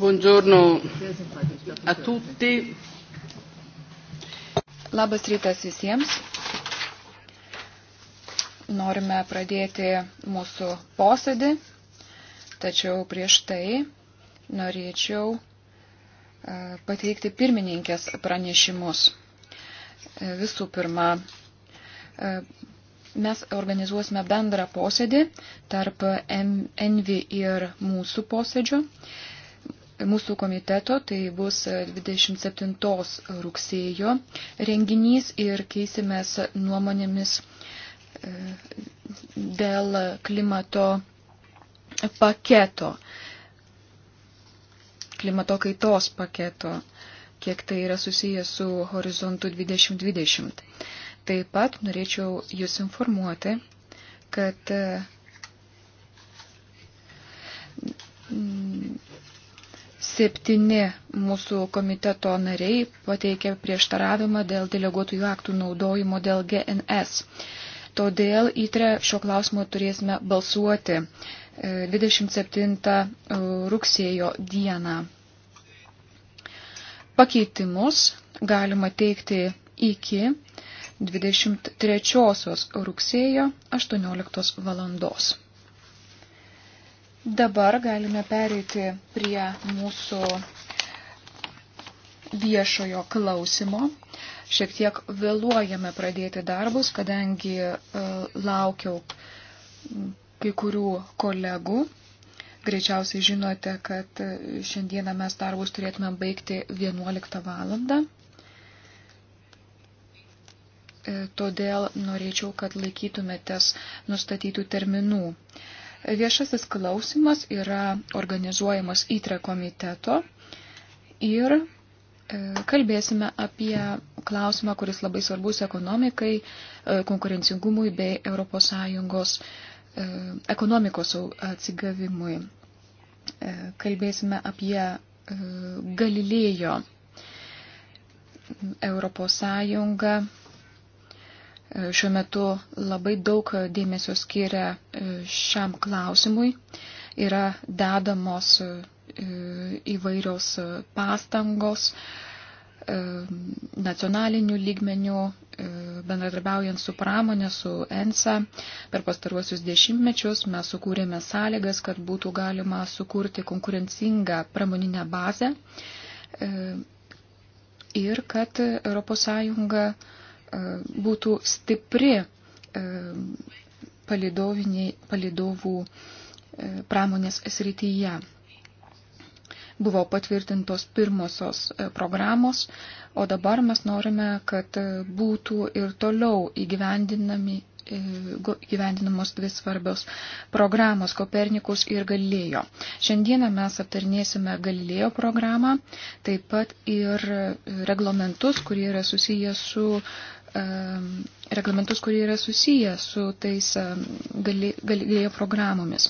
Buongiorno a tutti. Labas rytas visiems. Norime pradėti mūsų posėdį, tačiau prieš tai norėčiau e, pateikti pirmininkės pranešimus. E, visų pirma, e, mes organizuosime bendrą posėdį tarp Envi ir mūsų posėdžio mūsų komiteto, tai bus 27 rugsėjo renginys ir keisimės nuomonėmis e, dėl klimato paketo, klimato kaitos paketo, kiek tai yra susijęs su horizontu 2020. Taip pat norėčiau Jūs informuoti, kad mm, Septyni mūsų komiteto nariai pateikė prieštaravimą dėl deleguotųjų aktų naudojimo dėl GNS. Todėl įtre šio klausimo turėsime balsuoti 27 e, e, rugsėjo dieną. Pakeitimus galima teikti iki 23 rugsėjo 18 valandos. Dabar galime pereiti prie mūsų viešojo klausimo. Šiek tiek vėluojame pradėti darbus, kadangi e, laukiau kai kurių kolegų. Greičiausiai žinote, kad e, šiandieną mes darbus turėtume baigti 11 valandą. E, todėl norėčiau, kad laikytumėtės nustatytų terminų. Viešasis klausimas yra organizuojamas įtre komiteto ir e, kalbėsime apie klausimą, kuris labai svarbus ekonomikai, e, konkurencingumui bei ES e, ekonomikos atsigavimui. Kalbėsime apie Galilėjo Europos Sąjungą šiuo metu labai daug dėmesio skiria e, šiam klausimui. Yra dedamos e, įvairios e, pastangos nacionalinių lygmenių, bendradarbiaujant su pramonė, su ENSA. Per pastaruosius dešimtmečius mes sukūrėme sąlygas, kad būtų galima sukurti konkurencingą pramoninę bazę ir kad ES E, būtų stipri e, palidovų e, pramonės srityje. Buvo patvirtintos pirmosios programos, o dabar mes norime, kad būtų ir toliau įgyvendinami gyvendinamos dvi svarbios programos Kopernikus ir Galilėjo. Šiandieną mes aptarnėsime Galilėjo programą, taip pat ir reglamentus, kurie yra susijęs su reglamentus, kurie yra susiję su tais galėjo programomis.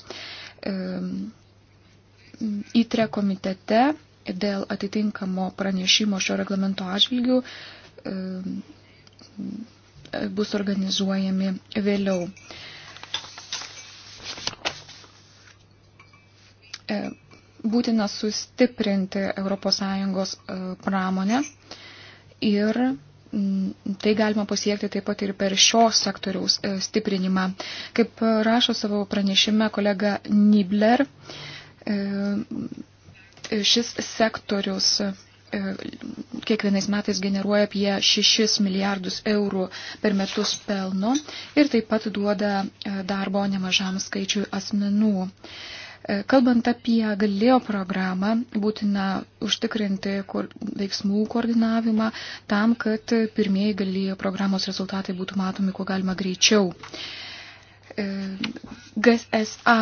Įtre komitete dėl atitinkamo pranešimo šio reglamento atžvilgių bus organizuojami vėliau. E, būtina sustiprinti ES e, pramonę ir Mm, tai galima pasiekti taip pat ir per šios sektoriaus e, stiprinimą. Kaip rašo savo pranešime kolega Nibler, e, šis sektorius e, kiekvienais metais generuoja apie 6 milijardus eurų per metus pelno ir taip pat duoda darbo nemažam skaičiui asmenų. E, kalbant apie galėjo programą, būtina užtikrinti veiksmų koordinavimą tam, kad pirmieji galėjo programos rezultatai būtų matomi kuo galima greičiau. E, GSA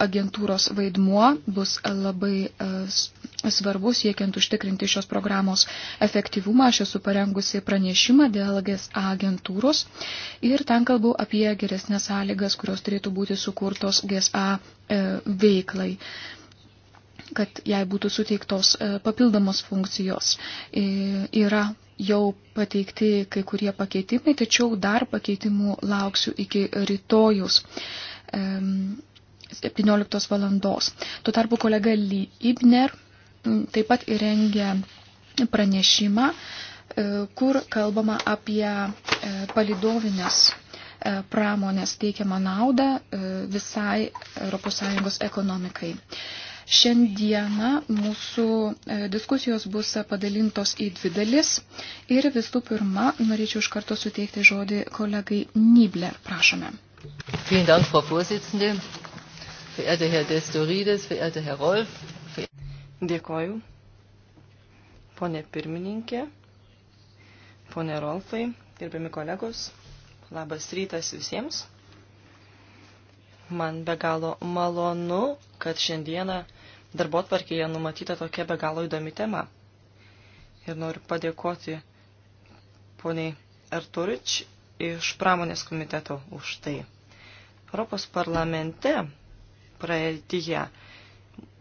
agentūros vaidmuo bus labai e, svarbus, siekiant užtikrinti šios programos efektyvumą. Aš esu parengusi pranešimą dėl GSA agentūros ir ten kalbu apie geresnės sąlygas, kurios turėtų būti sukurtos GSA e, veiklai kad jai būtų suteiktos e, papildomos funkcijos. Yra jau pateikti kai kurie pakeitimai, tačiau dar pakeitimų lauksiu iki rytojus. 17 valandos. Tuo tarpu kolega Lee Ibner taip pat įrengė pranešimą, e, kur kalbama apie e, palidovinės e, pramonės teikiamą naudą visai ES ekonomikai. Šiandieną mūsų diskusijos bus padalintos į dvi dalis ir visų pirma norėčiau iš karto suteikti žodį kolegai Nibler. Prašome. Vielen Dank, Frau Vorsitzende verehrter Herr Destorides, verehrter Herr Rolf. Ver... Dėkoju. Pone pirmininkė, pone Rolfai, gerbiami kolegos, labas rytas visiems. Man be galo malonu, kad šiandieną darbo tvarkėje numatyta tokia be galo įdomi tema. Ir noriu padėkoti poniai Arturič iš pramonės komiteto už tai. Europos parlamente praeityje.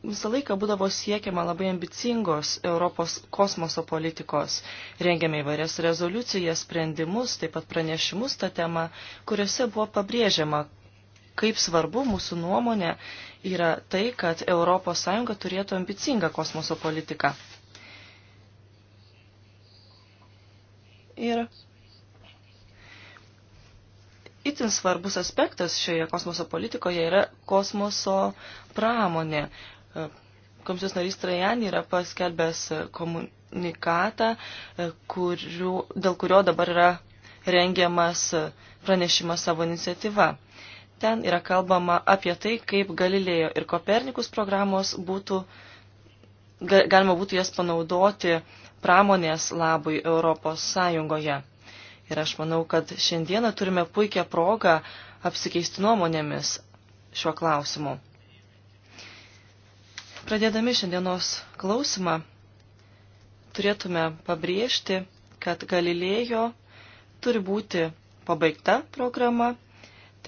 Visą laiką būdavo siekiama labai ambicingos Europos kosmoso politikos. Rengėme įvairias rezoliucijas, sprendimus, taip pat pranešimus tą temą, kuriuose buvo pabrėžiama, kaip svarbu mūsų nuomonė yra tai, kad ES turėtų ambicingą kosmoso politiką. Ir itin svarbus aspektas šioje kosmoso politikoje yra kosmoso pramonė. E, komisijos narys Trajani yra paskelbęs komunikatą, e, kuriu, dėl kurio dabar yra rengiamas pranešimas savo iniciatyva. Ten yra kalbama apie tai, kaip Galilėjo ir Kopernikus programos būtų, galima būtų jas panaudoti pramonės labui Europos Sąjungoje. Ir aš manau, kad šiandieną turime puikią progą apsikeisti nuomonėmis šiuo klausimu. Pradėdami šiandienos klausimą, turėtume pabrėžti, kad Galilėjo turi būti pabaigta programa,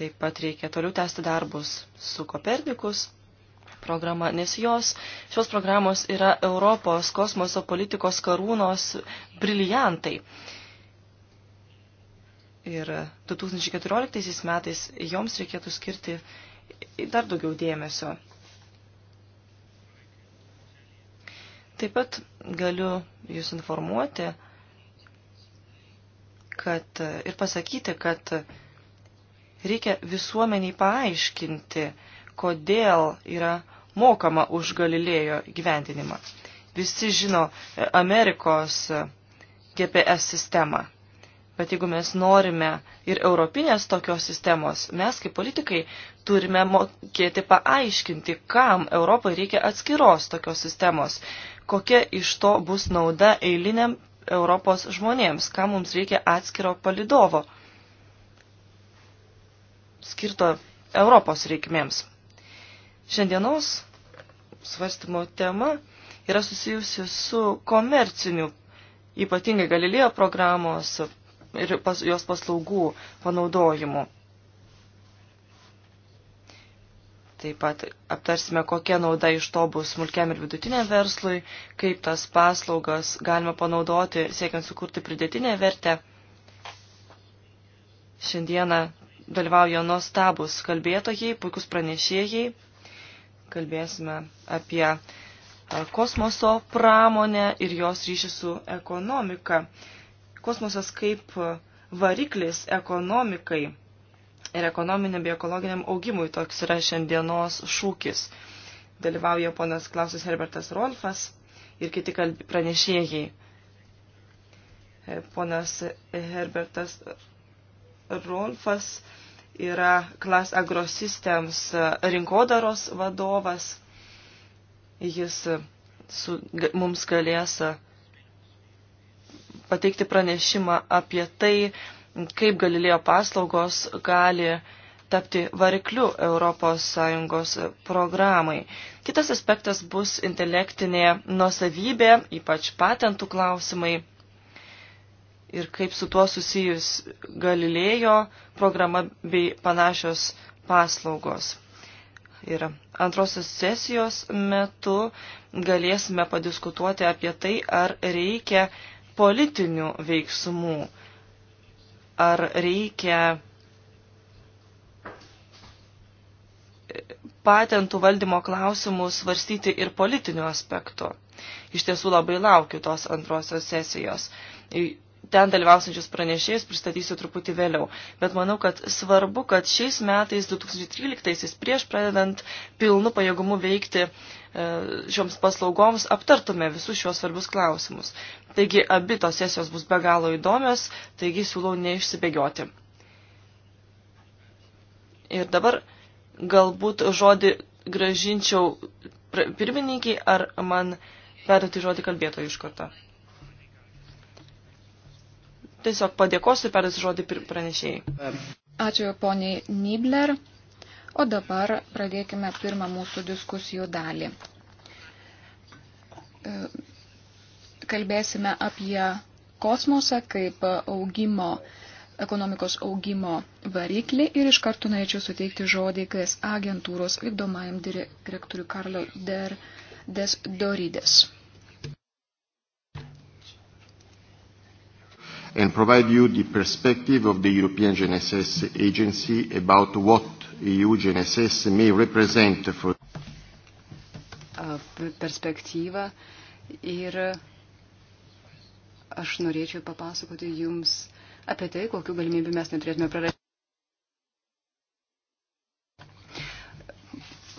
taip pat reikia toliau tęsti darbus su Kopernikus programa, nes jos, šios programos yra Europos kosmoso politikos karūnos briliantai. Ir 2014 metais joms reikėtų skirti dar daugiau dėmesio. Taip pat galiu Jūs informuoti kad, ir pasakyti, kad reikia visuomeniai paaiškinti, kodėl yra mokama už Galilėjo gyvendinimą. Visi žino Amerikos GPS sistemą. Bet jeigu mes norime ir europinės tokios sistemos, mes kaip politikai turime mokėti paaiškinti, kam Europai reikia atskiros tokios sistemos, kokia iš to bus nauda eiliniam Europos žmonėms, kam mums reikia atskiro palidovo, skirto Europos reikmėms. Šiandienos svarstymo tema yra susijusi su komerciniu ypatingai Galilėjo programos ir pas, jos paslaugų panaudojimu. Taip pat aptarsime, kokia nauda iš to bus smulkiam ir vidutiniam verslui, kaip tas paslaugas galima panaudoti siekiant sukurti pridėtinę vertę. Šiandieną dalyvauja nuostabus kalbėtojai, puikus pranešėjai. Kalbėsime apie e, kosmoso pramonę ir jos ryšį su ekonomika kosmosas kaip variklis ekonomikai ir ekonominiam bei ekologiniam augimui. Toks yra šiandienos šūkis. Dalyvauja ponas Klausas Herbertas Rolfas ir kiti pranešėjai. Ponas Herbertas Rolfas yra Klas Agrosystems rinkodaros vadovas. Jis su, mums galės pateikti pranešimą apie tai, kaip Galilėjo paslaugos gali tapti varikliu ES programai. Kitas aspektas bus intelektinė nuosavybė, ypač patentų klausimai ir kaip su tuo susijus Galilėjo programa bei panašios paslaugos. Ir antrosios sesijos metu galėsime padiskutuoti apie tai, ar reikia politinių veiksmų? Ar reikia patentų valdymo klausimus svarstyti ir politiniu aspektu? Iš tiesų labai laukiu tos antrosios sesijos ten dalyvausančius pranešėjus pristatysiu truputį vėliau. Bet manau, kad svarbu, kad šiais metais, 2013-aisiais, prieš pradedant pilnu pajėgumu veikti e, šioms paslaugoms, aptartume visus šios svarbius klausimus. Taigi, abi tos sesijos bus be galo įdomios, taigi siūlau neišsibėgioti. Ir dabar galbūt žodį gražinčiau pirmininkiai, ar man perduoti žodį kalbėtojų iš karto tiesiog padėkosiu ir perduosiu žodį pranešėjai. Ačiū poniai Nibler. O dabar pradėkime pirmą mūsų diskusijų dalį. E, kalbėsime apie kosmosą kaip augimo, ekonomikos augimo variklį ir iš karto norėčiau suteikti žodį KS agentūros vykdomajam direktoriui Karlo Der Desdorides. and provide you the perspective of the European GNSS Agency about what EU GNSS may represent for perspektyvą ir aš norėčiau papasakoti jums apie tai, kokiu galimybių mes neturėtume prarasti.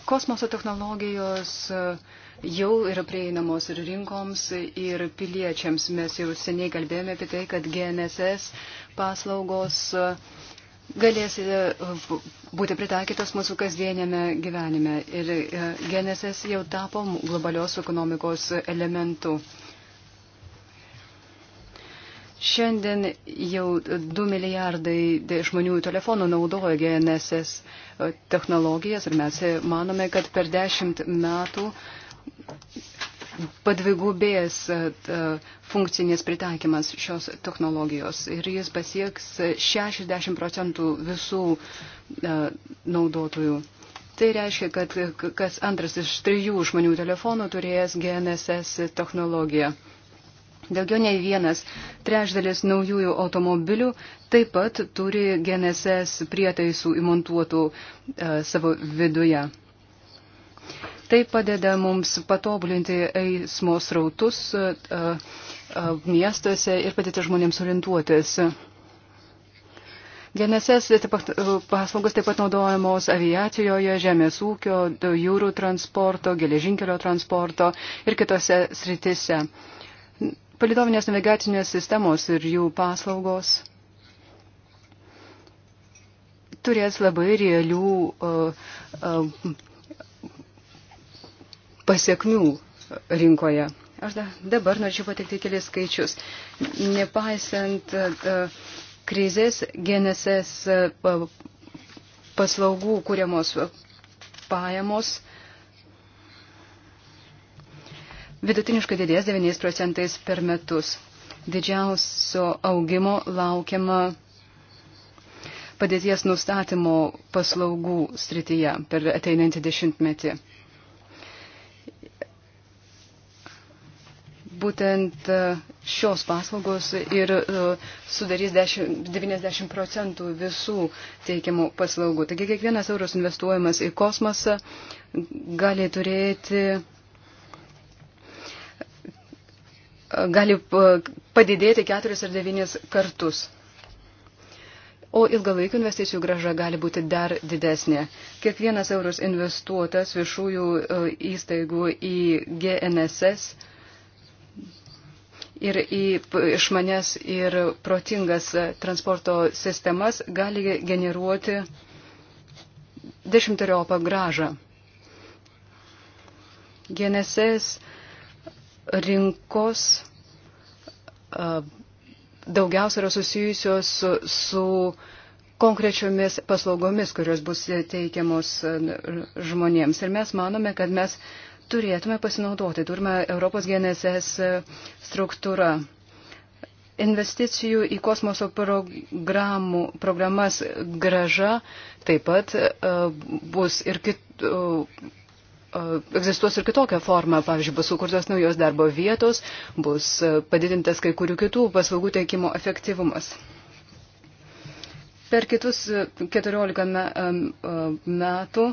Kosmoso technologijos uh, jau yra prieinamos ir rinkoms, ir piliečiams. Mes jau seniai kalbėjome apie tai, kad GNSS paslaugos e, galės e, būti pritaikytos mūsų kasdienėme gyvenime. Ir e, GNSS jau tapo globalios ekonomikos elementu. Šiandien jau 2 milijardai žmonių telefonų naudoja GNSS technologijas ir mes manome, kad per 10 metų uh, padvigubės e, funkcinės pritaikymas šios technologijos ir jis pasieks 60 procentų visų e, naudotojų. Tai reiškia, kad kas antras iš trijų žmonių telefonų turės GNSS technologiją. Daugiau nei vienas trečdalis naujųjų automobilių taip pat turi GNSS prietaisų įmontuotų e, savo viduje. Tai padeda mums patobulinti eismo srautus e, e, miestuose ir padėti žmonėms orientuotis. DNSS e, paslaugos taip pat naudojamos aviacijoje, žemės ūkio, jūrų transporto, geležinkelio transporto ir kitose sritise. Palidovinės navigacinės sistemos ir jų paslaugos turės labai realių uh, uh, pasiekmių rinkoje. Aš da, dabar norėčiau patikti kelias skaičius. Nepaisant uh, krizės, GNSS uh, e, paslaugų kūriamos e, pajamos vidutiniškai didės 9 procentais per metus. Didžiausio augimo laukiama padėties nustatymo paslaugų srityje per ateinantį dešimtmetį. būtent e, šios paslaugos ir e, sudarys 10, 90 procentų visų teikiamų paslaugų. Taigi kiekvienas euros investuojamas į kosmosą gali turėti gali e, padidėti 4 ar 9 kartus. O ilgalaikių investicijų graža gali būti dar didesnė. Kiekvienas euros investuotas viešųjų įstaigų į GNSS ir į išmanes ir protingas transporto sistemas gali generuoti dešimteriopą gražą. GNSS rinkos daugiausia yra susijusios su, su konkrečiomis paslaugomis, kurios bus teikiamos žmonėms. Ir mes manome, kad mes turėtume pasinaudoti. Turime Europos GNSS e, struktūrą. Investicijų į kosmoso programų, programas graža taip pat uh, bus ir kit, uh, egzistuos ir kitokia forma, pavyzdžiui, bus sukurtos naujos darbo vietos, bus padidintas kai kurių kitų paslaugų teikimo efektyvumas. Per kitus 14 metų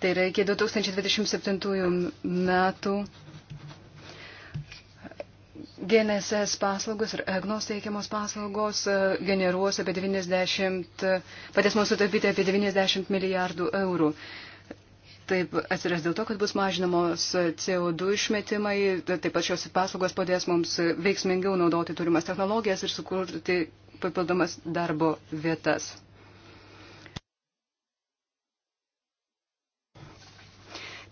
Tai yra iki 2027 metų GNSS paslaugos ir EGNOS teikiamos paslaugos e, generuos apie 90, padės mums sutaupyti apie 90 milijardų eurų. Taip atsiras dėl to, kad bus mažinamos CO2 išmetimai, taip pat šios paslaugos padės mums veiksmingiau naudoti turimas technologijas ir sukurti papildomas darbo vietas.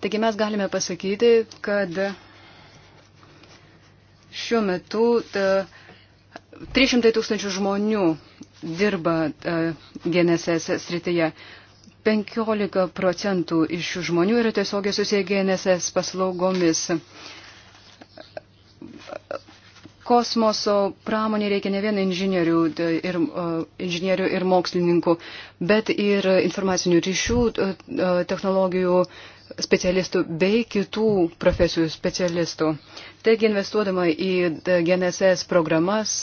Taigi mes galime pasakyti, kad šiuo metu e, ta, 300 tūkstančių žmonių dirba e, GNSS srityje. 15 procentų iš šių žmonių yra tiesiogiai susiję GNSS paslaugomis. Kosmoso pramonė reikia ne vien inžinierių e, ir, inžinierių ir mokslininkų, bet ir informacinių ryšių technologijų specialistų bei kitų profesijų specialistų. Taigi investuodama į GNSS programas,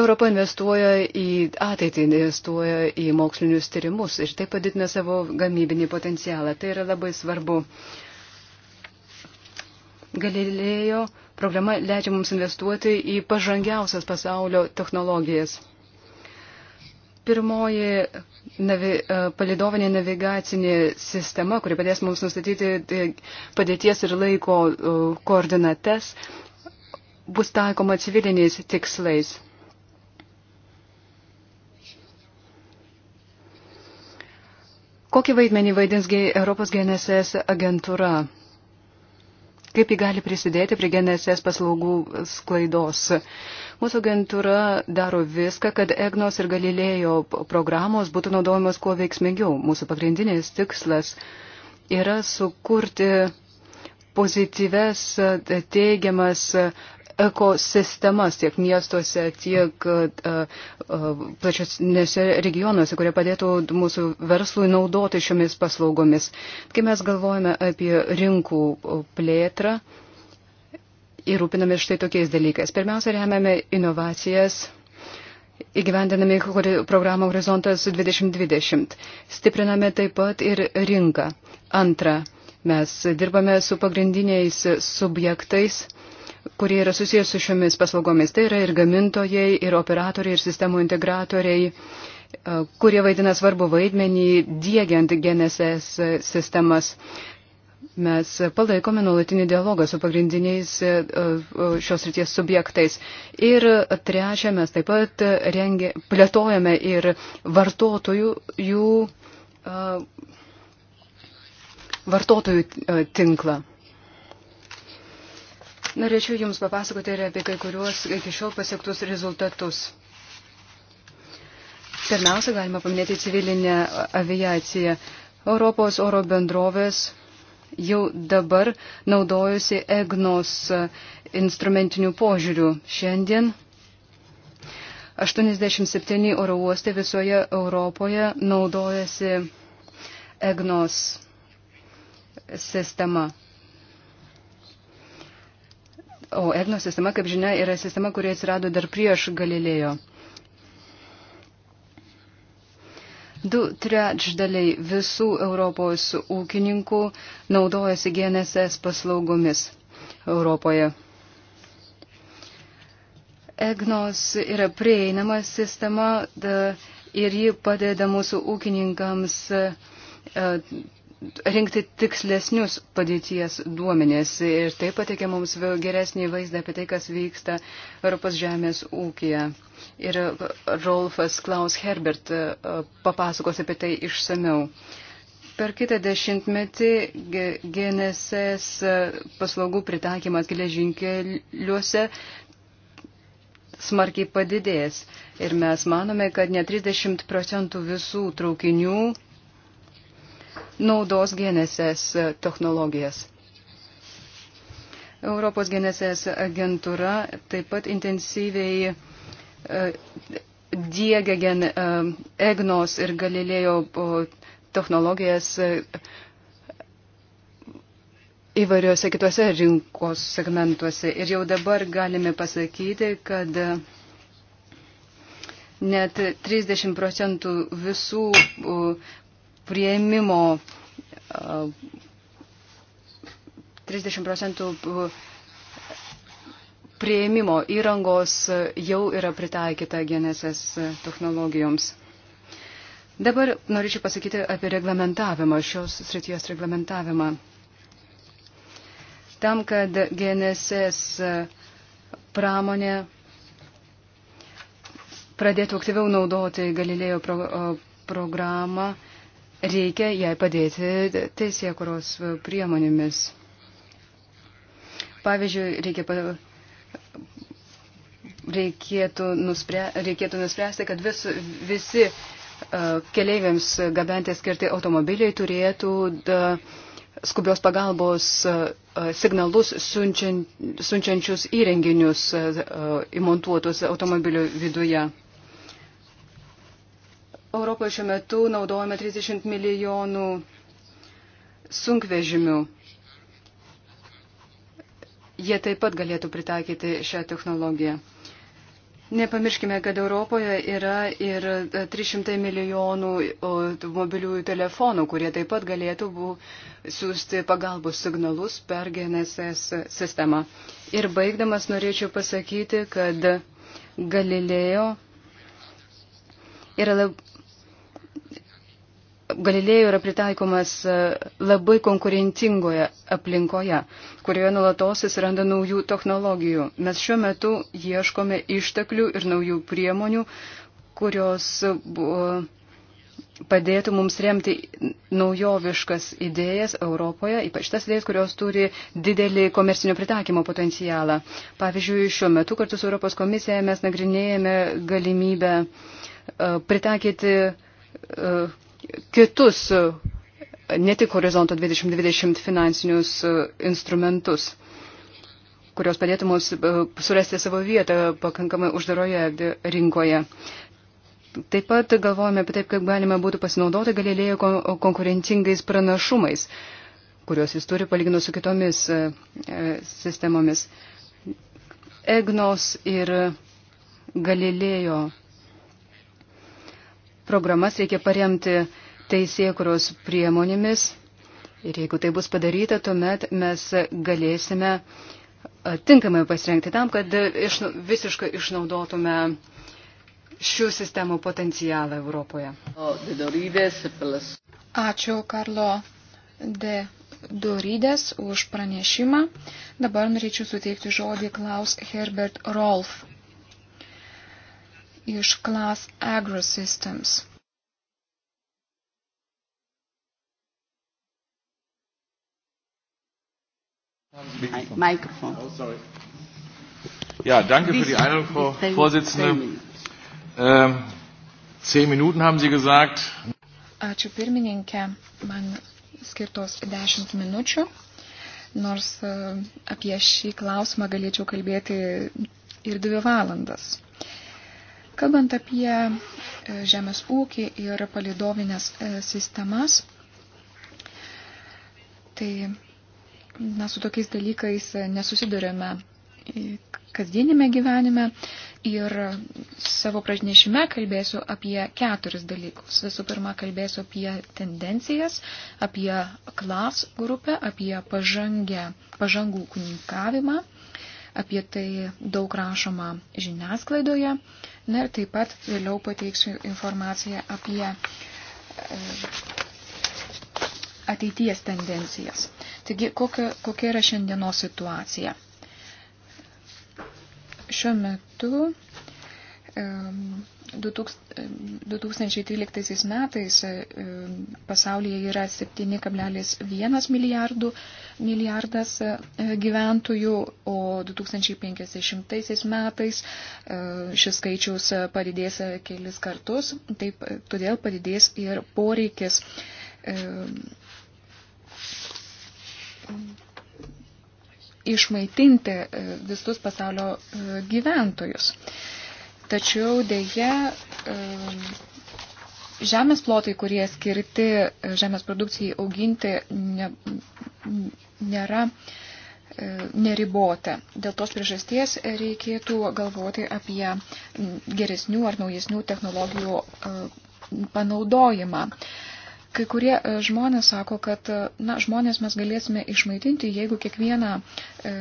Europa investuoja į ateitį, investuoja į mokslinius tyrimus ir tai padidina savo gamybinį potencialą. Tai yra labai svarbu. Galilėjo programa leidžia mums investuoti į pažangiausias pasaulio technologijas. Pirmoji navi, e, palidovinė navigacinė sistema, kuri padės mums nustatyti e, padėties ir laiko e, koordinates, bus taikoma civiliniais tikslais. Kokį vaidmenį vaidins Europos GNSS agentūra? kaip jį gali prisidėti prie GNSS paslaugų sklaidos. Mūsų agentūra daro viską, kad EGNOS ir Galilėjo programos būtų naudojamos kuo veiksmingiau. Mūsų pagrindinis tikslas yra sukurti pozityves, teigiamas ekosistemas tiek miestuose, tiek e, e, plačiose regionuose, kurie padėtų mūsų verslui naudoti šiomis paslaugomis. Kai mes galvojame apie rinkų plėtrą ir rūpiname štai tokiais dalykais. Pirmiausia, remiame inovacijas įgyvendinami programą Horizontas 2020. Stipriname taip pat ir rinką. Antra, mes dirbame su pagrindiniais subjektais kurie yra susijęs su šiomis paslaugomis. Tai yra ir gamintojai, ir operatoriai, ir sistemų integratoriai, e, kurie vaidina svarbu vaidmenį dėgiant GNSS sistemas. Mes palaikome nuolatinį dialogą su pagrindiniais e, e, šios ryties subjektais. Ir trečia, mes taip pat rengė, plėtojame ir vartotojų, jų, vartotojų tinklą. Norėčiau Jums papasakoti ir apie kai kuriuos iki šiol pasiektus rezultatus. Pirmiausia, galima paminėti civilinę aviaciją. Europos oro bendrovės jau dabar naudojusi EGNOS instrumentinių požiūrių. Šiandien 87 oro uostai visoje Europoje naudojasi EGNOS sistema. O Egno sistema, kaip žinia, yra sistema, kuri atsirado dar prieš Galilėjo. Du trečdaliai visų Europos ūkininkų naudojasi GNSS paslaugomis Europoje. EGNOS yra prieinama sistema da, ir ji padeda mūsų ūkininkams e, rinkti tikslesnius padėties duomenės ir tai pateikia mums geresnį vaizdą apie tai, kas vyksta Europos žemės ūkija. Ir Rolfas Klaus Herbert e, papasakos apie tai išsameu. Per kitą dešimtmetį GNSS e, paslaugų pritaikymas geležinkeliuose smarkiai padidės. Ir mes manome, kad ne 30 procentų visų traukinių naudos GNSS e, technologijas. Europos GNSS agentūra taip pat intensyviai e, diegia gen, e, EGNOS ir Galilėjo technologijas įvairiuose kitose rinkos segmentuose. Ir jau dabar galime pasakyti, kad net 30 procentų visų prieimimo 30 procentų prieimimo įrangos jau yra pritaikyta GNSS technologijoms. Dabar norėčiau pasakyti apie reglamentavimą, šios srities reglamentavimą. Tam, kad GNSS pramonė pradėtų aktyviau naudoti Galilėjo pro, programą, reikia jai padėti teisėkuros priemonėmis. Pavyzdžiui, reikia pa reikėtų, nuspre, reikėtų nuspręsti, kad vis, visi uh, keleiviams gabenti skirti automobiliai turėtų uh, skubios pagalbos uh, signalus siunčian, siunčiančius įrenginius įmontuotus automobilių viduje. Europoje šiuo metu naudojame 30 milijonų sunkvežimių. Jie taip pat galėtų pritaikyti šią technologiją. Nepamirškime, kad Europoje yra ir 300 milijonų mobiliųjų telefonų, kurie taip pat galėtų siūsti pagalbos signalus per GNSS sistemą. Ir baigdamas norėčiau pasakyti, kad Galilėjo yra Galilėjo yra pritaikomas e, labai konkurencingoje aplinkoje, kurioje nulatos atsiranda naujų technologijų. Mes šiuo metu ieškome išteklių ir naujų priemonių, kurios e, padėtų mums remti naujoviškas idėjas Europoje, ypač tas idėjas, kurios turi didelį komercinio pritaikymo potencialą. Pavyzdžiui, šiuo metu kartu su Europos komisija mes nagrinėjame galimybę e, pritaikyti kitus, ne tik horizonto 2020 finansinius e, instrumentus kurios padėtų mums e, surasti savo vietą pakankamai uždaroje rinkoje. Taip pat galvojame apie taip, kaip galima būtų pasinaudoti galilėjo konkurencingais pranašumais, kuriuos jis turi palyginus su kitomis e, sistemomis. EGNOS ir galilėjo programas reikia paremti teisėkuros priemonėmis. Ir jeigu tai bus padaryta, tuomet mes galėsime tinkamai pasirengti tam, kad iš, visiškai išnaudotume šių sistemų potencialą Europoje. Ačiū Karlo de Dorydės už pranešimą. Dabar norėčiau suteikti žodį Klaus Herbert Rolf iš Class Agrosystems. Mikrofon. Oh, ja, danke für die Einladung, Frau Vorsitzende. Ähm, zehn Minuten haben Sie gesagt. Ačiū pirmininkė, man skirtos 10 minučių, nors e, apie šį klausimą galėčiau kalbėti ir dvi valandas. Kalbant apie e, žemės ūkį ir palidovinės e, sistemas, tai na, su tokiais dalykais e, nesusidurėme kasdienime gyvenime ir savo pranešime kalbėsiu apie keturis dalykus. Visų pirma, kalbėsiu apie tendencijas, apie klas grupę, apie pažangę, pažangų kuninkavimą apie tai daug rašoma žiniasklaidoje. Na ir taip pat vėliau pateiksiu informaciją apie e, ateities tendencijas. Taigi, kokia, kokia yra šiandienos situacija? Šiuo metu 2013 metais pasaulyje yra 7,1 milijardų milijardas e, gyventojų, o 2050 metais e, šis skaičius padidės kelis kartus, taip todėl padidės ir poreikis išmaitinti e, visus pasaulio gyventojus. Tačiau dėje žemės plotai, kurie skirti e, žemės produkcijai auginti, ne, nėra e, neribota. Dėl tos priežasties reikėtų galvoti apie geresnių ar naujesnių technologijų e, panaudojimą. Kai kurie e, žmonės sako, kad e, na, žmonės mes galėsime išmaitinti, jeigu kiekvieną e,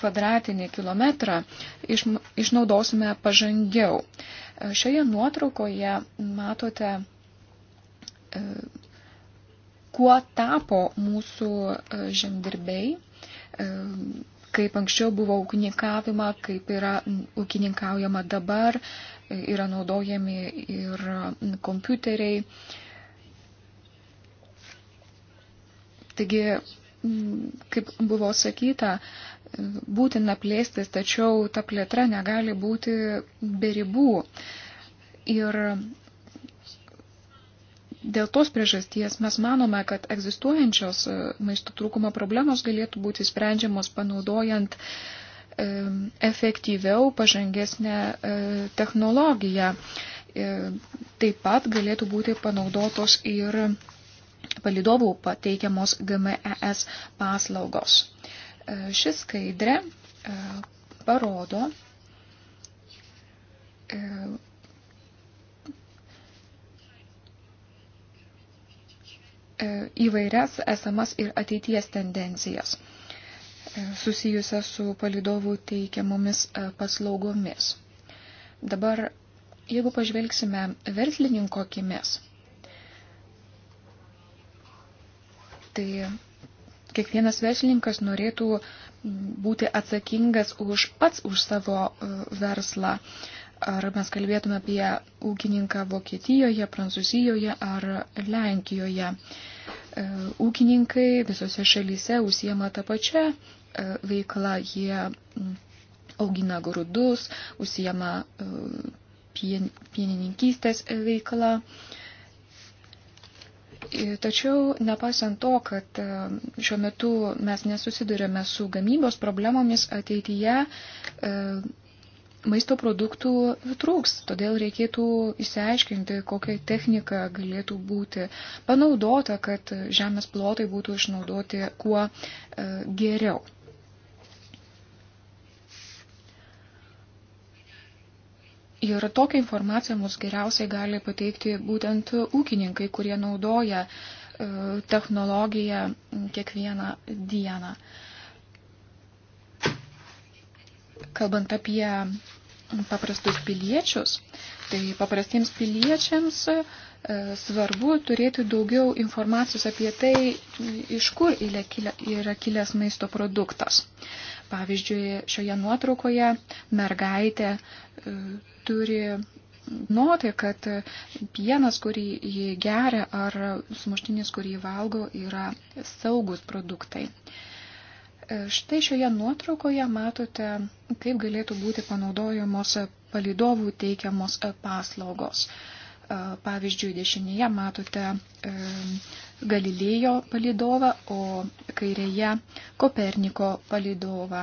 kvadratinį kilometrą iš, išnaudosime pažangiau. E, šioje nuotraukoje matote, e, kuo tapo mūsų žemdirbiai, e, kaip anksčiau buvo ūkininkavima, kaip yra ūkininkaujama dabar, yra naudojami ir kompiuteriai. E, Taigi, kaip buvo sakyta, būtina plėstis, tačiau ta plėtra negali būti be ribų. Ir dėl tos priežasties mes manome, kad egzistuojančios e, maisto trūkumo problemos galėtų būti sprendžiamos panaudojant e, efektyviau pažangesnę e, technologiją. Taip pat galėtų būti panaudotos ir palidovų pateikiamos GMES paslaugos. E, Šis skaidrė e, parodo e, įvairias esamas ir ateities tendencijas susijusias su palidovų teikiamomis paslaugomis. Dabar, jeigu pažvelgsime verslininko akimis, Tai kiekvienas verslininkas norėtų būti atsakingas už pats už savo e, verslą. Ar mes kalbėtume apie ūkininką Vokietijoje, Prancūzijoje ar Lenkijoje. E, ūkininkai visose šalyse užsiema tą pačią e, veiklą. Jie augina grūdus, užsiema pienininkystės veiklą. Tačiau, nepaisant to, kad e, šiuo metu mes nesusidurėme su gamybos problemomis, ateityje e, maisto produktų trūks. Todėl reikėtų įsiaiškinti, kokia technika galėtų būti panaudota, kad žemės plotai būtų išnaudoti kuo e, geriau. Ir tokią informaciją mus geriausiai gali pateikti būtent ūkininkai, kurie naudoja e, technologiją kiekvieną dieną. Kalbant apie paprastus piliečius, tai paprastiems piliečiams e, svarbu turėti daugiau informacijos apie tai, iš kur yra kilęs maisto produktas. Pavyzdžiui, šioje nuotraukoje mergaitė e, turi noti, kad pienas, kurį jį geria, ar sumuštinis, kurį jį valgo, yra saugus produktai. E, štai šioje nuotraukoje matote, kaip galėtų būti panaudojamos palidovų teikiamos paslaugos. E, pavyzdžiui, dešinėje matote Galilėjo palidovą, o kairėje Koperniko palidovą.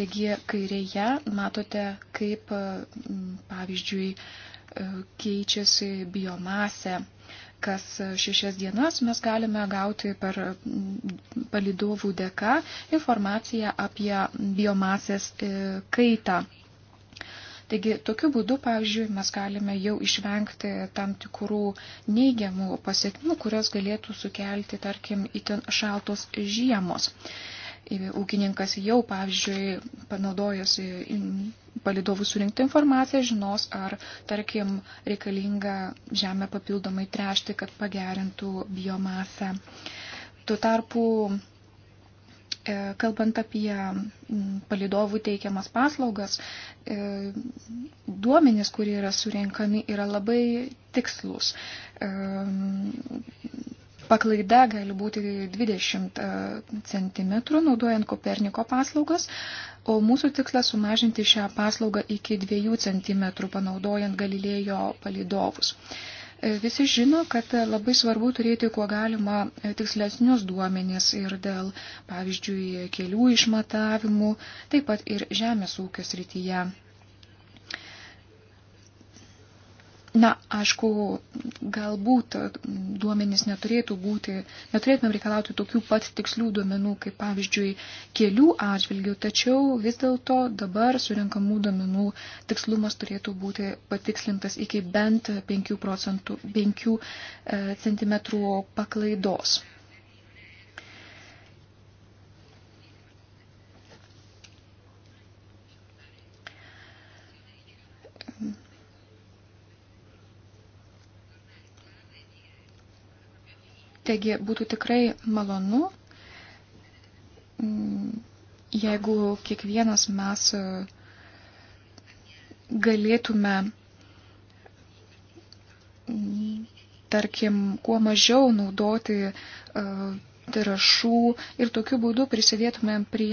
Taigi kairėje matote, kaip pavyzdžiui e, keičiasi biomasė. Kas šešias dienas mes galime gauti per palidovų dėka informaciją apie biomasės e, kaitą. Taigi, tokiu būdu, pavyzdžiui, mes galime jau išvengti tam tikrų neigiamų pasiekmių, kurios galėtų sukelti, tarkim, itin šaltos žiemos. Ūkininkas jau, pavyzdžiui, panaudojęs palidovų surinkti informaciją, žinos, ar, tarkim, reikalinga žemę papildomai trešti, kad pagerintų biomasę. Tuo tarpu E, kalbant apie palidovų teikiamas paslaugas, e, duomenys, kurie yra surinkami, yra labai tikslus. E, paklaida gali būti 20 cm naudojant Koperniko paslaugas, o mūsų tikslas sumažinti šią paslaugą iki 2 cm panaudojant Galilėjo palidovus. E, visi žino, kad e, labai svarbu turėti kuo galima e, tikslesnius duomenis ir dėl, pavyzdžiui, kelių išmatavimų, taip pat ir žemės ūkio srityje. Na, aišku, galbūt duomenys neturėtų būti, neturėtumėm reikalauti tokių pat tikslių duomenų, kaip pavyzdžiui, kelių atžvilgių, tačiau vis dėlto dabar surinkamų duomenų tikslumas turėtų būti patikslintas iki bent 5, procentų, 5 e, cm paklaidos. Taigi būtų tikrai malonu, mm, jeigu kiekvienas mes e, galėtume, mm, tarkim, kuo mažiau naudoti e, trašų ir tokiu būdu prisidėtumėm prie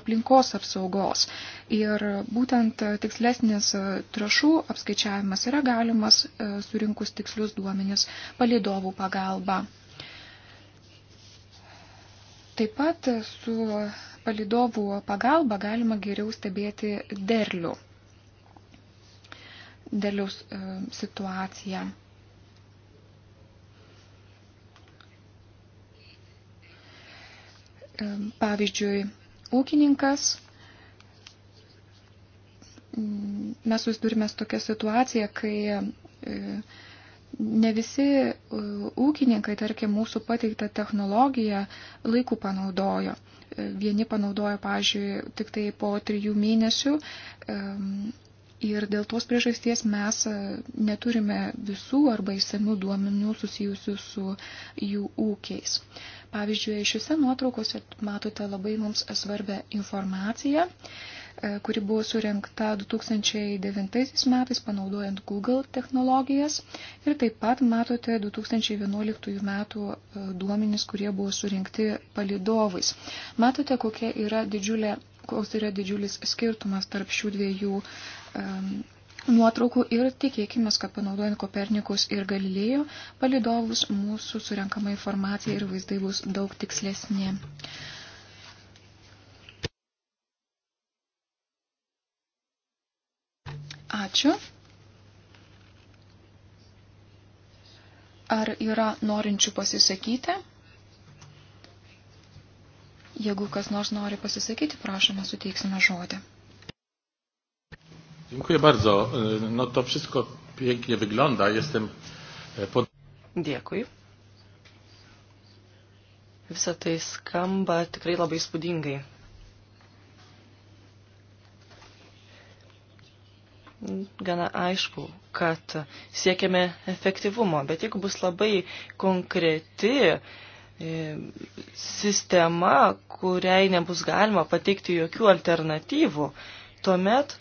aplinkos apsaugos. Ir būtent tikslesnis e, trašų apskaičiavimas yra galimas surinkus tikslius duomenis palidovų pagalba. Taip pat su palidovų pagalba galima geriau stebėti derlių, derliaus e, situaciją. E, pavyzdžiui, ūkininkas, mm, mes susidurime su tokia situacija, kai e, ne visi ūkininkai, tarkim, mūsų pateiktą technologiją laikų panaudojo. E, vieni panaudojo, pažiūrėjau, tik tai po trijų mėnesių ir dėl tos priežasties mes e, neturime visų arba įsamių duomenų susijusių su jų ūkiais. Pavyzdžiui, šiuose nuotraukose matote labai mums svarbę informaciją. E, kuri buvo surinkta 2009 metais panaudojant Google technologijas. Ir taip pat matote 2011 metų e, duomenys, kurie buvo surinkti palidovais. Matote, kokia yra didžiulė, koks yra didžiulis skirtumas tarp šių dviejų um, nuotraukų ir tikėkime, kad panaudojant Kopernikus ir Galilėjo palidovus mūsų surenkama informacija ir vaizdai bus daug tikslesnė. Uh, Ačiū. Ar yra norinčių pasisakyti? Jeigu kas nors nori pasisakyti, prašome, suteiksime žodį. Dziękuję bardzo. No to wszystko pięknie wygląda. Jestem e, pod... Dėkui. Visą tai skamba tikrai labai spūdingai. gana aišku, kad siekiame efektyvumo, bet jeigu bus labai konkreti e, sistema, kuriai nebus galima pateikti jokių alternatyvų, tuomet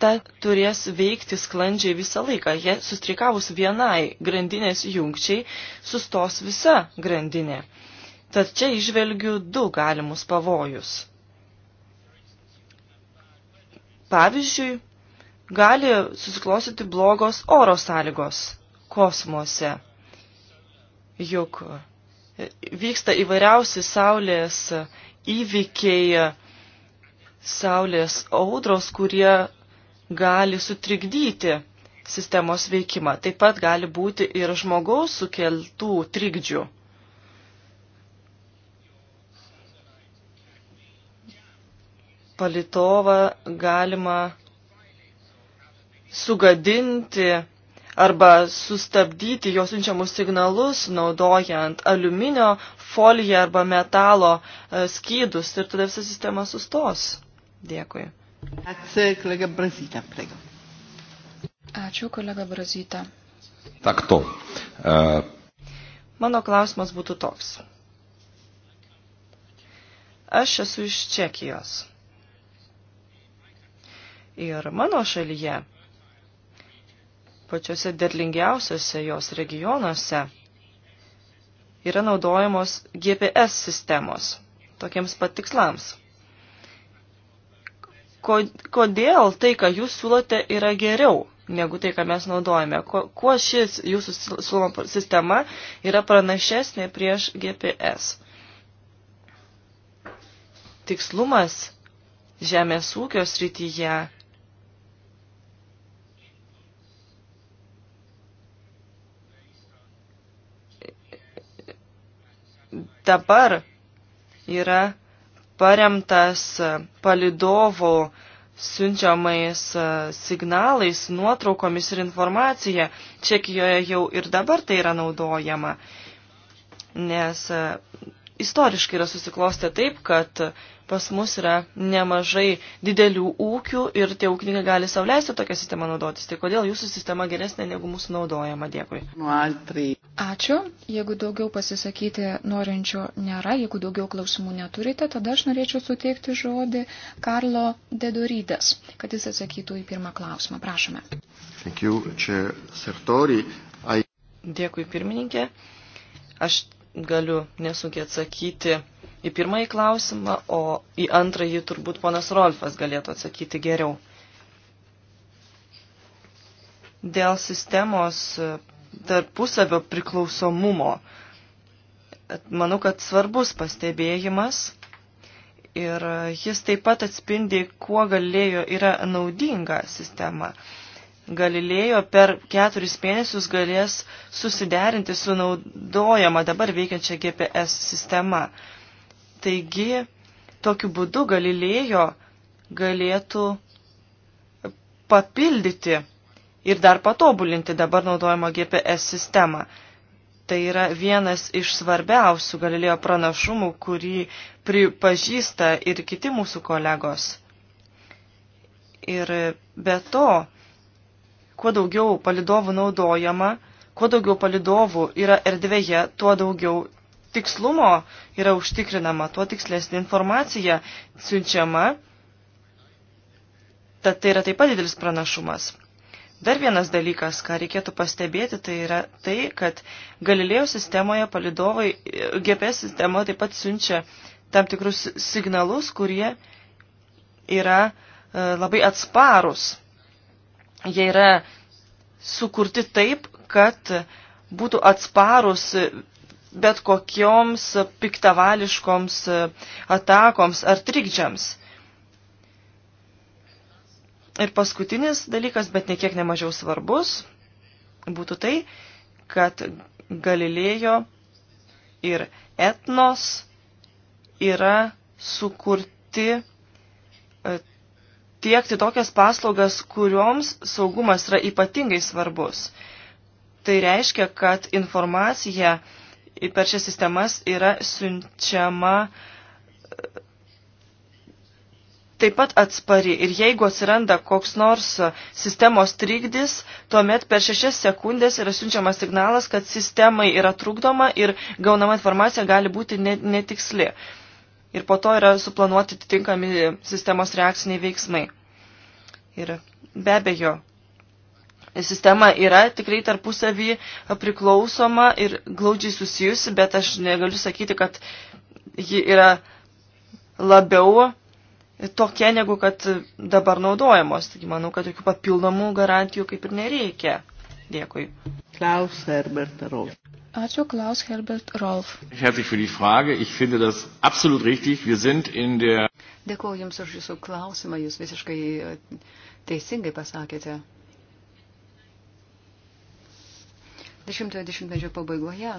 ta turės veikti sklandžiai visą laiką. Jie sustrikavus vienai grandinės jungčiai, sustos visa grandinė. Tad čia išvelgiu du galimus pavojus. Pavyzdžiui, gali susiklostyti blogos oro sąlygos kosmose. Juk vyksta įvairiausi saulės įvykiai, saulės audros, kurie gali sutrikdyti sistemos veikimą. Taip pat gali būti ir žmogaus sukeltų trikdžių. palitovą galima sugadinti arba sustabdyti jo siunčiamus signalus naudojant aliuminio foliją arba metalo e, skydus ir tada visa sistema sustos. Dėkui. Ačiū, kolega Brazyta, prego. Ačiū, kolega Brazyta. Tak to. Uh... Mano klausimas būtų toks. Aš esu iš Čekijos. Ir mano šalyje, pačiuose derlingiausiuose jos regionuose, yra naudojamos GPS sistemos tokiems pat tikslams. Ko, kodėl tai, ką jūs siūlote, yra geriau negu tai, ką mes naudojame? Ko, kuo šis jūsų siūloma sistema yra pranašesnė prieš GPS? Tikslumas žemės ūkio srityje dabar yra paremtas palidovų siunčiamais e, signalais, nuotraukomis ir informacija. Čekijoje jau ir dabar tai yra naudojama, nes e, istoriškai yra susiklostę taip, kad pas mus yra nemažai didelių ūkių ir tie ūkininkai gali sauliaisti tokią sistemą naudotis. Tai kodėl jūsų sistema geresnė negu mūsų naudojama? Dėkui. Nu, Ačiū. Jeigu daugiau pasisakyti norinčio nėra, jeigu daugiau klausimų neturite, tada aš norėčiau suteikti žodį Karlo Dedorydės, kad jis atsakytų į pirmą klausimą. Prašome. You, I... Dėkui, pirmininkė. Aš galiu nesunkiai atsakyti į pirmąjį klausimą, o į antrąjį turbūt ponas Rolfas galėtų atsakyti geriau. Dėl sistemos tarpusavio priklausomumo. Manau, kad svarbus pastebėjimas ir jis taip pat atspindi, kuo galėjo yra naudinga sistema. Galilėjo per keturis mėnesius galės susiderinti su naudojama dabar veikiančia GPS sistema. Taigi, tokiu būdu Galilėjo galėtų papildyti ir dar patobulinti dabar naudojimo GPS sistemą. Tai yra vienas iš svarbiausių Galilėjo pranašumų, kurį pripažįsta ir kiti mūsų kolegos. Ir be to, kuo daugiau palidovų naudojama, kuo daugiau palidovų yra erdvėje, tuo daugiau tikslumo yra užtikrinama, tuo tikslesnė informacija siunčiama. Tad tai yra taip pat didelis pranašumas. Dar vienas dalykas, ką reikėtų pastebėti, tai yra tai, kad Galilėjo sistemoje palidovai, GPS sistema taip pat siunčia tam tikrus signalus, kurie yra e, labai atsparus. Jie yra sukurti taip, kad būtų atsparus bet kokioms piktavališkoms e, atakoms ar trikdžiams. Ir paskutinis dalykas, bet nekiek nemažiau svarbus, būtų tai, kad Galilėjo ir etnos yra sukurti e, tiekti tokias paslaugas, kurioms saugumas yra ypatingai svarbus. Tai reiškia, kad informacija per šias sistemas yra siunčiama e, taip pat atspari ir jeigu atsiranda koks nors sistemos trikdis, tuomet per šešias sekundės yra siunčiamas signalas, kad sistemai yra trukdoma ir gaunama informacija gali būti netiksli. Ir po to yra suplanuoti atitinkami sistemos reakciniai veiksmai. Ir be abejo, sistema yra tikrai tarpusavį priklausoma ir glaudžiai susijusi, bet aš negaliu sakyti, kad ji yra labiau tokia, negu kad dabar naudojamos. Taigi manau, kad tokių papildomų garantijų kaip ir nereikia. Dėkui. Klaus Herbert Rolf. Ačiū, Klaus Herbert Rolf. Herzlich für die Frage. Ich finde das absolut richtig. Wir sind in der. Dėkuoju Jums už Jūsų klausimą. Jūs visiškai e, teisingai pasakėte. 10-20 pabaigoje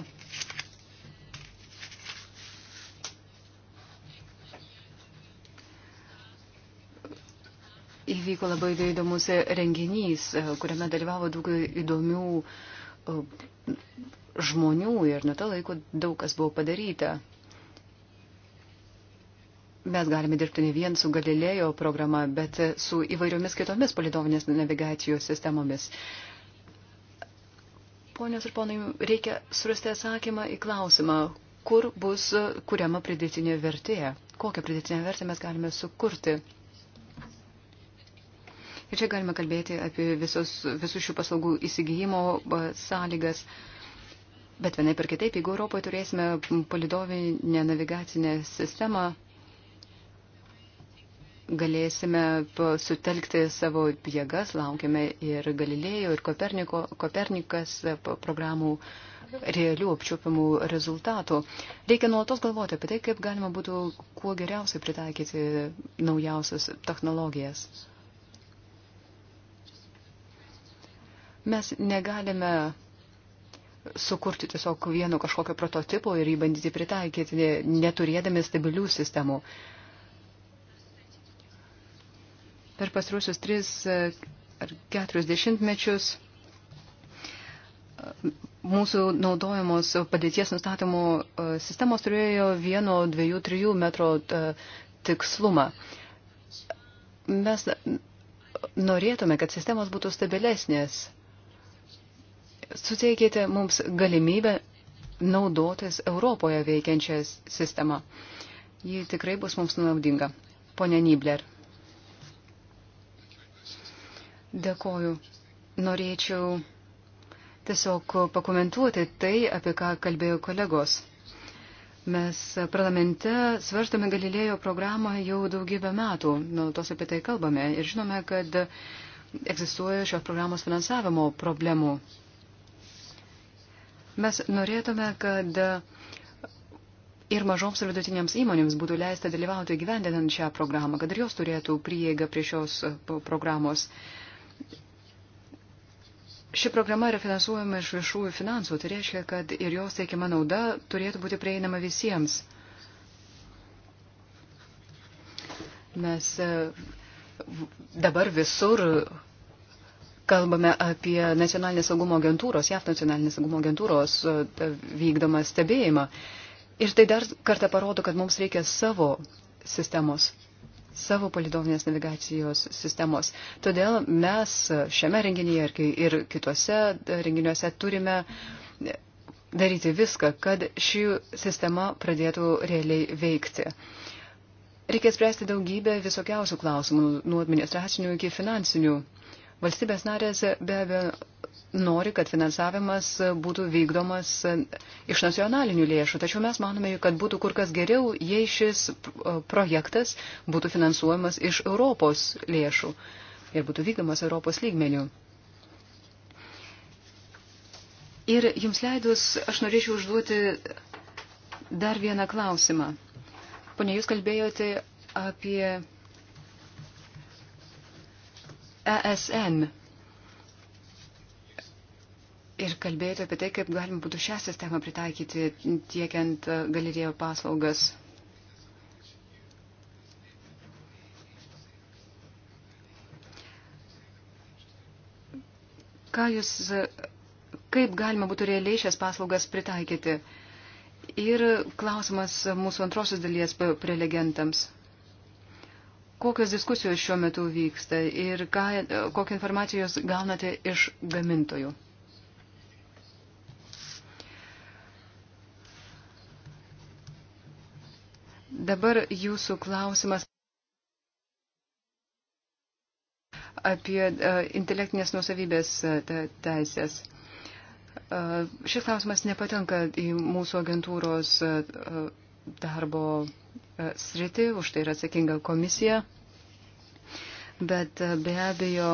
įvyko labai įdomus renginys, e, kuriame dalyvavo daug įdomių e, žmonių ir nuo to laiko daug kas buvo padaryta. Mes galime dirbti ne vien su Galilėjo programa, bet su įvairiomis kitomis palidovinės navigacijos sistemomis. Ponios ir ponai, reikia surasti atsakymą į klausimą, kur bus kuriama pridėtinė vertė, kokią pridėtinę vertę mes galime sukurti. Ir čia galima kalbėti apie visus, visus šių paslaugų įsigijimo sąlygas. Bet vienai per kitaip, jeigu Europoje turėsime palidovinę navigacinę sistemą, galėsime sutelkti savo jėgas, laukiame ir Galilėjo, ir Koperniko, Kopernikas e, programų realių apčiopimų rezultatų. Reikia nuolatos galvoti apie tai, kaip galima būtų kuo geriausiai pritaikyti naujausias technologijas. Mes negalime sukurti tiesiog vieno kažkokio prototipo ir jį bandyti pritaikyti, neturėdami stabilių sistemų. Per pastarusius tris e, ar keturis dešimtmečius e, mūsų naudojamos padėties nustatymo e, sistemos turėjo vieno, dviejų, trijų metro tikslumą. Mes norėtume, kad sistemos būtų stabilesnės suteikėte mums galimybę naudotis Europoje veikiančią sistemą. Ji tikrai bus mums naudinga. Pone Nibler. Dėkoju. Norėčiau tiesiog pakomentuoti tai, apie ką kalbėjo kolegos. Mes parlamente svarstome Galilėjo programą jau daugybę metų, nuolatos apie tai kalbame ir žinome, kad egzistuoja šios programos finansavimo problemų. Mes norėtume, kad ir mažoms ir vidutinėms įmonėms būtų leista dalyvauti gyvendinant šią programą, kad ir jos turėtų prieigą prie šios programos. Ši programa yra finansuojama iš viešųjų finansų, tai reiškia, kad ir jos teikiama nauda turėtų būti prieinama visiems. Mes e, dabar visur kalbame apie nacionalinės saugumo agentūros, JAF nacionalinės saugumo agentūros e, e, vykdomą stebėjimą. Ir tai dar kartą parodo, kad mums reikia savo sistemos, savo palidovinės navigacijos sistemos. Todėl mes šiame renginyje ir kitose renginiuose turime daryti viską, kad ši sistema pradėtų realiai veikti. Reikia spręsti daugybę visokiausių klausimų, nuo administracinių iki finansinių. Valstybės narės be abejo nori, kad finansavimas būtų vykdomas iš nacionalinių lėšų, tačiau mes manome, kad būtų kur kas geriau, jei šis projektas būtų finansuojamas iš Europos lėšų ir būtų vykdomas Europos lygmenių. Ir jums leidus, aš norėčiau užduoti dar vieną klausimą. Pone, jūs kalbėjote apie ESM ir kalbėjote apie tai, kaip galima būtų šią sistemą pritaikyti tiekiant e, galerijo paslaugas. Ką jūs, e, kaip galima būtų realiai šias paslaugas pritaikyti? Ir klausimas mūsų antrosios dalies prelegentams kokios diskusijos šiuo metu vyksta ir ką, kokią informacijos gaunate iš gamintojų. Dabar jūsų klausimas apie uh, intelektinės nusavybės uh, e, teisės. Uh, šis klausimas nepatenka į mūsų agentūros uh, darbo e, sritį, už tai yra atsakinga komisija. Bet e, be abejo,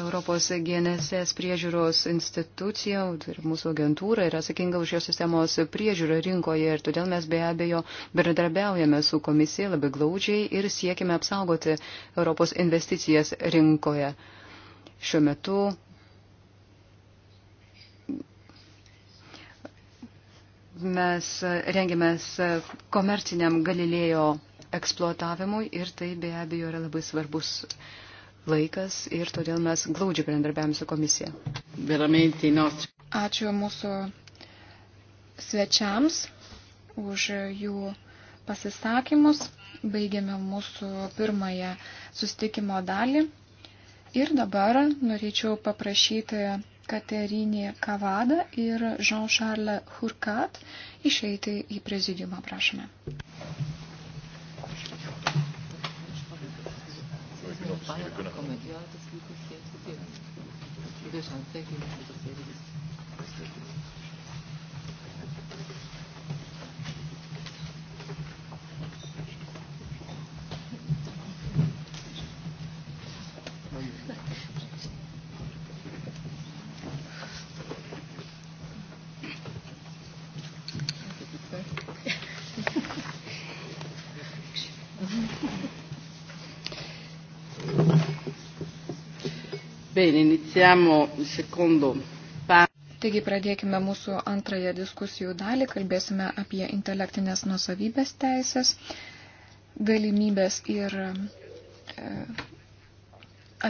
Europos GNSS priežiūros institucija ir mūsų agentūra yra atsakinga už šios sistemos priežiūrą rinkoje ir todėl mes be abejo bendradarbiaujame su komisija labai glaudžiai ir siekime apsaugoti Europos investicijas rinkoje. Šiuo metu mes rengiamės komerciniam Galilėjo eksploatavimui ir tai be abejo yra labai svarbus laikas ir todėl mes glaudžiai bendradarbiavame su komisija. Ačiū mūsų svečiams už jų pasisakymus. Baigėme mūsų pirmąją sustikimo dalį. Ir dabar norėčiau paprašyti Katerinė Kavada ir Jean-Charles Hurkat išeiti į prezidiumą, prašome. Bene, iniziamo il secondo Taigi pradėkime mūsų antrąją diskusijų dalį, kalbėsime apie intelektinės nusavybės teisės, galimybės ir e,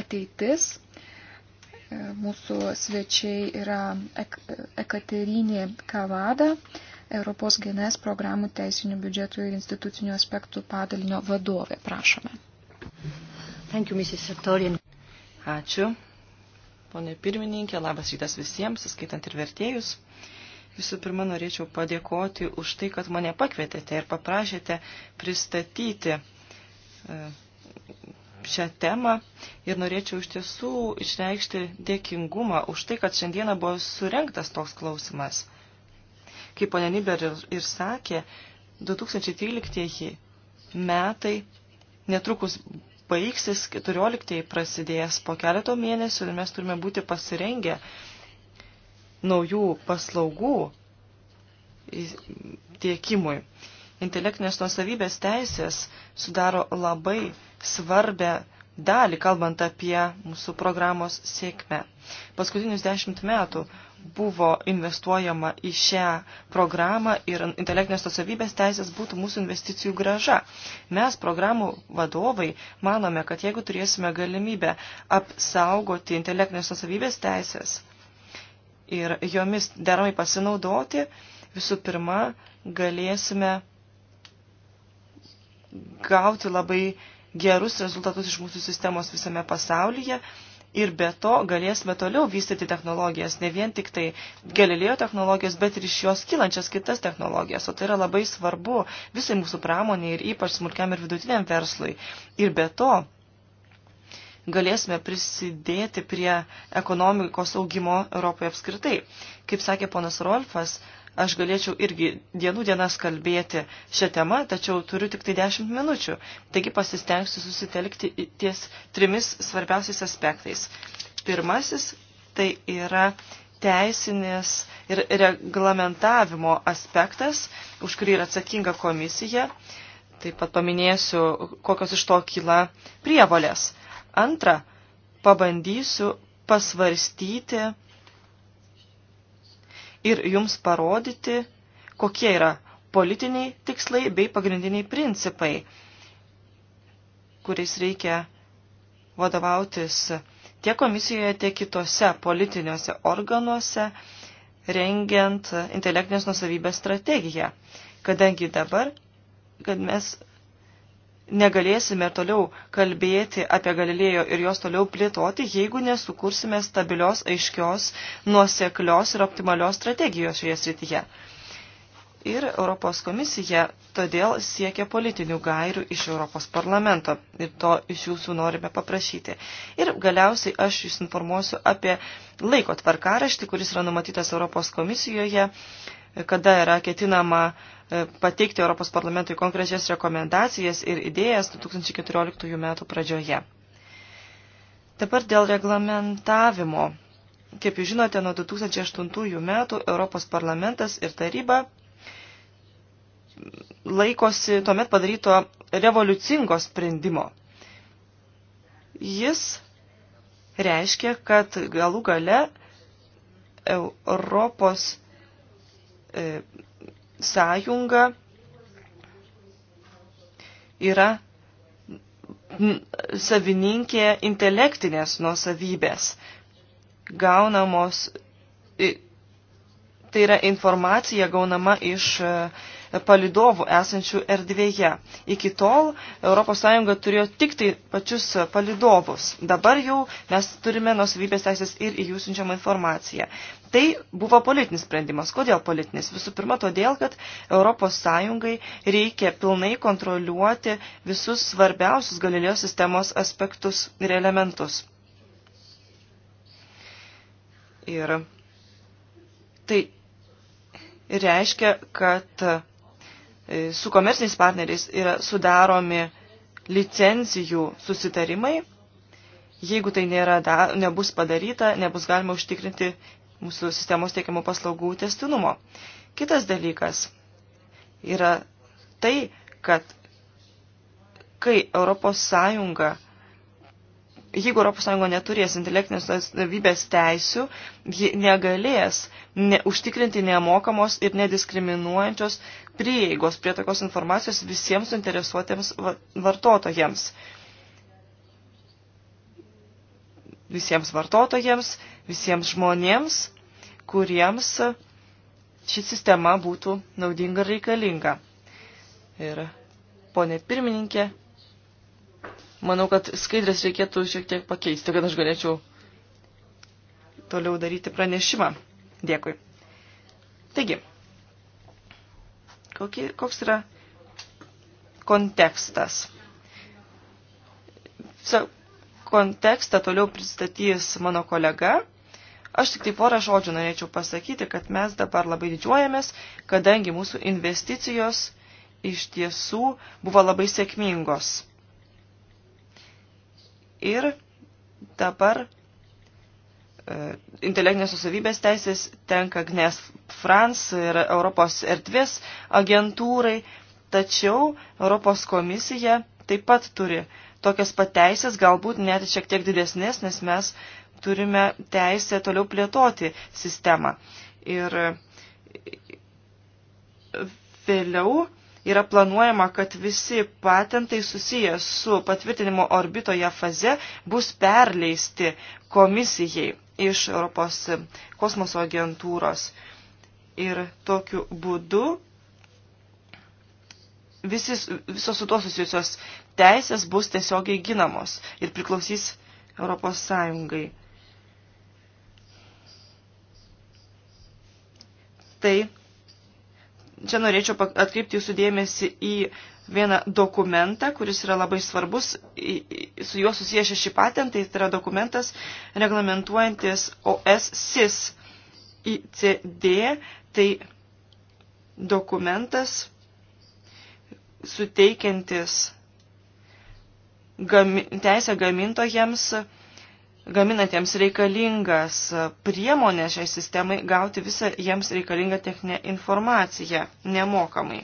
ateitis. E, mūsų svečiai yra Ekaterinė Kavada, Europos GNS programų teisinių biudžetų ir institucinių aspektų padalinio vadovė. Prašome. Thank you, Mrs. Sartorian. Ačiū, Pone pirmininkė, labas rytas visiems, skaitant ir vertėjus. Visų pirma, norėčiau padėkoti už tai, kad mane pakvietėte ir paprašėte pristatyti e, šią temą ir norėčiau iš tiesų išreikšti dėkingumą už tai, kad šiandieną buvo surinktas toks klausimas. Kaip ponė Niber ir sakė, 2013 metai netrukus baigsis, 14 prasidės po keleto mėnesių ir mes turime būti pasirengę naujų paslaugų tiekimui. Intelektinės nuosavybės teisės sudaro labai svarbę dalį, kalbant apie mūsų programos sėkmę. Paskutinius dešimt metų buvo investuojama į šią programą ir intelektinės tos teisės būtų mūsų investicijų graža. Mes, programų vadovai, manome, kad jeigu turėsime galimybę apsaugoti intelektinės tos teisės ir jomis deramai pasinaudoti, visų pirma, galėsime gauti labai gerus rezultatus iš mūsų sistemos visame pasaulyje ir be to galėsime toliau vystyti technologijas, ne vien tik tai galilėjo technologijas, bet ir iš jos kylančias kitas technologijas, o tai yra labai svarbu visai mūsų pramoniai ir ypač smulkiam ir vidutiniam verslui. Ir be to galėsime prisidėti prie ekonomikos augimo Europoje apskritai. Kaip sakė ponas Rolfas, Aš galėčiau irgi dienų dienas kalbėti šią temą, tačiau turiu tik tai 10 minučių. Taigi pasistengsiu susitelkti ties trimis svarbiausiais aspektais. Pirmasis tai yra teisinės ir reglamentavimo aspektas, už kurį yra atsakinga komisija. Taip pat paminėsiu, kokios iš to kyla prievolės. Antra, pabandysiu pasvarstyti ir jums parodyti, kokie yra politiniai tikslai bei pagrindiniai principai, kuriais reikia vadovautis tiek komisijoje, tiek kitose politiniuose organuose, rengiant intelektinės nusavybės strategiją. Kadangi dabar, kad mes negalėsime toliau kalbėti apie Galilėjo ir jos toliau plėtoti, jeigu nesukursime stabilios, aiškios, nuoseklios ir optimalios strategijos šioje srityje. Ir Europos komisija todėl siekia politinių gairių iš Europos parlamento ir to iš jūsų norime paprašyti. Ir galiausiai aš jūs informuosiu apie laiko tvarkaraštį, kuris yra numatytas Europos komisijoje, kada yra ketinama uh, E, pateikti Europos parlamentui konkrečias rekomendacijas ir idėjas 2014 metų pradžioje. Dabar dėl reglamentavimo. Kaip jūs žinote, nuo 2008 metų Europos parlamentas ir taryba laikosi tuomet padaryto revoliucingo sprendimo. Jis reiškia, kad galų gale Europos e, sąjunga yra savininkė intelektinės nuosavybės, gaunamos, tai yra informacija gaunama iš uh, palidovų esančių erdvėje. Iki tol ES turėjo tik tai pačius palidovus. Dabar jau mes turime nusavybės teisės ir į jų siunčiamą informaciją. Tai buvo politinis sprendimas. Kodėl politinis? Visų pirma, todėl, kad ES reikia pilnai kontroliuoti visus svarbiausius Galilėjo sistemos aspektus ir elementus. Ir tai reiškia, kad E, su komerciniais partneriais yra sudaromi licencijų susitarimai. Jeigu tai nėra, da, nebus padaryta, nebus galima užtikrinti mūsų sistemos teikiamų paslaugų testinumo. Kitas dalykas yra tai, kad kai Europos Sąjunga jeigu ES neturės intelektinės nusavybės teisių, ji negalės ne, užtikrinti nemokamos ir nediskriminuojančios prieigos prie tokios informacijos visiems suinteresuotiems vartotojams. Visiems vartotojams, visiems žmonėms, kuriems ši sistema būtų naudinga ir reikalinga. Ir, ponė pirmininkė, Manau, kad skaidrės reikėtų šiek tiek pakeisti, kad aš galėčiau toliau daryti pranešimą. Dėkui. Taigi, kokie, koks yra kontekstas? Sa, kontekstą toliau pristatys mano kolega. Aš tik tai porą žodžių norėčiau pasakyti, kad mes dabar labai didžiuojamės, kadangi mūsų investicijos iš tiesų buvo labai sėkmingos. Ir dabar e, intelektinės susavybės teisės tenka Gnes France ir Europos erdvės agentūrai, tačiau Europos komisija taip pat turi tokias pat teisės, galbūt net šiek tiek didesnės, nes mes turime teisę toliau plėtoti sistemą. Ir vėliau yra planuojama, kad visi patentai susiję su patvirtinimo orbitoje faze bus perleisti komisijai iš Europos kosmoso agentūros. Ir tokiu būdu visi, visos su tuo susijusios teisės bus tiesiogiai ginamos ir priklausys Europos Sąjungai. Tai čia norėčiau atkreipti jūsų dėmesį į vieną dokumentą, kuris yra labai svarbus, su juo susiję šeši patentai, tai yra dokumentas reglamentuojantis OSCIS ICD, tai dokumentas suteikiantis gami, teisę gamintojams gaminantiems reikalingas priemonės šiai sistemai gauti visą jiems reikalingą techninę informaciją nemokamai.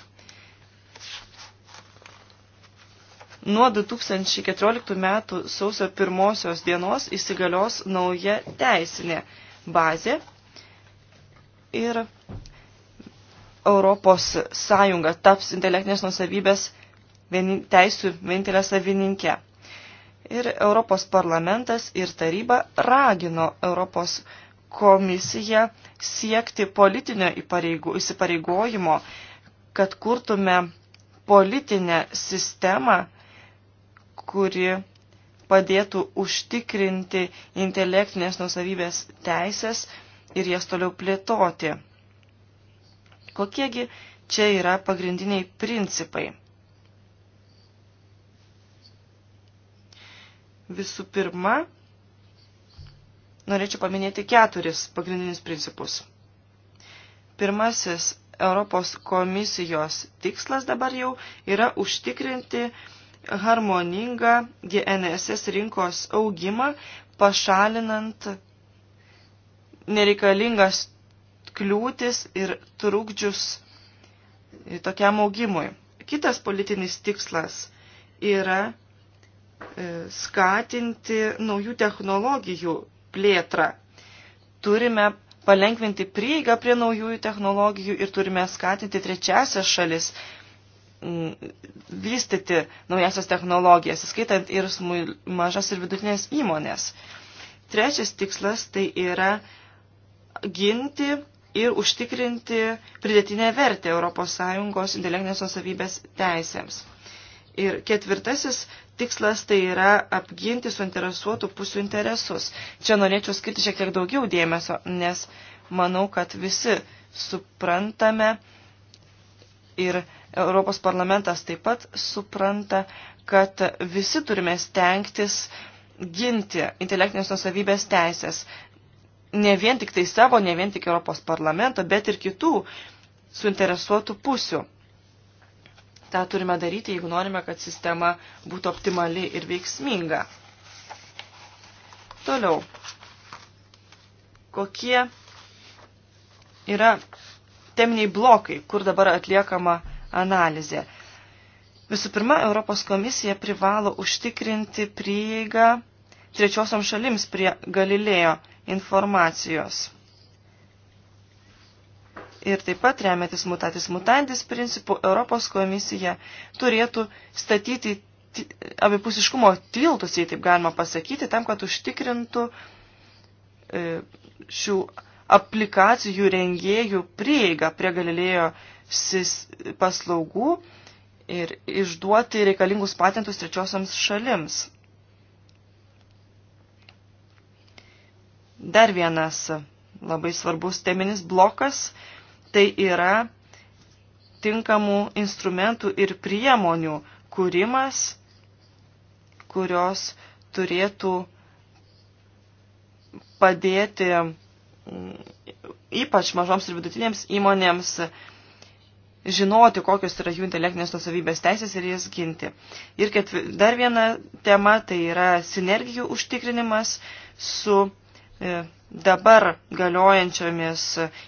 Nuo 2014 metų sausio pirmosios dienos įsigalios nauja teisinė bazė ir Europos Sąjunga taps intelektinės nusavybės teisų vienintelė savininkė. Ir Europos parlamentas ir taryba ragino Europos komisiją siekti politinio įsipareigojimo, kad kurtume politinę sistemą, kuri padėtų užtikrinti intelektinės nusavybės teisės ir jas toliau plėtoti. Kokiegi čia yra pagrindiniai principai? Visų pirma, norėčiau paminėti keturis pagrindinius principus. Pirmasis Europos komisijos tikslas dabar jau yra užtikrinti harmoningą GNSS rinkos augimą, pašalinant nereikalingas kliūtis ir trukdžius tokiam augimui. Kitas politinis tikslas yra E, skatinti naujų technologijų plėtrą. Turime palengvinti prieigą prie naujųjų technologijų ir turime skatinti trečiasias šalis vystyti naujasias technologijas, įskaitant ir mažas ir vidutinės įmonės. Trečias tikslas tai yra ginti ir užtikrinti pridėtinę vertę ES intelektinės nusavybės teisėms. Ir ketvirtasis tikslas tai yra apginti suinteresuotų pusių interesus. Čia norėčiau skirti šiek tiek daugiau dėmesio, nes manau, kad visi suprantame ir Europos parlamentas taip pat supranta, kad visi turime stengtis ginti intelektinės nusavybės teisės. Ne vien tik tai savo, ne vien tik Europos parlamento, bet ir kitų suinteresuotų pusių tą turime daryti, jeigu norime, kad sistema būtų optimali ir veiksminga. Toliau. Kokie yra teminiai blokai, kur dabar atliekama analizė? Visų pirma, Europos komisija privalo užtikrinti prieigą trečiosiam šalims prie Galilėjo informacijos. Ir taip pat remiantis mutatis mutantis principų Europos komisija turėtų statyti abipusiškumo tiltus, jei taip galima pasakyti, tam, kad užtikrintų e, šių aplikacijų rengėjų prieigą prie Galilėjo paslaugų ir išduoti reikalingus patentus trečiosiams šalims. Dar vienas labai svarbus teminis blokas tai yra tinkamų instrumentų ir priemonių kūrimas, kurios turėtų padėti mm, ypač mažoms ir vidutinėms įmonėms žinoti, kokios yra jų intelektinės nusavybės teisės ir jas ginti. Ir ketvi, dar viena tema tai yra sinergijų užtikrinimas su e, dabar galiojančiomis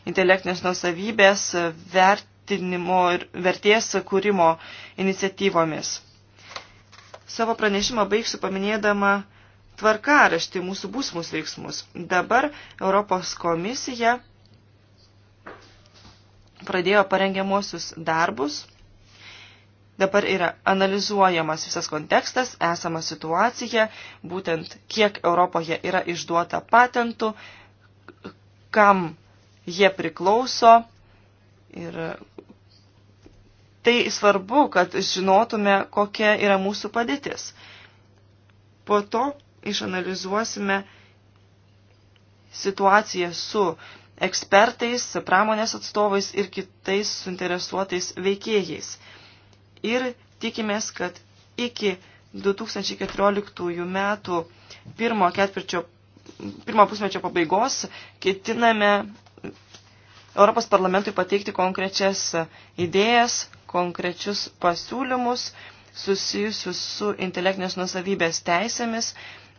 intelektinės nusavybės vertinimo ir vertės kūrimo iniciatyvomis. Savo pranešimą baigsiu paminėdama tvarkaraštį mūsų būsimus veiksmus. Dabar Europos komisija pradėjo parengiamuosius darbus Dabar yra analizuojamas visas kontekstas, esama situacija, būtent kiek Europoje yra išduota patentų, kam jie priklauso. Ir tai svarbu, kad žinotume, kokia yra mūsų padėtis. Po to išanalizuosime situaciją su ekspertais, pramonės atstovais ir kitais suinteresuotais veikėjais ir tikimės, kad iki 2014 metų pirmo, ketvirčio, pirmo pusmečio pabaigos ketiname Europos parlamentui pateikti konkrečias idėjas, konkrečius pasiūlymus susijusius su intelektinės nusavybės teisėmis,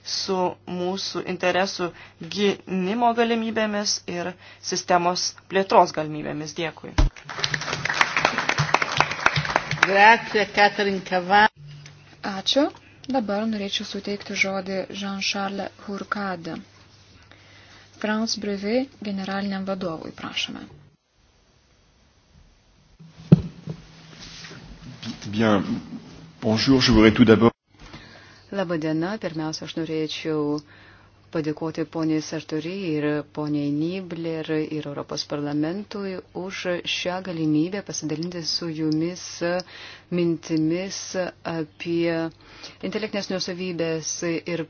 su mūsų interesų gynimo galimybėmis ir sistemos plėtros galimybėmis. Dėkui. Grazie, Katarin Kavan. Ačiū. Dabar norėčiau suteikti žodį Jean-Charles Hurkade. France Brevet generaliniam vadovui, prašome. Bien, bonjour, je voudrais tout d'abord. Labadiena, pirmiausia, aš norėčiau uh, padėkoti poniai Sartoriai ir poniai Nibler ir Europos parlamentui už šią galimybę pasidalinti su jumis mintimis apie intelektinės nusavybės ir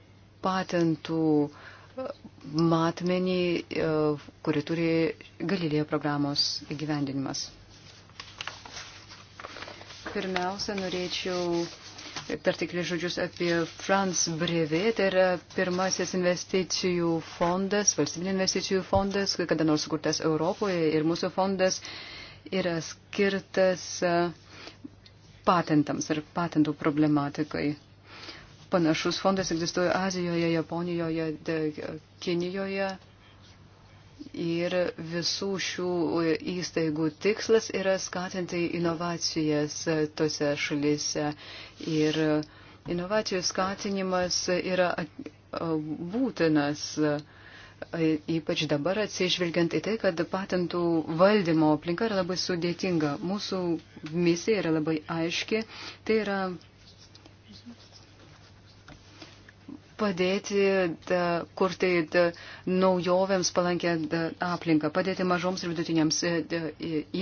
patentų matmenį, kurį turi Galilėjo programos įgyvendinimas. Pirmiausia, norėčiau pertiklius žodžius apie France Brevet. Tai yra pirmasis investicijų fondas, valstybinė investicijų fondas, kada nors sukurtas Europoje ir mūsų fondas yra skirtas patentams ir patentų problematikai. Panašus fondas egzistuoja Azijoje, Japonijoje, Kinijoje Ir visų šių įstaigų tikslas yra skatinti inovacijas tose šalise. Ir inovacijų skatinimas yra būtinas, ypač dabar atsižvelgiant į tai, kad patentų valdymo aplinka yra labai sudėtinga. Mūsų misija yra labai aiški. Tai yra padėti da, kurti da, naujovėms palankę da, aplinką, padėti mažoms ir vidutinėms e, da,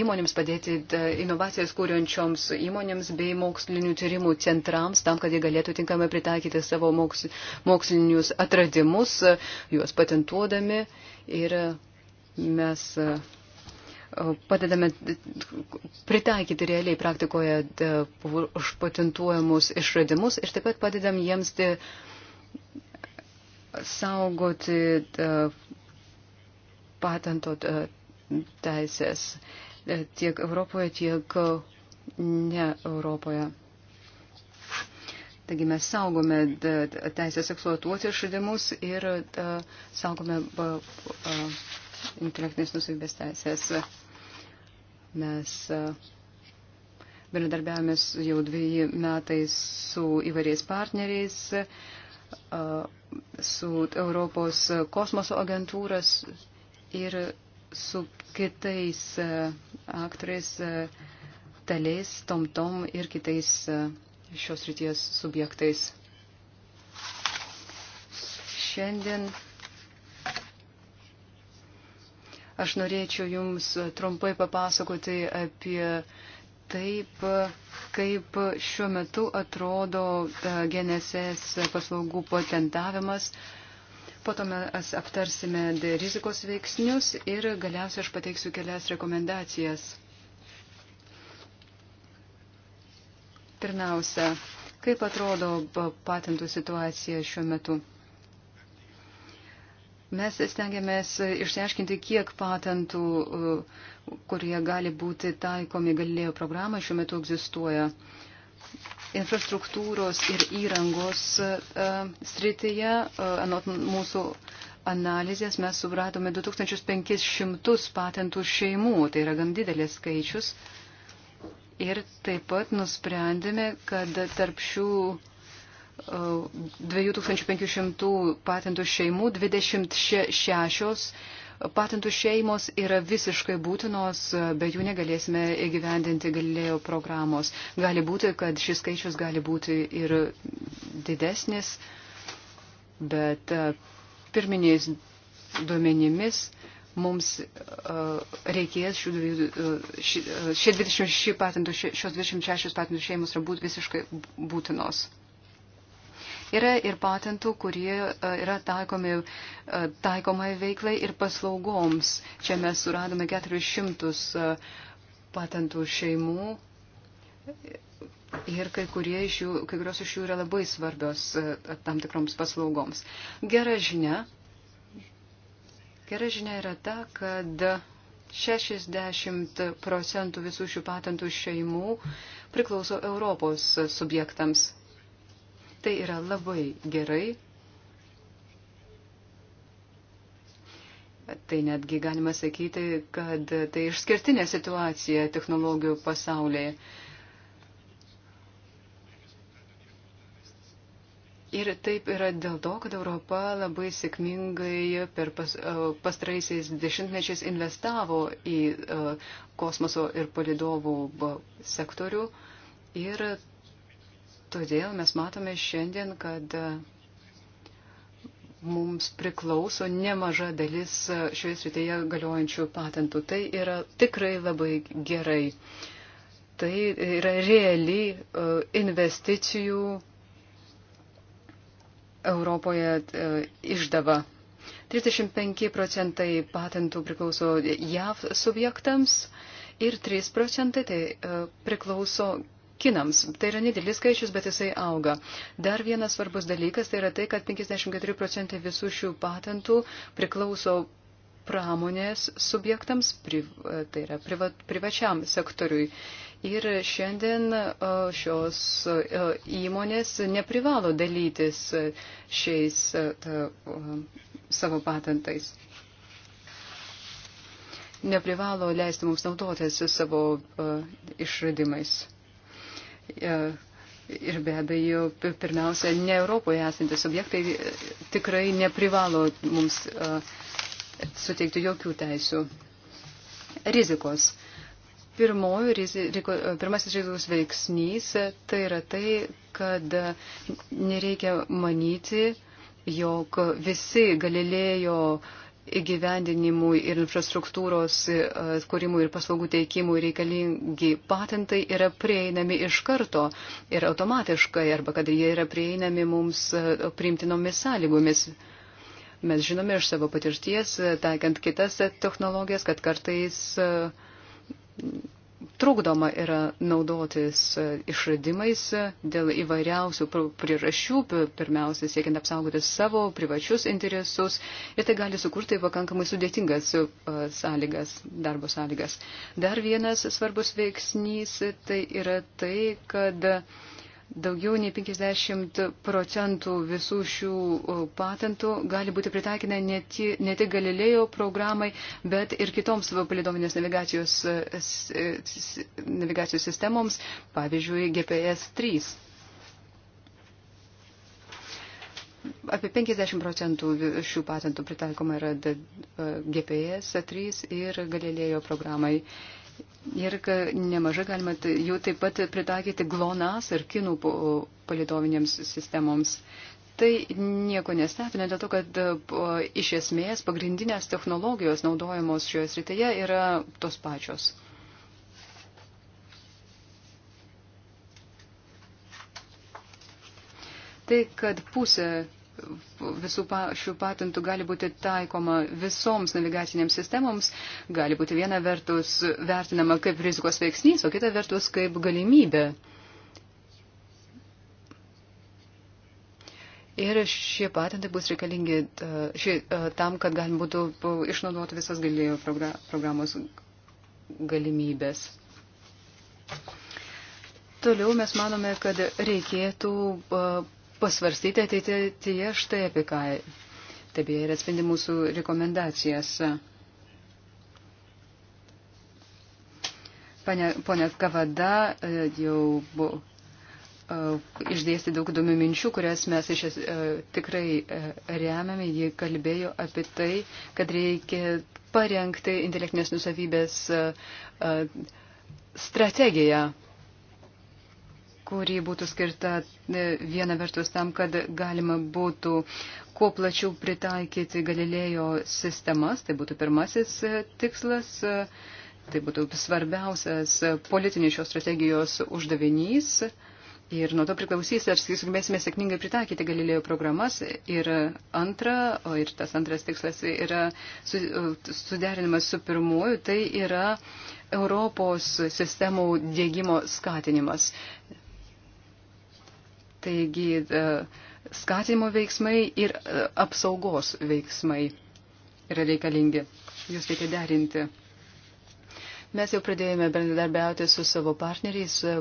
įmonėms, padėti da, inovacijas kūriančioms įmonėms bei mokslinių tyrimų centrams, tam, kad jie galėtų tinkamai pritaikyti savo moks, mokslinius atradimus, juos patentuodami. Ir mes e, padedame pritaikyti realiai praktikoje užpatentuojamus išradimus ir taip pat padedam jiems. De, saugoti e, patento e, teisės e, tiek Europoje, tiek ne Europoje. Taigi mes saugome teisės eksploatuoti išradimus ir saugome intelektinės nusavybės teisės. Mes bendradarbiavomės jau dviejį metais su įvairiais partneriais su Europos kosmoso agentūras ir su kitais e, aktoriais, e, taliais, tomtom ir kitais e, šios ryties subjektais. Šiandien aš norėčiau Jums trumpai papasakoti apie uh, taip, kaip šiuo metu atrodo e, GNSS paslaugų patentavimas. Po to mes aptarsime rizikos veiksnius ir galiausiai aš pateiksiu kelias rekomendacijas. Pirmiausia, kaip atrodo patentų situacija šiuo metu? Mes stengiamės išsiaiškinti, kiek patentų, uh, kurie gali būti taikomi galėjo programai, šiuo metu egzistuoja. Infrastruktūros ir įrangos uh, srityje, uh, anot mūsų analizės, mes supratome 2500 patentų šeimų, tai yra gan didelis skaičius. Ir taip pat nusprendėme, kad tarp šių 2500 patentų šeimų, 26 patentų šeimos yra visiškai būtinos, be jų negalėsime įgyvendinti galėjo programos. Gali būti, kad šis skaičius gali būti ir didesnis, bet e, pirminiais duomenimis mums e, reikės šių, e, šie 26 patentų, šios 26 patentų šeimos yra būt visiškai būtinos. Yra ir patentų, kurie e, yra taikomi, e, taikomai veiklai ir paslaugoms. Čia mes suradome 400 e, patentų šeimų. Ir kai, iš jų, kai kurios iš jų yra labai svarbios tam tikroms paslaugoms. Gera žinia. Gera žinia yra ta, kad 60 procentų visų šių patentų šeimų priklauso Europos subjektams. Tai yra labai gerai. Tai netgi galima sakyti, kad tai išskirtinė situacija technologijų pasaulyje. Ir taip yra dėl to, kad Europa labai sėkmingai per pas, e, pastaraisiais dešimtmečiais investavo į e, kosmoso ir palidovų e, sektorių. Ir Todėl mes matome šiandien, kad e, mums priklauso nemaža dalis e, šioje srityje galiojančių patentų. Tai yra tikrai labai gerai. Tai yra reali e, investicijų Europoje išdava. 35 procentai patentų priklauso JAV subjektams ir 3 procentai tai priklauso kinams. Tai yra nedidelis skaičius, bet jisai auga. Dar vienas svarbus dalykas tai yra tai, kad 54 procentai visų šių patentų priklauso pramonės subjektams, pri, tai yra priva, privačiam sektoriui. Ir šiandien šios įmonės neprivalo dalytis šiais ta, savo patentais. Neprivalo leisti mums naudotis savo išradimais. E, ir be abejo, pirmiausia, ne Europoje esantis objektai e, tikrai neprivalo mums e, suteikti jokių teisų. Rizikos. Pirmoji, riziko, pirmasis rizikos veiksnys tai yra tai, kad nereikia manyti, jog visi galilėjo uh, įgyvendinimui ir infrastruktūros e, kūrimui ir paslaugų teikimui reikalingi patentai yra prieinami iš karto ir automatiškai, arba kad jie yra prieinami mums e, priimtinomis sąlygomis. Mes žinome iš savo patirties, e, taikant kitas technologijas, kad kartais trukdoma yra naudotis e, išradimais e, dėl įvairiausių priežasčių, pirmiausia, siekiant apsaugoti savo privačius interesus ir tai gali sukurti pakankamai sudėtingas e, sąlygas, darbo sąlygas. Dar vienas svarbus veiksnys tai yra tai, kad Daugiau nei 50 procentų visų šių patentų gali būti pritaikinę ne tik Galilėjo programai, bet ir kitoms palidominės navigacijos, e, e, navigacijos sistemoms, pavyzdžiui, GPS 3. Apie 50 procentų šių patentų pritaikoma yra e, GPS 3 ir Galilėjo programai. Uh, Ir nemažai galima jų taip pat pritaikyti glonas ir kinų palitovinėms sistemoms. Tai nieko nestebina dėl to, kad iš esmės pagrindinės technologijos naudojamos šioje srityje yra tos pačios. Tai, kad pusė visų pa, šių patentų gali būti taikoma visoms navigacinėms sistemoms, gali būti viena vertus vertinama kaip rizikos veiksnys, o kita vertus kaip galimybė. Ir šie patentai bus reikalingi e, šie, e, tam, kad galima būtų išnaudoti visas galėjo programos galimybės. Toliau mes manome, kad reikėtų e, pasvarstyti ateityje štai apie ką. Taip jie ir atspindi mūsų rekomendacijas. Pone Kavada e, jau buvo e, išdėsti daug įdomių minčių, kurias mes iš es, e, tikrai remiame. Ji kalbėjo apie tai, kad reikia parengti intelektinės nusavybės strategiją kuri būtų skirta e, viena vertus tam, kad galima būtų kuo plačiau pritaikyti Galilėjo sistemas, tai būtų pirmasis e, tikslas, e, tai būtų svarbiausias politinis šios strategijos uždavinys. Ir nuo to priklausys, ar sugebėsime sėkmingai pritaikyti Galilėjo programas. Ir antra, o ir tas antras tikslas yra su, suderinimas su pirmuoju, tai yra Europos sistemų dėgymo skatinimas. Taigi e, skatimo veiksmai ir e, apsaugos veiksmai yra reikalingi. Jūs reikia derinti. Mes jau pradėjome bendradarbiauti su savo partneriais e,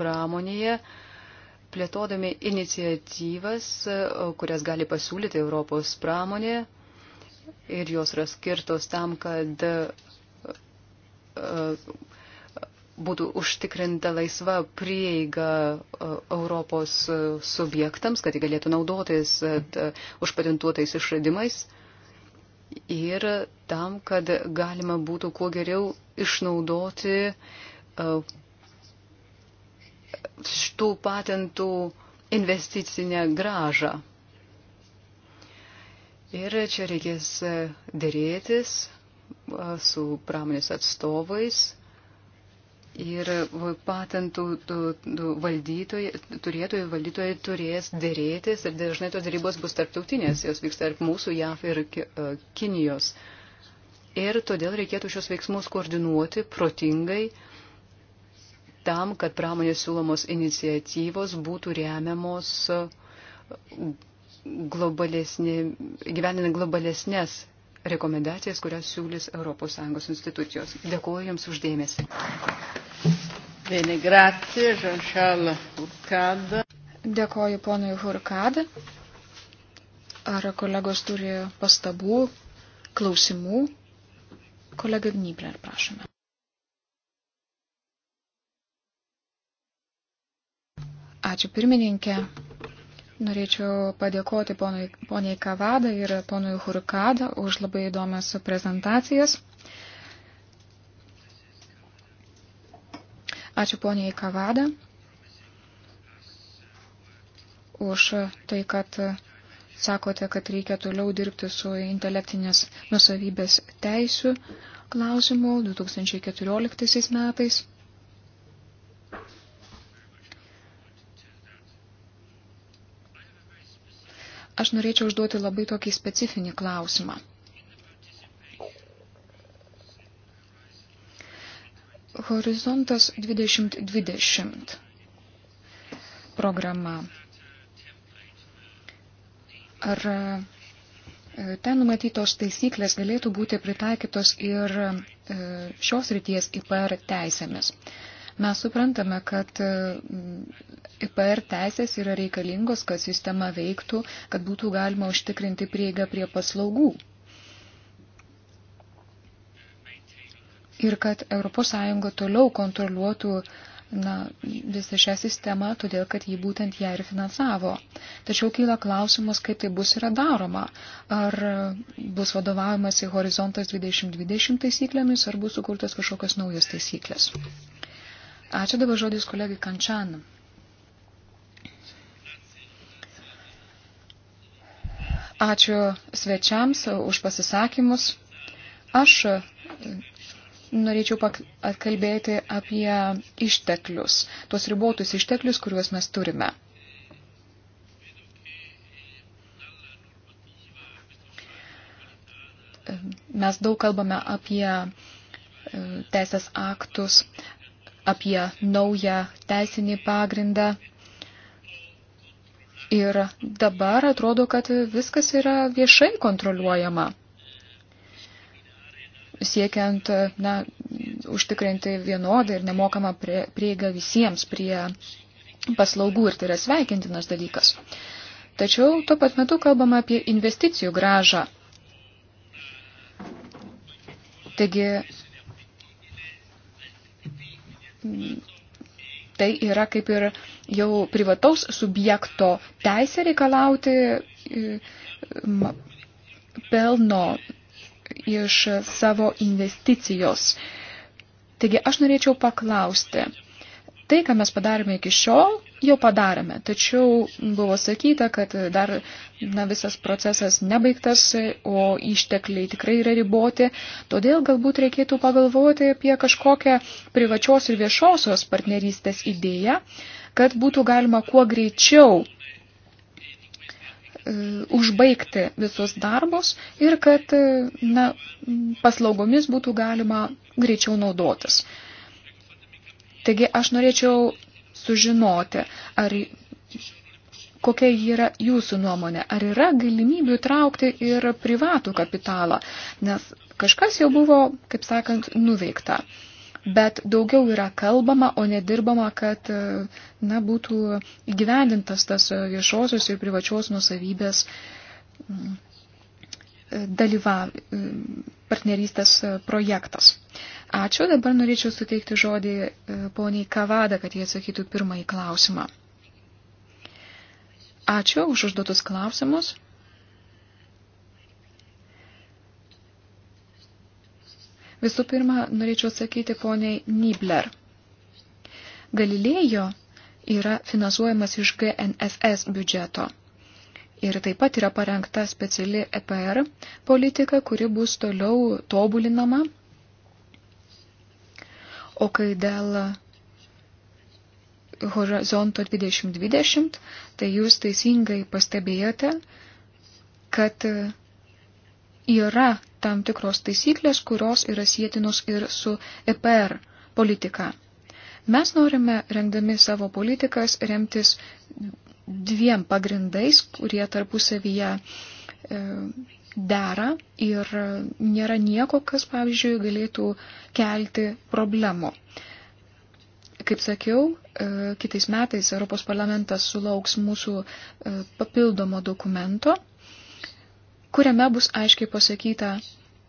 pramonėje, plėtodami iniciatyvas, kurias gali pasiūlyti Europos pramonė. Ir jos yra skirtos tam, kad būtų užtikrinta laisva prieiga e, Europos e, subjektams, kad jie galėtų naudotis e, užpatentuotais išradimais ir tam, kad galima būtų kuo geriau išnaudoti šitų patentų investicinę gražą. Ir čia reikės dėrėtis su pramonės atstovais Ir patentų valdytojai, turėtojai, valdytojai turės dėrėtis ir dažnai tos dėrybos bus tarptautinės, jos vyksta tarp mūsų, JAF ir e, Kinijos. Ir todėl reikėtų šios veiksmus koordinuoti protingai tam, kad pramonės siūlomos iniciatyvos būtų remiamos e, globalesnė, gyveninant globalesnės rekomendacijas, kurias siūlys ES institucijos. Dėkuoju Jums uždėmesi. Bene, grazie, Jean-Charles Hurkada. Dėkoju ponui Hurkada. Ar kolegos turi pastabų, klausimų? Kolega Gnybler, prašome. Ačiū pirmininkė. Norėčiau padėkoti ponui, poniai Kavada ir ponui Hurkada už labai įdomias prezentacijas. Ačiū poniai Kavada už tai, kad sakote, kad reikia toliau dirbti su intelektinės nusavybės teisų klausimu 2014 metais. Aš norėčiau užduoti labai tokį specifinį klausimą. Horizontas 2020 programa. Ar e, ten numatytos taisyklės galėtų būti pritaikytos ir e, šios ryties IPR teisėmis? Mes suprantame, kad e, IPR teisės yra reikalingos, kad sistema veiktų, kad būtų galima užtikrinti prieigą prie paslaugų. Ir kad ES toliau kontroliuotų na, visą šią sistemą, todėl kad jį būtent ją ir finansavo. Tačiau kyla klausimas, kaip tai bus yra daroma. Ar bus vadovaujamas į horizontas 2020 taisyklėmis, ar bus sukurtas kažkokios naujos taisyklės. Ačiū dabar žodis kolegai Kančanam. Ačiū svečiams už pasisakymus. Aš norėčiau atkalbėti apie išteklius, tuos ribotus išteklius, kuriuos mes turime. Mes daug kalbame apie e, teisės aktus, apie naują teisinį pagrindą. Ir dabar atrodo, kad viskas yra viešai kontroliuojama, siekiant na, užtikrinti vienodą ir nemokamą prieigą visiems prie paslaugų ir tai yra sveikintinas dalykas. Tačiau tuo pat metu kalbama apie investicijų gražą. Taigi tai yra kaip ir jau privataus subjekto teisė reikalauti e, pelno iš savo investicijos. Taigi aš norėčiau paklausti, tai, ką mes padarėme iki šiol, jau padarėme, tačiau buvo sakyta, kad dar na, visas procesas nebaigtas, o ištekliai tikrai yra riboti, todėl galbūt reikėtų pagalvoti apie kažkokią privačios ir viešosios partnerystės idėją, kad būtų galima kuo greičiau e, užbaigti visus darbus ir kad e, na, paslaugomis būtų galima greičiau naudotis. Taigi aš norėčiau sužinoti, ar kokia yra jūsų nuomonė, ar yra galimybių traukti ir privatų kapitalą, nes kažkas jau buvo, kaip sakant, nuveikta. Bet daugiau yra kalbama, o nedirbama, kad na, būtų įgyvendintas tas viešosios ir privačios nusavybės dalyva partnerystės projektas. Ačiū, dabar norėčiau suteikti žodį e, poniai Kavada, kad jie atsakytų pirmąjį klausimą. Ačiū už užduotus klausimus. Visų pirma, norėčiau atsakyti poniai Nibler. Galilėjo yra finansuojamas iš GNSS biudžeto. Ir taip pat yra parengta speciali EPR politika, kuri bus toliau tobulinama O kai dėl horizonto 2020, tai jūs teisingai pastebėjote, kad yra tam tikros taisyklės, kurios yra sėtinos ir su EPR politika. Mes norime, rengdami savo politikas, remtis dviem pagrindais, kurie tarpusavyje e, dera ir nėra nieko, kas, pavyzdžiui, galėtų kelti problemų. Kaip sakiau, e, kitais metais Europos parlamentas sulauks mūsų e, papildomo dokumento, kuriame bus aiškiai pasakyta,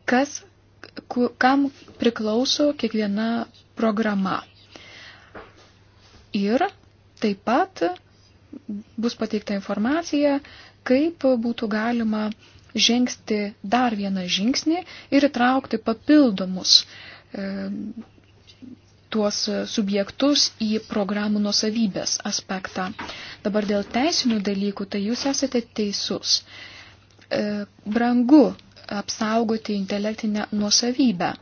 kas, kam priklauso kiekviena programa. Ir taip pat bus pateikta informacija, kaip būtų galima uh, žengsti dar vieną žingsnį ir įtraukti papildomus e, tuos subjektus į programų nusavybės aspektą. Dabar dėl teisinių dalykų, tai jūs esate teisus. E, brangu apsaugoti intelektinę nusavybę.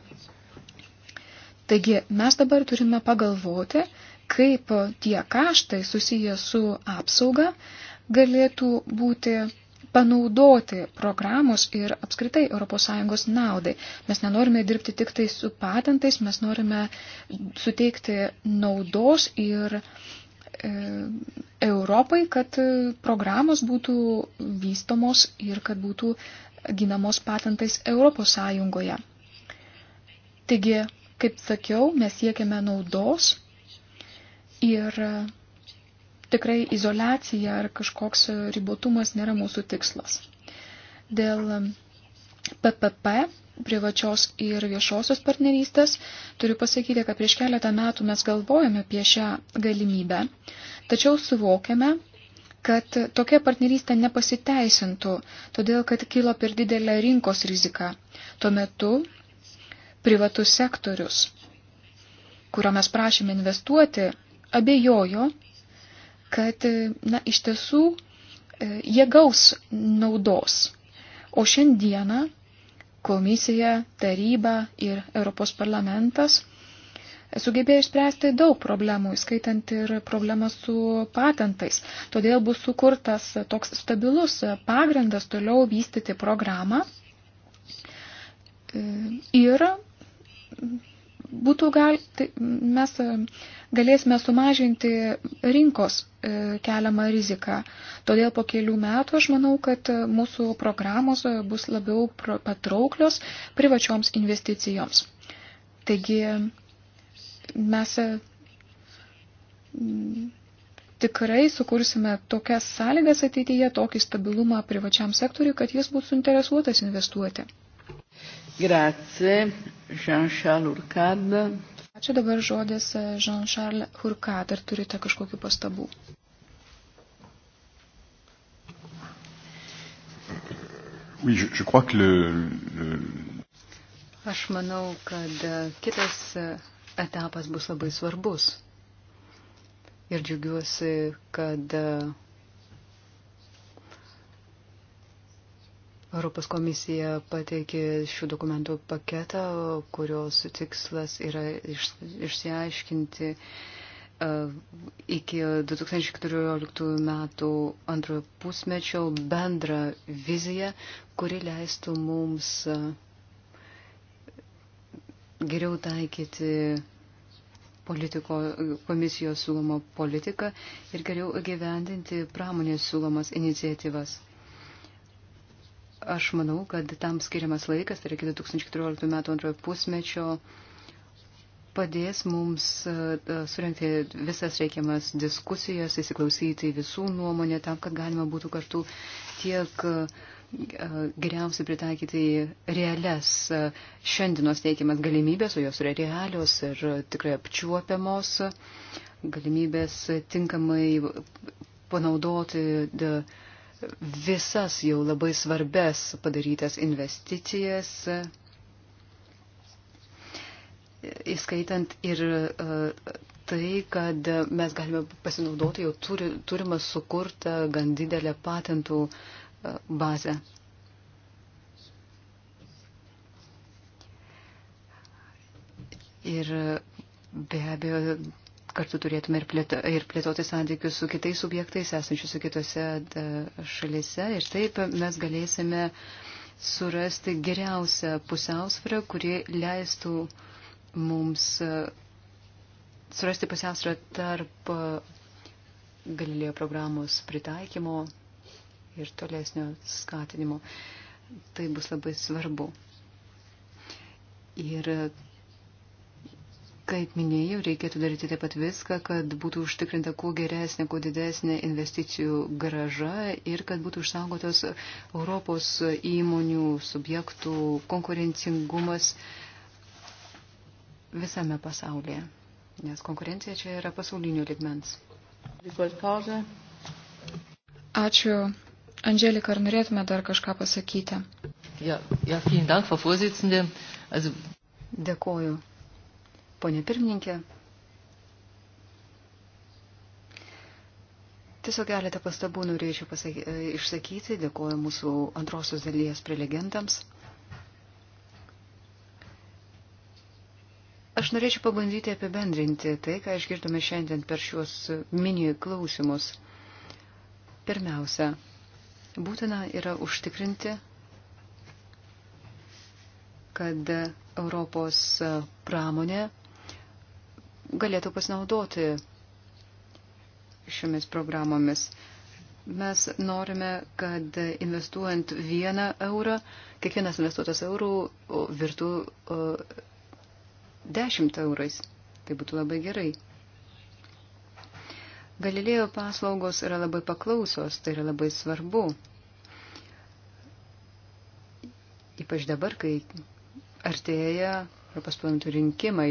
Taigi mes dabar turime pagalvoti, kaip tie kaštai susiję su apsauga galėtų būti panaudoti programos ir apskritai ES naudai. Mes nenorime dirbti tik tai su patentais, mes norime suteikti naudos ir e, Europai, kad e, programos būtų vystomos ir kad būtų ginamos patentais Europos Sąjungoje. Taigi, kaip sakiau, mes siekiame naudos ir tikrai izolacija ar kažkoks ribotumas nėra mūsų tikslas. Dėl PPP privačios ir viešosios partnerystės, turiu pasakyti, kad prieš keletą metų mes galvojame apie šią galimybę, tačiau suvokiame, kad tokia partnerystė nepasiteisintų, todėl kad kilo per didelę rinkos riziką. Tuo metu privatus sektorius, kurio mes prašėme investuoti, abejojo, kad na, iš tiesų e, jie gaus naudos. O šiandieną komisija, taryba ir Europos parlamentas sugebėjo išspręsti daug problemų, skaitant ir problemą su patentais. Todėl bus sukurtas toks stabilus pagrindas toliau vystyti programą e, ir būtų gal, tai mes e, galėsime sumažinti rinkos e, keliamą riziką. Todėl po kelių metų aš manau, kad e, mūsų programos bus labiau patrauklios privačioms investicijoms. Taigi mes tikrai sukursime tokias sąlygas ateityje, tokį stabilumą privačiam sektoriui, kad jis būtų suinteresuotas investuoti. Grazie, Jean-Charles Urkad. Ačiū dabar žodis e, Jean-Charles Urkad. Ar turite kažkokiu pastabų? Oui, je, je crois que le, le... Aš manau, kad e, kitas e, etapas bus labai svarbus. Ir džiugiuosi, kad Europos komisija pateikė šių dokumentų paketą, kurios tikslas yra iš, išsiaiškinti uh, iki 2014 metų antrojo pusmečio bendrą viziją, kuri leistų mums e, geriau taikyti politiko, komisijos siūlomą politiką ir geriau gyvendinti pramonės siūlomas iniciatyvas. Aš manau, kad tam skiriamas laikas, tai yra 2014 metų antrojo pusmečio, padės mums e, e, surinkti visas reikiamas diskusijas, įsiklausyti visų nuomonę, tam, kad galima būtų kartu tiek e, geriausiai pritaikyti realias šiandienos teikiamas galimybės, o jos yra realios ir tikrai apčiuopiamos galimybės tinkamai panaudoti. De, de, visas jau labai svarbes padarytas investicijas, įskaitant ir e, tai, kad mes galime pasinaudoti jau turi, turimą sukurtą gan didelę patentų e, bazę. Ir be abejo, kartu turėtume ir, plėto, ir plėtoti santykius su kitais subjektais esančius kitose e, šalise. Ir taip mes galėsime surasti geriausią pusiausvyrą, kuri leistų mums e, surasti pusiausvyrą tarp e, Galilėjo programos pritaikymo ir tolesnio skatinimo. Tai bus labai svarbu. Ir Kaip minėjau, reikėtų daryti taip pat viską, kad būtų užtikrinta kuo geresnė, kuo didesnė investicijų graža ir kad būtų išsaugotos Europos įmonių subjektų konkurencingumas visame pasaulyje, nes konkurencija čia yra pasaulinio ligmens. Ačiū. Angelika, ar norėtume dar kažką pasakyti? Ja, ja, Dank, Frau also... Dėkoju. Pone pirmininkė, tiesiog keletą pastabų norėčiau pasaky, e, išsakyti. Dėkuoju mūsų antrosios dalies prelegentams. Aš norėčiau pabandyti apibendrinti tai, ką išgirdome šiandien per šiuos mini klausimus. Pirmiausia, būtina yra užtikrinti, kad Europos pramonė galėtų pasinaudoti šiomis programomis. Mes norime, kad investuojant vieną eurą, kiekvienas investuotas eurų virtų dešimt eurais. Tai būtų labai gerai. Galilėjo paslaugos yra labai paklausos, tai yra labai svarbu. Ypač dabar, kai artėja Europos parlamentų rinkimai.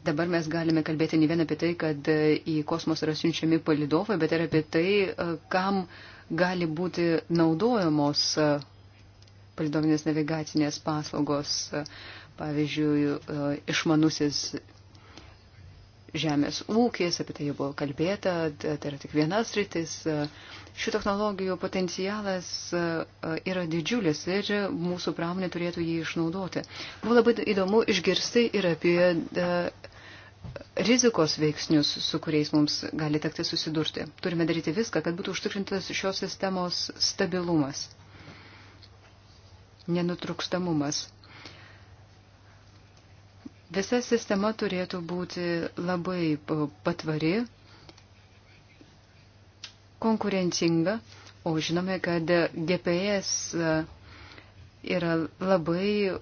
Dabar mes galime kalbėti ne vien apie tai, kad e, į kosmosą yra siunčiami palidovai, bet ir apie tai, e, kam gali būti naudojamos e, palidovinės navigacinės paslaugos, pavyzdžiui, išmanusis žemės ūkis, apie tai jau buvo kalbėta, tai yra tik vienas rytis. Šių technologijų potencialas yra didžiulis ir mūsų pramonė turėtų jį išnaudoti. Buvo labai įdomu išgirsti ir apie rizikos veiksnius, su kuriais mums gali tekti susidurti. Turime daryti viską, kad būtų užtikrintas šios sistemos stabilumas, nenutrukstamumas. Visa sistema turėtų būti labai patvari, konkurencinga, o žinome, kad GPS e, yra labai e,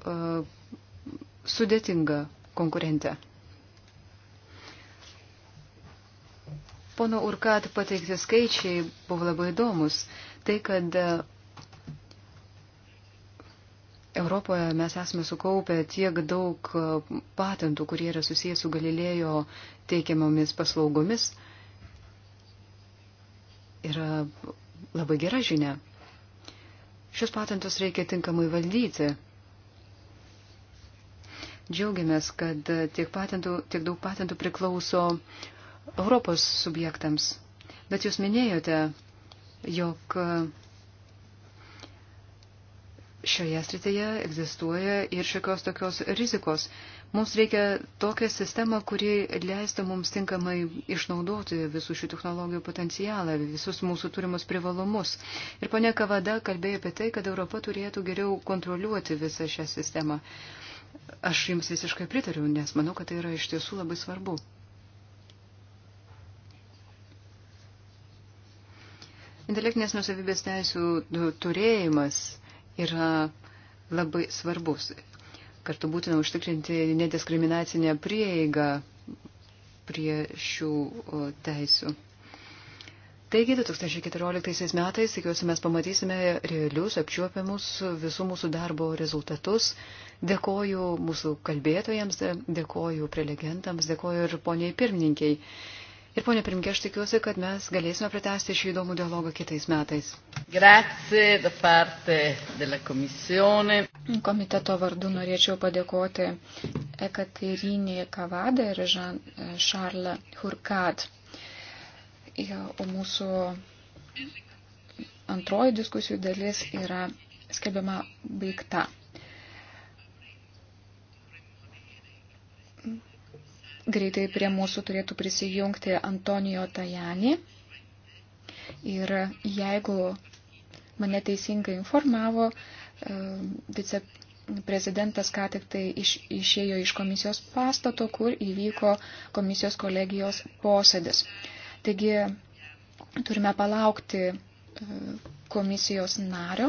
sudėtinga konkurente. Pono Urkat pateikti skaičiai buvo labai įdomus. Tai, kad e, Europoje mes esame sukaupę tiek daug e, patentų, kurie yra susijęs su Galilėjo teikiamomis paslaugomis, yra labai gera žinia. Šios patentus reikia tinkamai valdyti. Džiaugiamės, kad tiek, patentų, tiek daug patentų priklauso uh, Europos subjektams. Bet jūs minėjote, jog šioje srityje egzistuoja ir šiokios tokios rizikos. Mums reikia tokią sistemą, kuri leistų mums tinkamai išnaudoti visų šių technologijų potencialą, visus mūsų turimus privalumus. Ir ponia Kavada kalbėjo apie tai, kad Europa turėtų geriau kontroliuoti visą šią sistemą. Aš jums visiškai pritariu, nes manau, kad tai yra iš tiesų labai svarbu. Intelektinės nusavybės teisų turėjimas yra labai svarbus. Kartu būtina užtikrinti nediskriminacinę prieigą prie šių teisų. Taigi 2014 metais, tikiuosi, mes pamatysime realius, apčiuopiamus visų mūsų darbo rezultatus. Dėkoju mūsų kalbėtojams, dėkoju prelegentams, dėkoju ir poniai pirmininkiai. Ir ponė Primke, aš tikiuosi, kad mes galėsime pritesti šį įdomų dialogą kitais metais. Grazie da parte della komisione. Komiteto vardu norėčiau padėkoti Ekaterinė Kavada ir Žan Šarla eh, Hurkat. O mūsų antroji diskusijų dalis yra skelbiama baigta. Greitai prie mūsų turėtų prisijungti Antonijo Tajani. Ir jeigu mane teisingai informavo, e, viceprezidentas ką tik tai iš, išėjo iš komisijos pastato, kur įvyko komisijos kolegijos posėdis. Taigi turime palaukti e, komisijos nario.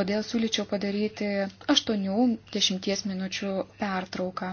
Todėl siūlyčiau padaryti 80 minučių pertrauką.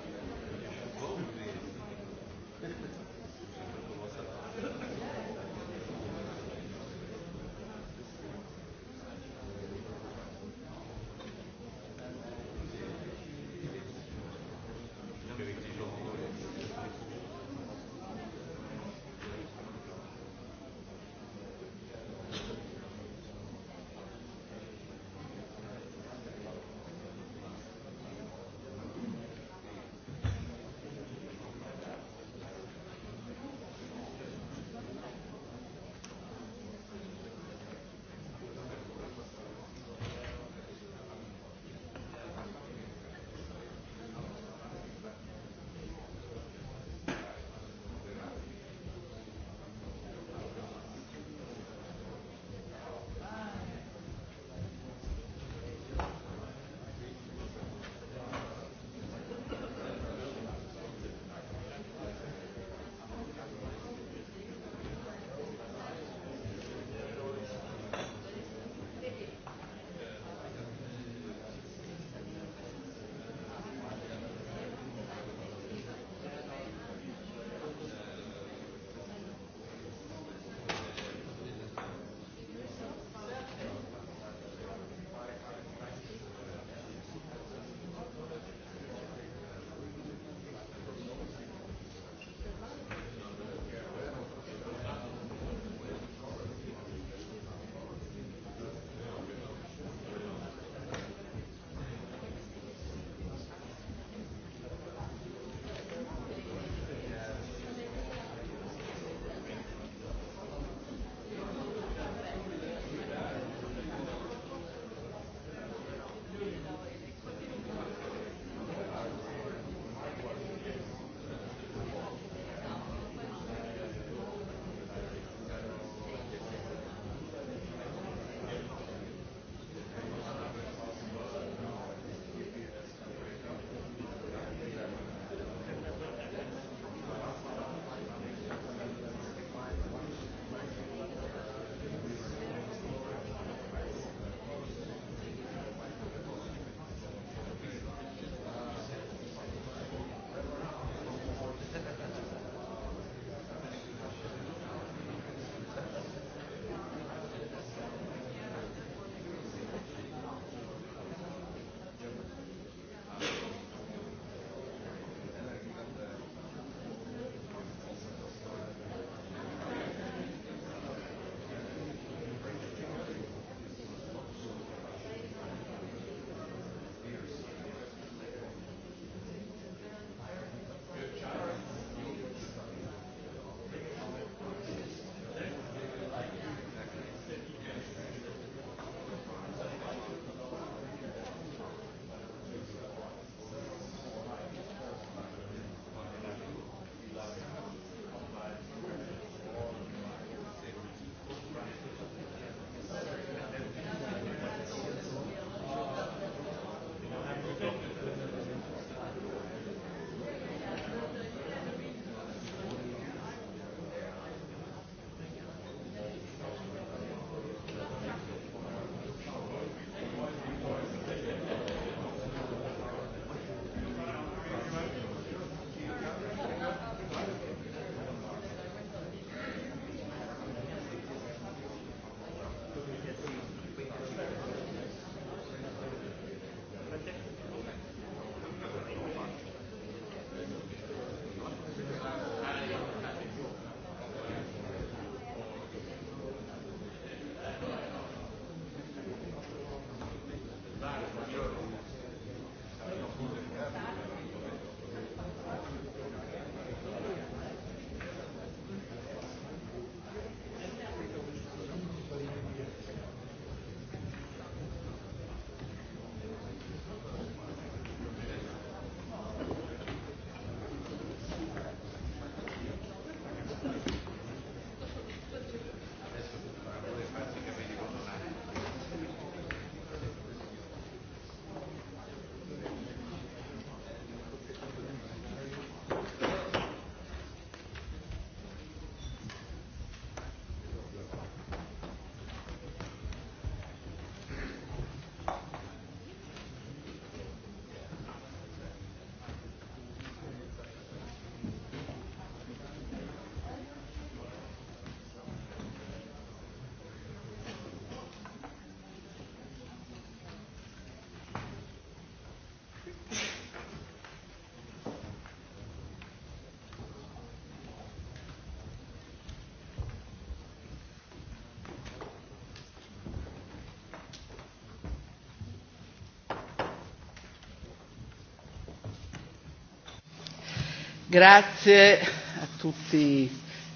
Grazie a tutti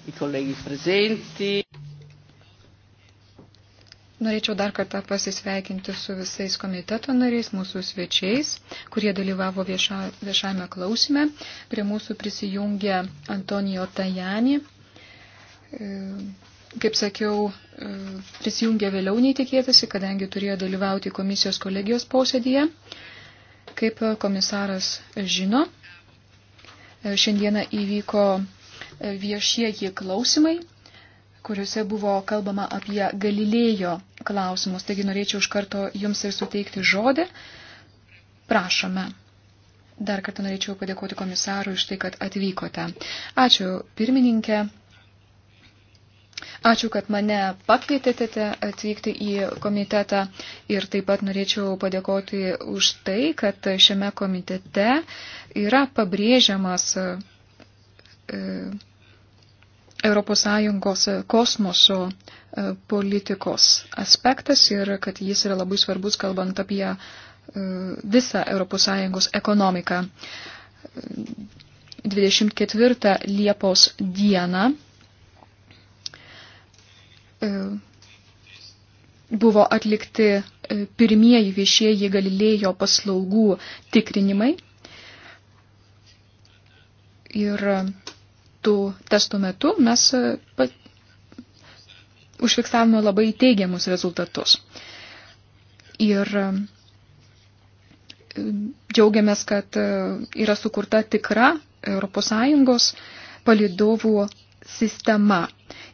i colleghi presenti. Norėčiau dar kartą pasisveikinti su visais komiteto nariais, mūsų svečiais, kurie dalyvavo vieša, viešame klausime. Prie mūsų prisijungė Antonijo Tajani. E, kaip sakiau, e, prisijungė vėliau nei tikėtasi, kadangi turėjo dalyvauti komisijos kolegijos posėdėje. Kaip komisaras žino, E, šiandieną įvyko e, viešieji klausimai, kuriuose buvo kalbama apie Galilėjo klausimus. Taigi norėčiau iš karto jums ir suteikti žodį. Prašome. Dar kartą norėčiau padėkoti komisarui iš tai, kad atvykote. Ačiū pirmininkė. Ačiū, kad mane pakvietėte atvykti į komitetą ir taip pat norėčiau padėkoti už tai, kad šiame komitete yra pabrėžiamas ES kosmoso e, politikos aspektas ir kad jis yra labai svarbus, kalbant apie e, visą ES ekonomiką. 24 e, Liepos dieną E, buvo atlikti e, pirmieji viešieji Galilėjo paslaugų tikrinimai. Ir tų testų metu mes e, pat... užfiksavome labai teigiamus rezultatus. Ir džiaugiamės, kad yra sukurta tikra ES palidovų sistema.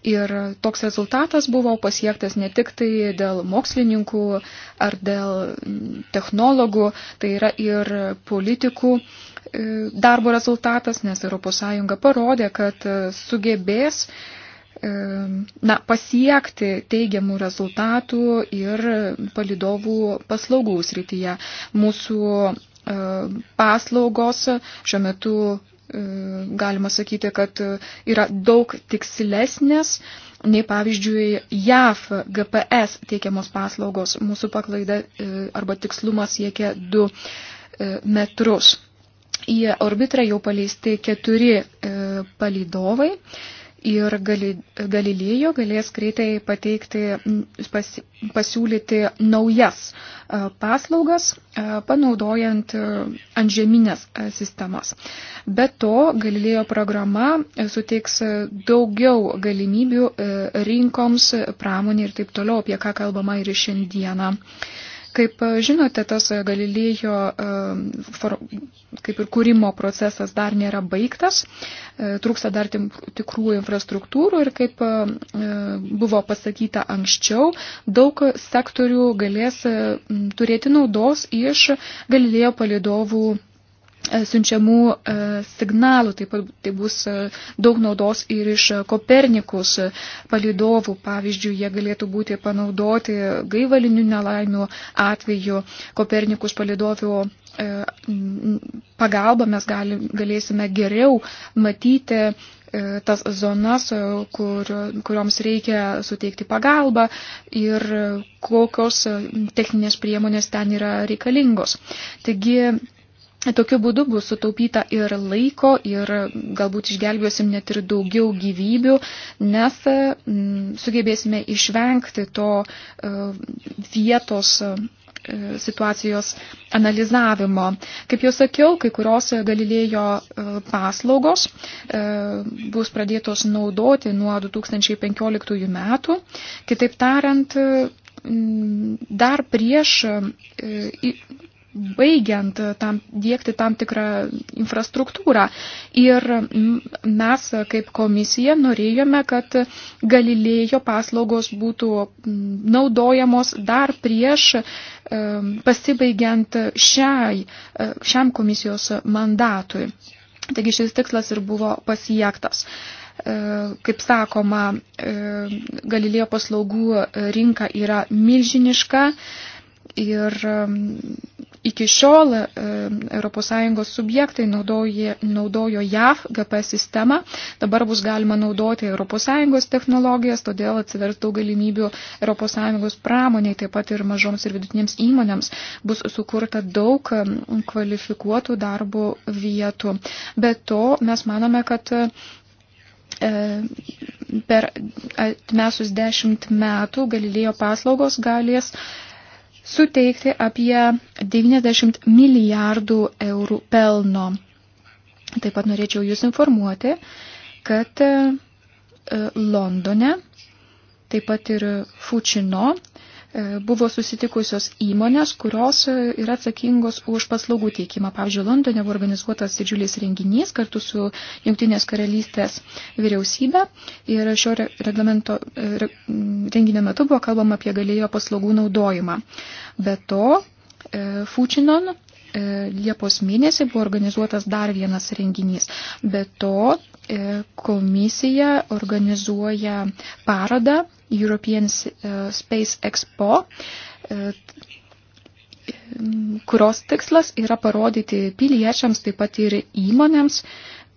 Ir toks rezultatas buvo pasiektas ne tik tai dėl mokslininkų ar dėl technologų, tai yra ir politikų e, darbo rezultatas, nes ES parodė, kad sugebės e, na, pasiekti teigiamų rezultatų ir palidovų paslaugų srityje. Mūsų e, paslaugos šiuo metu E, galima sakyti, kad yra daug tikslesnės nei pavyzdžiui JAF GPS teikiamos paslaugos. Mūsų paklaida e, arba tikslumas siekia 2 e, metrus. Į orbitrą jau paleisti keturi palydovai. Ir Galilėjo galės greitai pateikti, pas, pasiūlyti naujas paslaugas, panaudojant antžeminės sistemas. Be to, Galilėjo programa e, suteiks daugiau galimybių e, rinkoms, pramonė ir taip toliau, apie ką kalbama ir šiandieną. Kaip e, žinote, tas e, Galilėjo e, kaip ir kūrimo procesas dar nėra baigtas, trūksta dar tikrų infrastruktūrų ir kaip buvo pasakyta anksčiau, daug sektorių galės turėti naudos iš Galilėjo palidovų E, siunčiamų e, signalų, taip pat tai bus e, daug naudos ir iš Kopernikus palidovų, pavyzdžiui, jie galėtų būti panaudoti gaivalinių nelaimių atveju. Kopernikus palidovų pagalba mes gali, galėsime geriau matyti tas zonas, kur, kurioms reikia suteikti pagalbą ir kokios techninės priemonės ten yra reikalingos. Taigi Tokiu būdu bus sutaupyta ir laiko, ir galbūt išgelbėsim net ir daugiau gyvybių, nes mm, sugebėsime išvengti to e, vietos e, situacijos analizavimo. Kaip jau sakiau, kai kurios Galilėjo e, paslaugos bus pradėtos naudoti nuo 2015 metų. Kitaip tariant, dar prieš baigiant tam, dėkti tam tikrą infrastruktūrą. Ir mes kaip komisija norėjome, kad Galilėjo paslaugos būtų naudojamos dar prieš e, pasibaigiant šiai, e, šiam komisijos mandatui. Taigi šis tikslas ir buvo pasiektas e, kaip sakoma, Galilėjo paslaugų rinka yra milžiniška ir Iki šiol ES subjektai naudoja, naudojo JAV GP sistemą, dabar bus galima naudoti ES technologijas, todėl atsivers daug galimybių ES pramoniai, taip pat ir mažoms ir vidutinėms įmonėms bus sukurta daug e, kvalifikuotų darbo vietų. Be to, mes manome, kad e, per atmesus dešimt metų Galilėjo paslaugos galės suteikti apie 90 milijardų eurų pelno. Taip pat norėčiau Jūs informuoti, kad e, Londone, taip pat ir Fučino E, buvo susitikusios įmonės, kurios e, yra atsakingos už paslaugų teikimą. Pavyzdžiui, Londone buvo organizuotas didžiulis renginys kartu su Junktinės karalystės vyriausybė ir šio reglamento e, renginio metu buvo kalbama apie galėjo paslaugų naudojimą. Be to, Fučinon Liepos mėnesį buvo organizuotas dar vienas renginys. Be to, komisija organizuoja parodą European uh, Space Expo, uh, kurios tikslas yra parodyti piliečiams, taip pat ir įmonėms,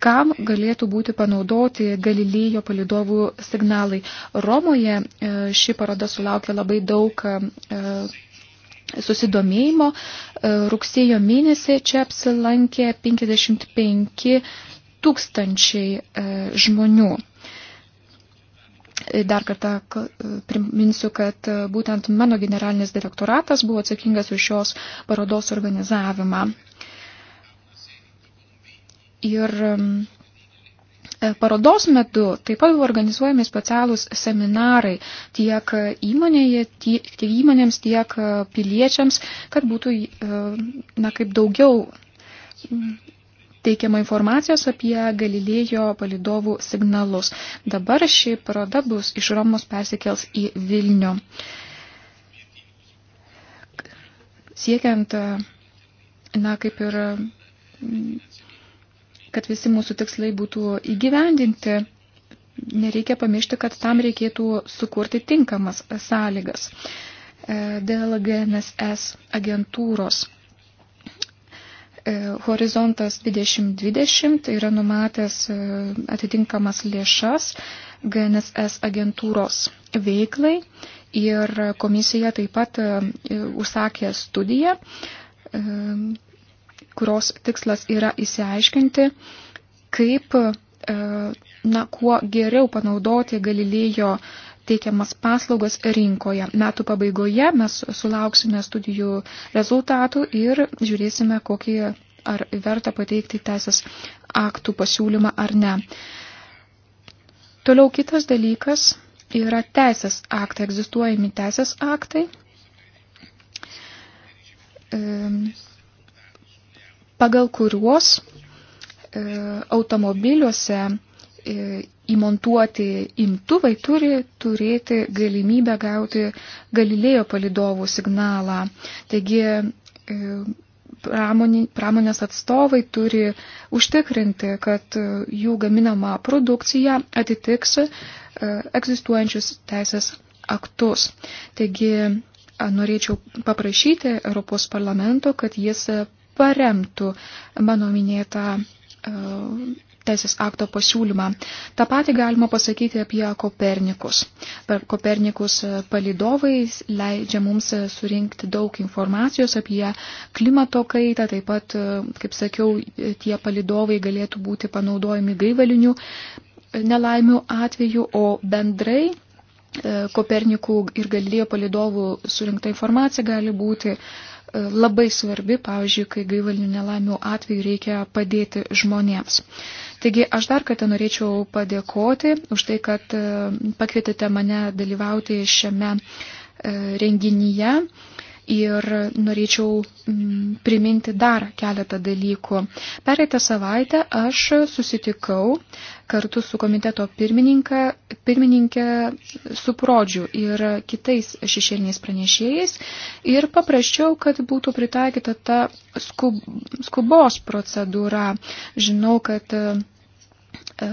kam galėtų būti panaudoti Galilėjo palidovų signalai. Romoje uh, ši paroda sulaukė labai daug susidomėjimo. Rugsėjo mėnesį čia apsilankė 55 tūkstančiai žmonių. Dar kartą priminsiu, kad e, būtent mano generalinis direktoratas buvo atsakingas už šios parodos organizavimą. Ir e, Parodos metu taip pat buvo organizuojami specialūs seminarai tiek, įmonėje, tiek, tiek įmonėms, tiek e, piliečiams, kad būtų na, kaip daugiau teikiama informacijos apie Galilėjo palidovų signalus. Dabar ši paroda bus iš Romos persikels į Vilnių. Siekiant, na, kaip ir, kad visi mūsų tikslai būtų įgyvendinti, nereikia pamiršti, kad tam reikėtų sukurti tinkamas sąlygas dėl GNSS agentūros. E, horizontas 2020 tai yra numatęs e, atitinkamas lėšas GNSS agentūros veiklai ir komisija taip pat e, užsakė studiją, kurios tikslas yra įsiaiškinti, kaip na, kuo geriau panaudoti Galilėjo uh, teikiamas paslaugas rinkoje. Metų pabaigoje mes sulauksime studijų rezultatų ir žiūrėsime, kokį ar verta pateikti teisės aktų pasiūlymą ar ne. Toliau kitas dalykas yra teisės aktai, egzistuojami teisės aktai. Ehm, pagal kuriuos e, automobiliuose E, įmontuoti imtuvai turi turėti galimybę gauti Galilėjo palidovų signalą. Taigi e, pramonės atstovai turi užtikrinti, kad jų gaminama produkcija atitiks e, egzistuojančius teisės aktus. Taigi norėčiau paprašyti Europos parlamento, kad jis paremtų mano minėtą teisės akto pasiūlymą. Ta patį galima pasakyti apie Kopernikus. Per Kopernikus e, palidovai leidžia mums e, surinkti daug informacijos apie klimato kaitą, taip pat, e, kaip sakiau, tie palidovai galėtų būti panaudojami gaivalinių nelaimių atveju, o bendrai Kopernikų ir galėjo palidovų surinkta informacija gali būti labai svarbi, pavyzdžiui, kai gaivalinių nelaimių atveju reikia padėti žmonėms. Taigi aš dar kartą norėčiau padėkoti už tai, kad e, pakvietėte mane dalyvauti šiame e, renginyje ir norėčiau mm, priminti dar keletą dalykų. Pereitą savaitę aš susitikau kartu su komiteto pirmininkė Suprodžiu ir kitais šešėliniais pranešėjais ir paprašiau, kad būtų pritaikyta ta skub, skubos procedūra. Žinau, kad E,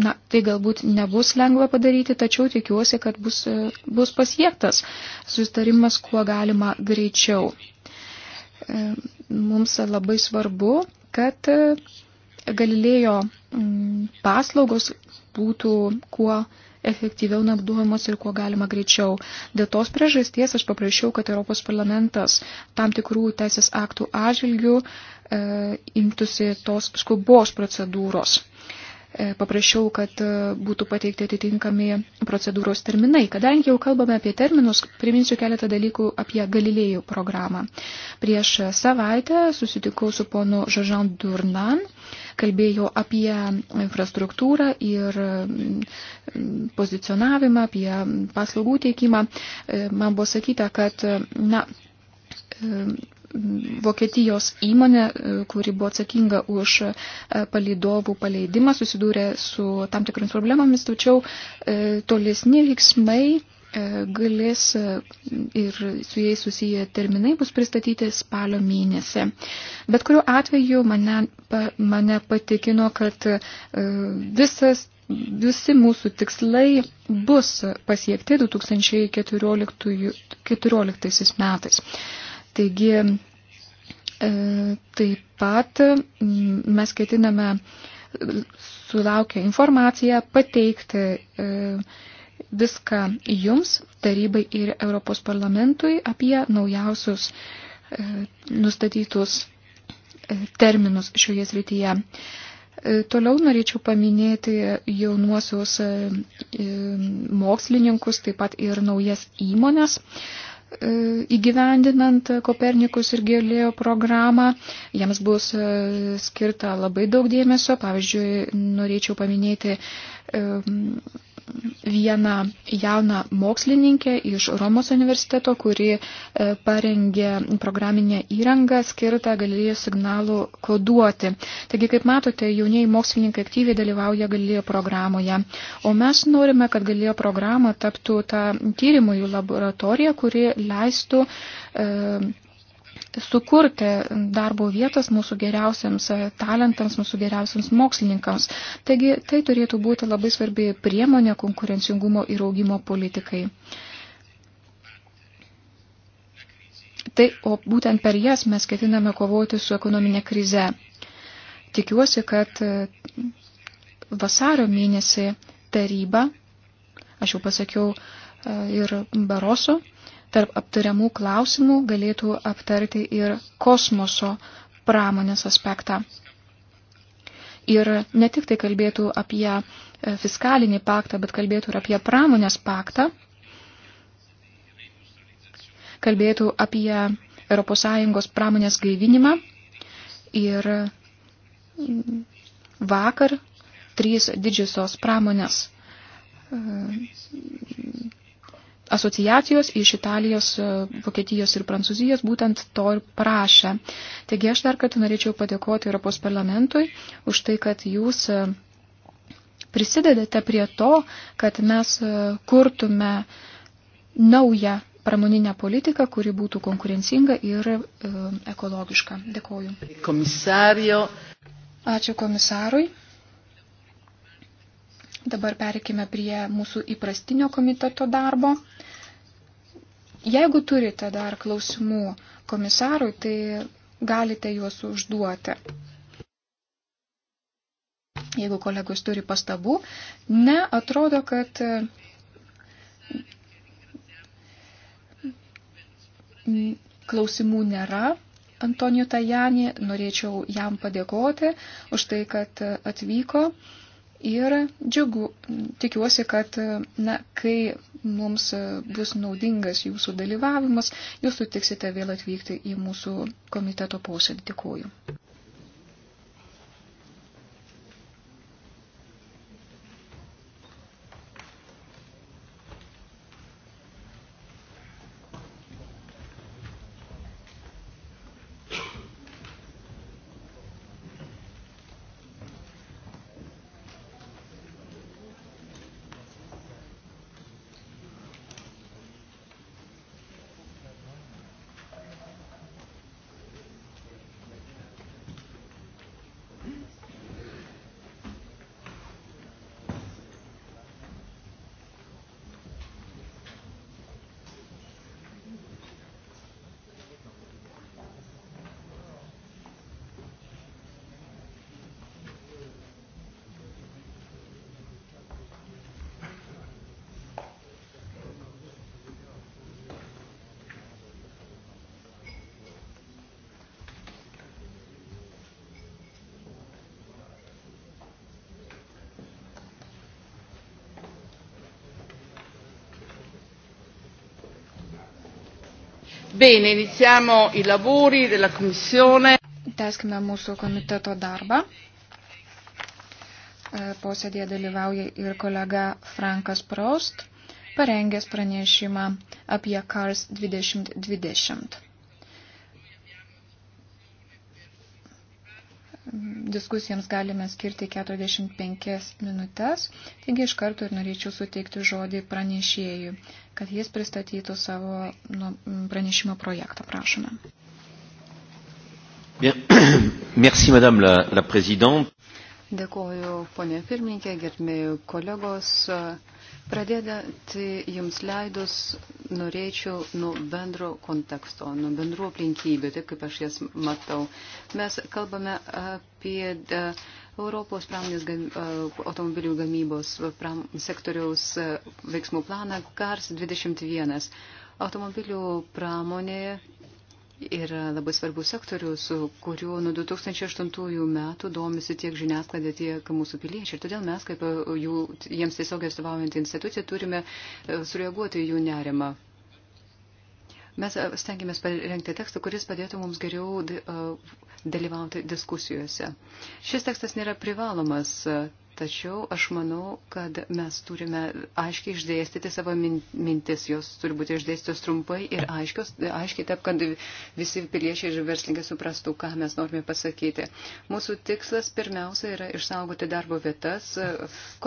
na, tai galbūt nebus lengva padaryti, tačiau tikiuosi, kad bus, e, bus pasiektas susitarimas kuo galima greičiau. E, mums labai svarbu, kad Galilėjo paslaugos būtų kuo efektyviau naudojamos ir kuo galima greičiau. Dėl tos priežasties aš paprašiau, kad Europos parlamentas tam tikrų teisės aktų atžvilgių e, imtųsi tos skubos procedūros. E, paprašiau, kad e, būtų pateikti atitinkami procedūros terminai. Kadangi jau kalbame apie terminus, priminsiu keletą dalykų apie Galilėjų programą. Prieš savaitę susitikau su ponu Žažan Durnan, kalbėjau apie infrastruktūrą ir pozicionavimą, apie paslaugų teikimą. E, man buvo sakyta, kad na, e, Vokietijos įmonė, e, kuri buvo atsakinga už e, palydovų paleidimą, susidūrė su tam tikrims problemomis, tačiau e, tolesni veiksmai galės ir su jais susiję terminai bus pristatyti spalio mėnesį. Bet kuriuo atveju mane, mane patikino, kad visas, visi mūsų tikslai bus pasiekti 2014 metais. Taigi e, taip pat mes ketiname sulaukę informaciją pateikti e, viską jums, tarybai ir Europos parlamentui apie naujausius e, nustatytus terminus šioje srityje. Toliau norėčiau paminėti jaunuosius mokslininkus, taip pat ir naujas įmonės. E, įgyvendinant Kopernikus ir Gėlėjo programą. Jiems bus e, skirta labai daug dėmesio. Pavyzdžiui, norėčiau paminėti e, vieną jauną mokslininkę iš Romos universiteto, kuri e, parengė programinę įrangą skirtą galėjo signalų koduoti. Taigi, kaip matote, jaunieji mokslininkai aktyviai dalyvauja galėjo programoje. O mes norime, kad galėjo programa taptų tą tyrimųjų laboratoriją, kuri leistų e, sukurti darbo vietas mūsų geriausiams e, talentams, mūsų geriausiams mokslininkams. Taigi tai turėtų būti labai svarbi priemonė konkurencingumo ir augimo politikai. Tai, o būtent per jas mes ketiname kovoti su ekonominė krize. Tikiuosi, kad e, vasario mėnesį taryba, aš jau pasakiau e, ir Baroso tarp aptariamų klausimų galėtų aptarti ir kosmoso pramonės aspektą. Ir ne tik tai kalbėtų apie e, fiskalinį paktą, bet kalbėtų ir apie pramonės paktą, kalbėtų apie ES pramonės gaivinimą. Ir vakar trys didžiosios pramonės e, asociacijos iš Italijos, e, Vokietijos ir Prancūzijos būtent to ir prašė. Taigi aš dar kartą norėčiau padėkoti Europos parlamentui už tai, kad jūs e, prisidedate prie to, kad mes e, kurtume naują pramoninę politiką, kuri būtų konkurencinga ir e, ekologiška. Dėkoju. Komisario. Ačiū komisarui. Dabar perikime prie mūsų įprastinio komiteto darbo. Jeigu turite dar klausimų komisarui, tai galite juos užduoti. Jeigu kolegos turi pastabų, ne, atrodo, kad mm, klausimų nėra. Antonio Tajani, norėčiau jam padėkoti už tai, kad atvyko. Ir džiugu, tikiuosi, kad na, kai mums bus naudingas jūsų dalyvavimas, jūs sutiksite vėl atvykti į mūsų komiteto posėdį. Dėkuoju. Bene, iniziamo i lavori della Commissione. Teskime mūsų komiteto darbą. E, posėdėje dalyvauja ir kolega Frankas Prost, parengęs pranešimą apie Kars 2020. Diskusijams galime skirti 45 minutės, taigi iš karto ir norėčiau suteikti žodį pranešėjui, kad jis pristatytų savo nu, pranešimo projektą. Prašome. Merci, madame la, la présidente. Dėkuoju, ponė pirmininkė, gerbėjų kolegos. Uh, Pradedant jums leidus, norėčiau nuo bendro konteksto, nuo bendrų aplinkybių, taip kaip aš jas matau. Mes kalbame apie e, Europos pramonės e, automobilių gamybos pram, sektoriaus e, veiksmų planą KARS 21. Automobilių pramonėje yra labai svarbus sektorius, kuriuo nuo 2008 metų domisi tiek žiniasklaida, tiek mūsų piliečiai. Ir todėl mes, kaip jų, jiems tiesiog atstovaujant instituciją, turime e, sureaguoti jų nerimą. Mes e, stengiamės parengti tekstą, kuris padėtų mums geriau e, dalyvauti diskusijose. Šis tekstas nėra privalomas Tačiau aš manau, kad mes turime aiškiai išdėstyti savo mintis, jos turi būti išdėstytos trumpai ir aiškios, aiškiai taip, kad visi piliečiai ir verslininkai suprastų, ką mes norime pasakyti. Mūsų tikslas pirmiausia yra išsaugoti darbo vietas,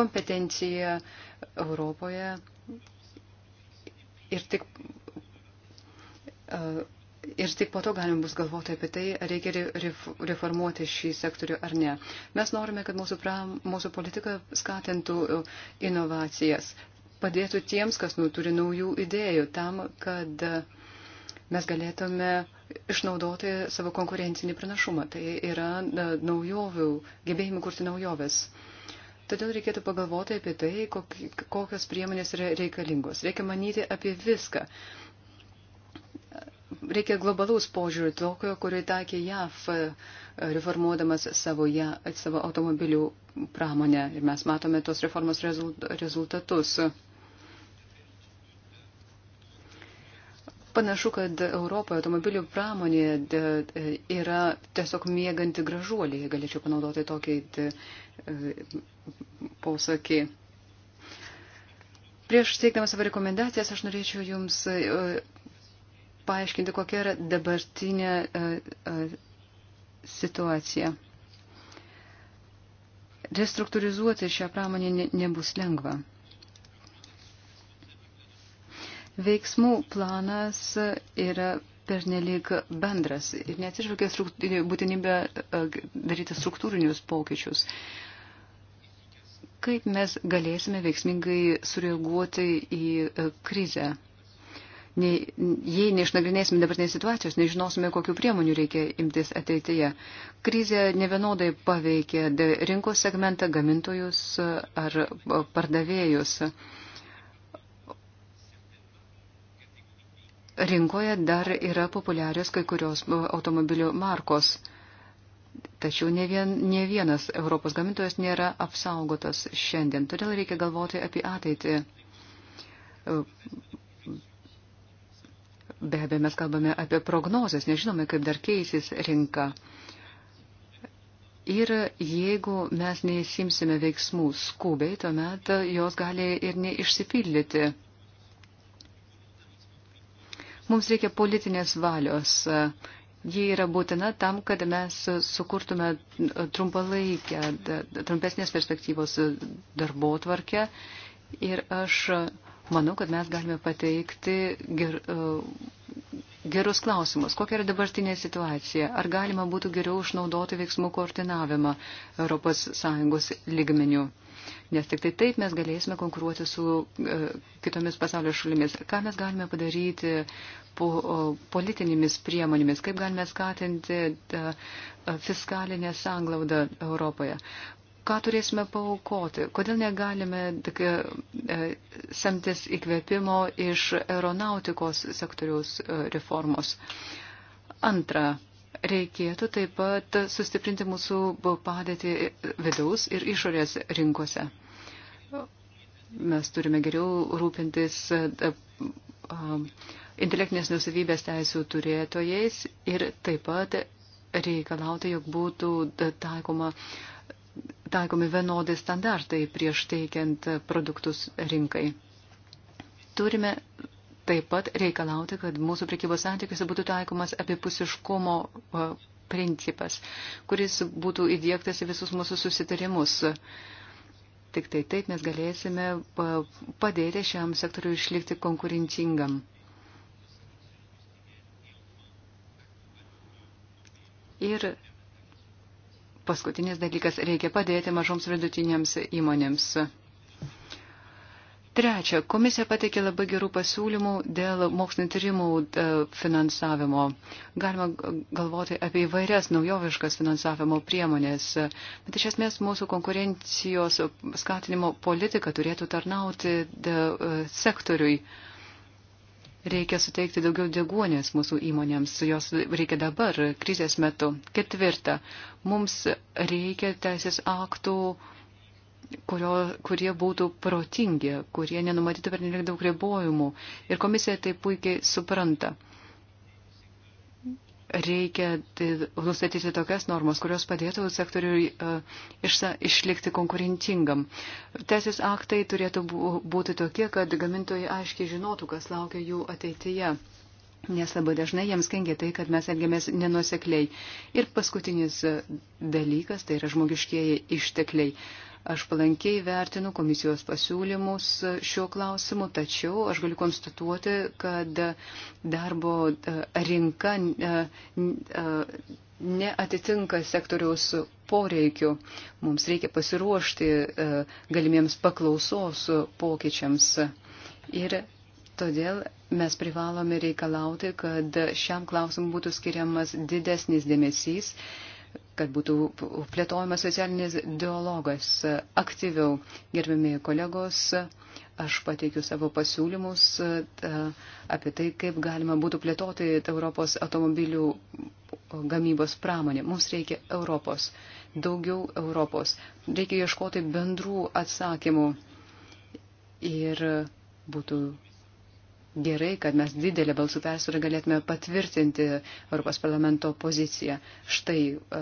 kompetenciją Europoje ir tik. Uh, Ir tik po to galim bus galvoti apie tai, ar reikia reformuoti šį sektorių ar ne. Mes norime, kad mūsų, pram, mūsų politika skatintų uh, inovacijas, padėtų tiems, kas nu, turi naujų idėjų, tam, kad uh, mes galėtume išnaudoti savo konkurencinį pranašumą. Tai yra uh, naujovių, gebėjimų kurti naujoves. Todėl reikėtų pagalvoti apie tai, kokios priemonės yra reikalingos. Reikia manyti apie viską reikia globalaus požiūrį, tokio, kurį taikė JAF, e, reformuodamas savo, ja, savo automobilių pramonę. Ir mes matome tos reformos rezultatus. Panašu, kad Europoje automobilių pramonė e, e, yra tiesiog mėganti gražuolė, galėčiau panaudoti tokį posakį. Prieš teikdamas savo rekomendacijas, aš norėčiau Jums paaiškinti, kokia yra dabartinė e, e, situacija. Restruktūrizuoti šią pramonę ne, nebus lengva. Veiksmų planas yra pernelyg bendras ir neatsižvelgia būtinybę e, daryti struktūrinius pokyčius. Kaip mes galėsime veiksmingai sureaguoti į krizę? Nei, jei neišnagrinėsime dabartinės situacijos, nežinosime, kokiu priemonių reikia imtis ateityje. Krizė nevienodai paveikė rinkos segmentą, gamintojus e, ar e, pardavėjus. Rinkoje dar yra populiarios kai kurios automobilių markos. Tačiau ne, vien, ne vienas Europos gamintojas nėra apsaugotas šiandien. Todėl reikia galvoti apie ateitį Be abejo, mes kalbame apie prognozes, nežinome, kaip dar keisis rinka. Ir jeigu mes neįsimsime veiksmų skubiai, tuomet jos gali ir neišsipildyti. Mums reikia politinės valios. Ji yra būtina tam, kad mes sukurtume trumpalaikę, trumpesnės perspektyvos darbo tvarkę. Ir aš manau, kad mes galime pateikti ger, e, gerus klausimus. Kokia yra dabartinė situacija? Ar galima būtų geriau išnaudoti veiksmų koordinavimą ES lygmenių? Nes tik tai taip mes galėsime konkuruoti su uh, kitomis pasaulio šalimis. Ką mes galime padaryti po, uh, politinėmis priemonėmis? Kaip galime skatinti uh, fiskalinę sanglaudą Europoje? ką turėsime paukoti, kodėl negalime tik, e, e, semtis įkvėpimo iš aeronautikos sektoriaus e, reformos. Antra, reikėtų taip pat sustiprinti mūsų padėtį vidaus ir išorės rinkose. Mes turime geriau rūpintis intelektinės nusavybės teisų turėtojais ir taip pat reikalauti, jog būtų taikoma uh, taikomi vienodai standartai prieš teikiant produktus rinkai. Turime taip pat reikalauti, kad mūsų prekybos santykiuose būtų taikomas apipusiškumo e, principas, kuris būtų įdėktas į visus mūsų susitarimus. Tik tai taip mes galėsime e, padėti šiam sektoriu išlikti konkurencingam. Ir paskutinis dalykas, reikia padėti mažoms vidutinėms įmonėms. Trečia, komisija pateikė labai gerų pasiūlymų dėl mokslinio tyrimų e, finansavimo. Galima galvoti apie įvairias naujoviškas finansavimo priemonės, bet iš esmės mūsų konkurencijos skatinimo politika turėtų tarnauti e, sektoriui. Uh, reikia suteikti daugiau deguonės mūsų įmonėms, jos reikia dabar, krizės metu. Ketvirta, mums reikia teisės aktų, kurio, kurie būtų protingi, kurie nenumatytų per nelik daug ribojimų. Ir komisija tai puikiai supranta reikia nustatyti tokias normas, kurios padėtų sektoriui e, išlikti konkurencingam. Teisės aktai turėtų būti tokie, kad gamintojai aiškiai žinotų, kas laukia jų ateityje. Nes labai dažnai jiems kengia tai, kad mes elgiamės nenusekliai. Ir paskutinis dalykas, tai yra žmogiškieji ištekliai. Aš palankiai vertinu komisijos pasiūlymus šiuo klausimu, tačiau aš galiu konstatuoti, kad darbo e, rinka e, e, neatitinka sektoriaus poreikių. Mums reikia pasiruošti galimiems paklausos pokyčiams. Ir todėl mes privalome reikalauti, kad šiam klausimui būtų skiriamas didesnis dėmesys kad būtų plėtojamas socialinis dialogas aktyviau. Gerbimieji kolegos, aš pateikiu savo pasiūlymus e, apie tai, kaip galima būtų plėtoti Europos automobilių gamybos pramonė. Mums reikia Europos, daugiau Europos. Reikia ieškoti bendrų atsakymų. Ir būtų gerai, kad mes didelę balsų persvarą galėtume patvirtinti Europos parlamento poziciją. Štai e,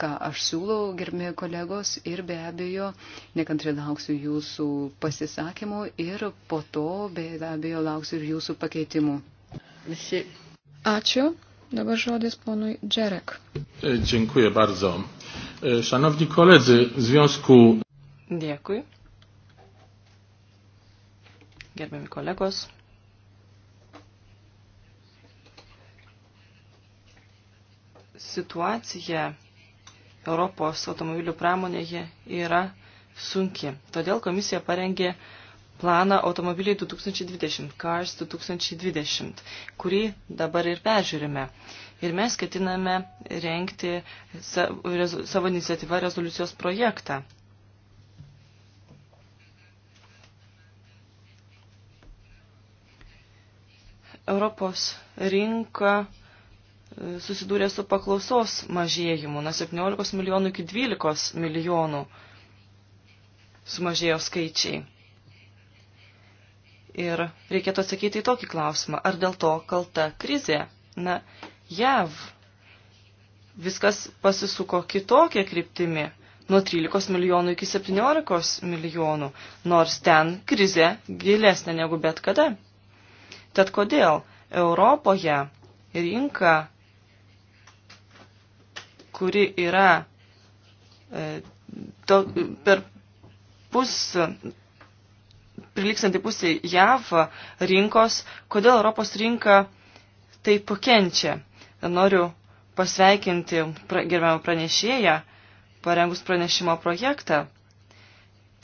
ką aš siūlau, gerbėjai kolegos, ir be abejo, nekantri lauksiu jūsų pasisakymų ir po to, be abejo, lauksiu ir jūsų pakeitimų. Visi. Ačiū. Dabar žodis ponui Džerek. E, dziękuję bardzo. E, szanowni koledzy, w związku. Dziękuję. Gerbiami kolegos. Situacija Europos automobilių pramonėje yra sunki. Todėl komisija parengė planą automobiliai 2020, Cars 2020, kurį dabar ir peržiūrime. Ir mes ketiname renkti savo iniciatyvą rezoliucijos projektą. Europos rinka susidūrė su paklausos mažėjimu nuo 17 milijonų iki 12 milijonų sumažėjo skaičiai. Ir reikėtų atsakyti į tokį klausimą, ar dėl to kalta krizė? Na, jav viskas pasisuko kitokią kryptimį nuo 13 milijonų iki 17 milijonų, nors ten krizė gilesnė negu bet kada. Tad kodėl Europoje rinka kuri yra e, to, per pus priliksanti pusė JAV rinkos, kodėl Europos rinka taip pakenčia. Noriu pasveikinti pra, gerbiamą pranešėją, parengus pranešimo projektą.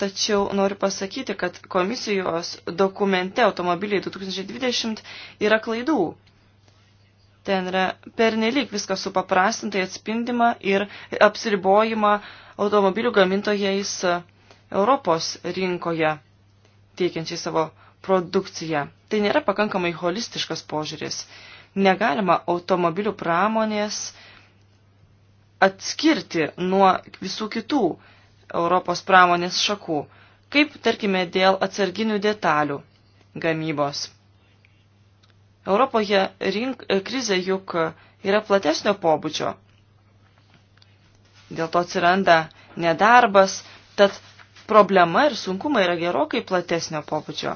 Tačiau noriu pasakyti, kad komisijos dokumente automobiliai 2020 yra klaidų. Ten yra pernelyg viskas supaprastintai atspindima ir apsiribojama automobilių gamintojais e, Europos rinkoje teikiančiai savo produkciją. Tai nėra pakankamai holistiškas požiūris. Negalima automobilių pramonės atskirti nuo visų kitų Europos pramonės šakų, kaip tarkime dėl atsarginių detalių gamybos. Europoje rink, e, krizė juk yra platesnio pobūdžio. Dėl to atsiranda nedarbas, tad problema ir sunkumai yra gerokai platesnio pobūdžio.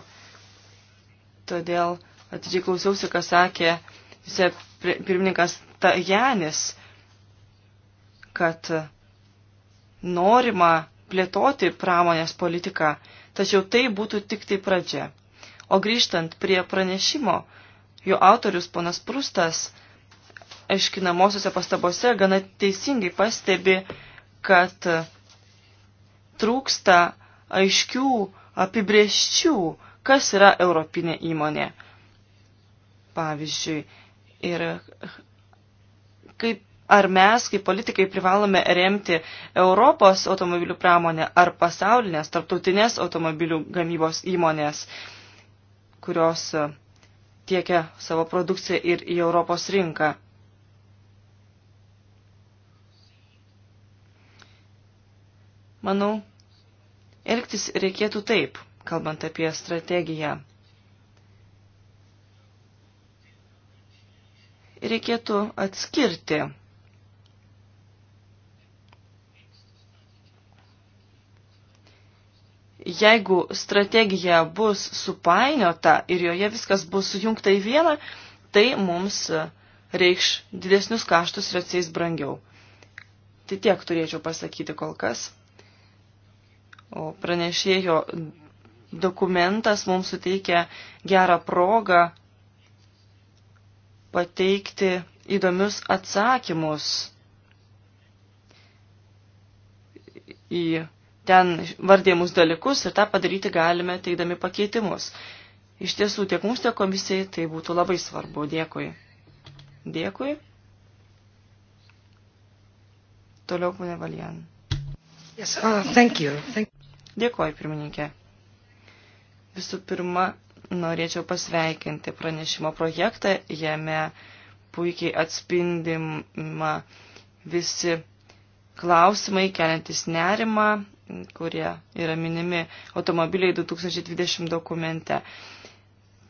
Todėl atidžiai klausiausi, ką sakė pirmininkas Tajanis, kad norima plėtoti pramonės politiką, tačiau tai būtų tik tai pradžia. O grįžtant prie pranešimo, jo autorius ponas Prustas aiškinamosiose pastabose gana teisingai pastebi, kad trūksta aiškių apibrieščių, kas yra europinė įmonė. Pavyzdžiui, ir kaip, ar mes, kaip politikai, privalome remti Europos automobilių pramonę ar pasaulinės, tarptautinės automobilių gamybos įmonės, kurios tiekia savo produkciją ir į Europos rinką. Manau, elgtis reikėtų taip, kalbant apie strategiją. Reikėtų atskirti Jeigu strategija bus supainiota ir joje viskas bus sujungta į vieną, tai mums reikš didesnius kaštus ir atsiais brangiau. Tai tiek turėčiau pasakyti kol kas. O pranešėjo dokumentas mums suteikia gerą progą pateikti įdomius atsakymus į ten vardėmus dalykus ir tą padaryti galime teikdami pakeitimus. Iš tiesų, tiek mums, tiek komisijai tai būtų labai svarbu. Dėkui. Dėkui. Toliau, ponė Valian. Yes, uh, thank you. Thank... Dėkuoju, pirmininkė. Visų pirma, norėčiau pasveikinti pranešimo projektą. Jame puikiai atspindima visi klausimai, keliantis nerimą kurie yra minimi automobiliai 2020 dokumente.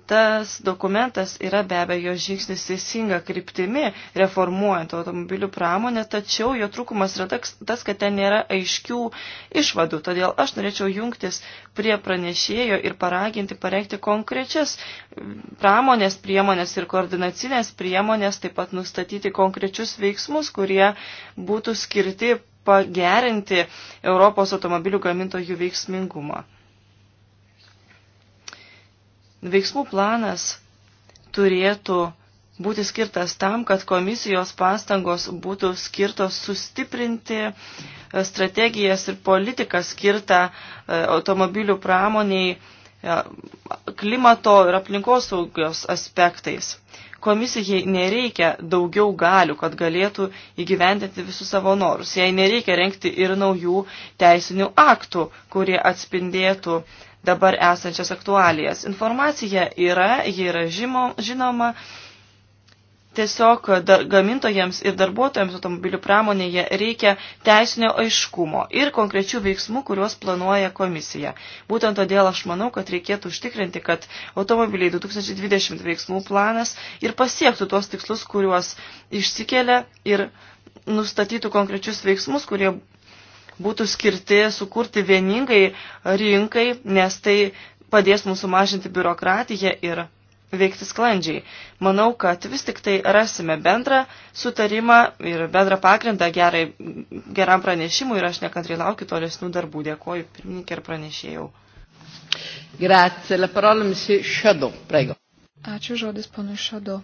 Tas dokumentas yra be abejo žingsnis teisinga kryptimi, reformuojant automobilių pramonę, tačiau jo trūkumas yra tas, kad ten nėra aiškių išvadų. Todėl aš norėčiau jungtis prie pranešėjo ir paraginti parengti konkrečias pramonės priemonės ir koordinacinės priemonės, taip pat nustatyti konkrečius veiksmus, kurie būtų skirti pagerinti Europos automobilių gamintojų veiksmingumą. Veiksmų planas turėtų būti skirtas tam, kad komisijos pastangos būtų skirtos sustiprinti e, strategijas ir politiką skirtą e, automobilių pramoniai e, klimato ir aplinkosaugos aspektais. Komisijai nereikia daugiau galių, kad galėtų įgyvendinti visus savo norus. Jai nereikia renkti ir naujų teisinių aktų, kurie atspindėtų dabar esančias aktualijas. Informacija yra, ji yra žinoma, Tiesiog da, gamintojams ir darbuotojams automobilių pramonėje reikia teisinio aiškumo ir konkrečių veiksmų, kuriuos planuoja komisija. Būtent todėl aš manau, kad reikėtų užtikrinti, kad automobiliai 2020 veiksmų planas ir pasiektų tuos tikslus, kuriuos išsikelia ir nustatytų konkrečius veiksmus, kurie būtų skirti sukurti vieningai rinkai, nes tai padės mums sumažinti biurokratiją ir veikti sklandžiai. Manau, kad vis tik tai rasime bendrą sutarimą ir bendrą pagrindą gerai, geram pranešimui ir aš nekantrai laukiu tolesnių darbų. Dėkuoju pirmininkė ir pranešėjau. Grazie, la parola monsieur Šado, prego. Ačiū žodis ponui Šado.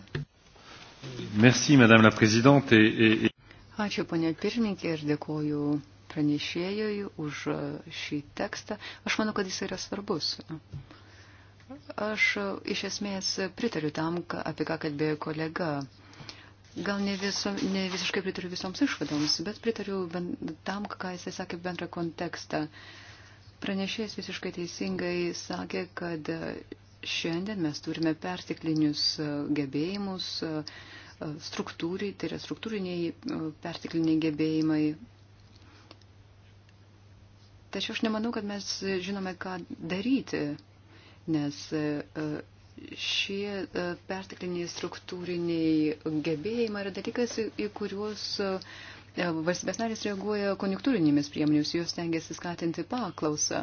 Merci, madame la présidente. Et, et, et... Ačiū, ponė pirmininkė, ir dėkuoju pranešėjui už šį tekstą. Aš manau, kad jis yra svarbus. Aš iš esmės pritariu tam, apie ką kalbėjo kolega. Gal ne, viso, ne visiškai pritariu visoms išvadoms, bet pritariu ben, tam, ką jisai sakė bendrą kontekstą. Pranešėjas visiškai teisingai sakė, kad šiandien mes turime pertiklinius e, gebėjimus, e, e, struktūrai, tai yra struktūriniai pertikliniai gebėjimai. Tačiau aš nemanau, kad mes žinome, ką daryti nes e, e, šie e, pertekliniai struktūriniai gebėjimai yra dalykas, į kuriuos valstybės narės reaguoja konjunktūrinėmis priemonėmis, jos tengiasi skatinti paklausą.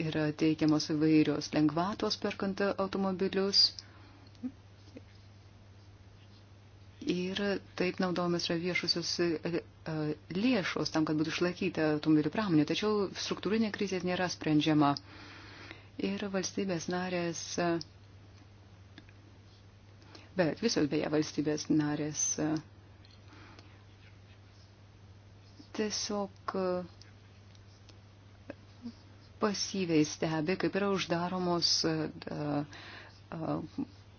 Yra teikiamos įvairios lengvatos perkant automobilius. Ir taip naudojamas yra viešusios lėšos tam, kad būtų išlaikyta automobilių pramonė. Tačiau struktūrinė krizė nėra sprendžiama. Uh, ir valstybės narės, bet visos beje valstybės narės tiesiog pasyviai stebi, kaip yra uždaromos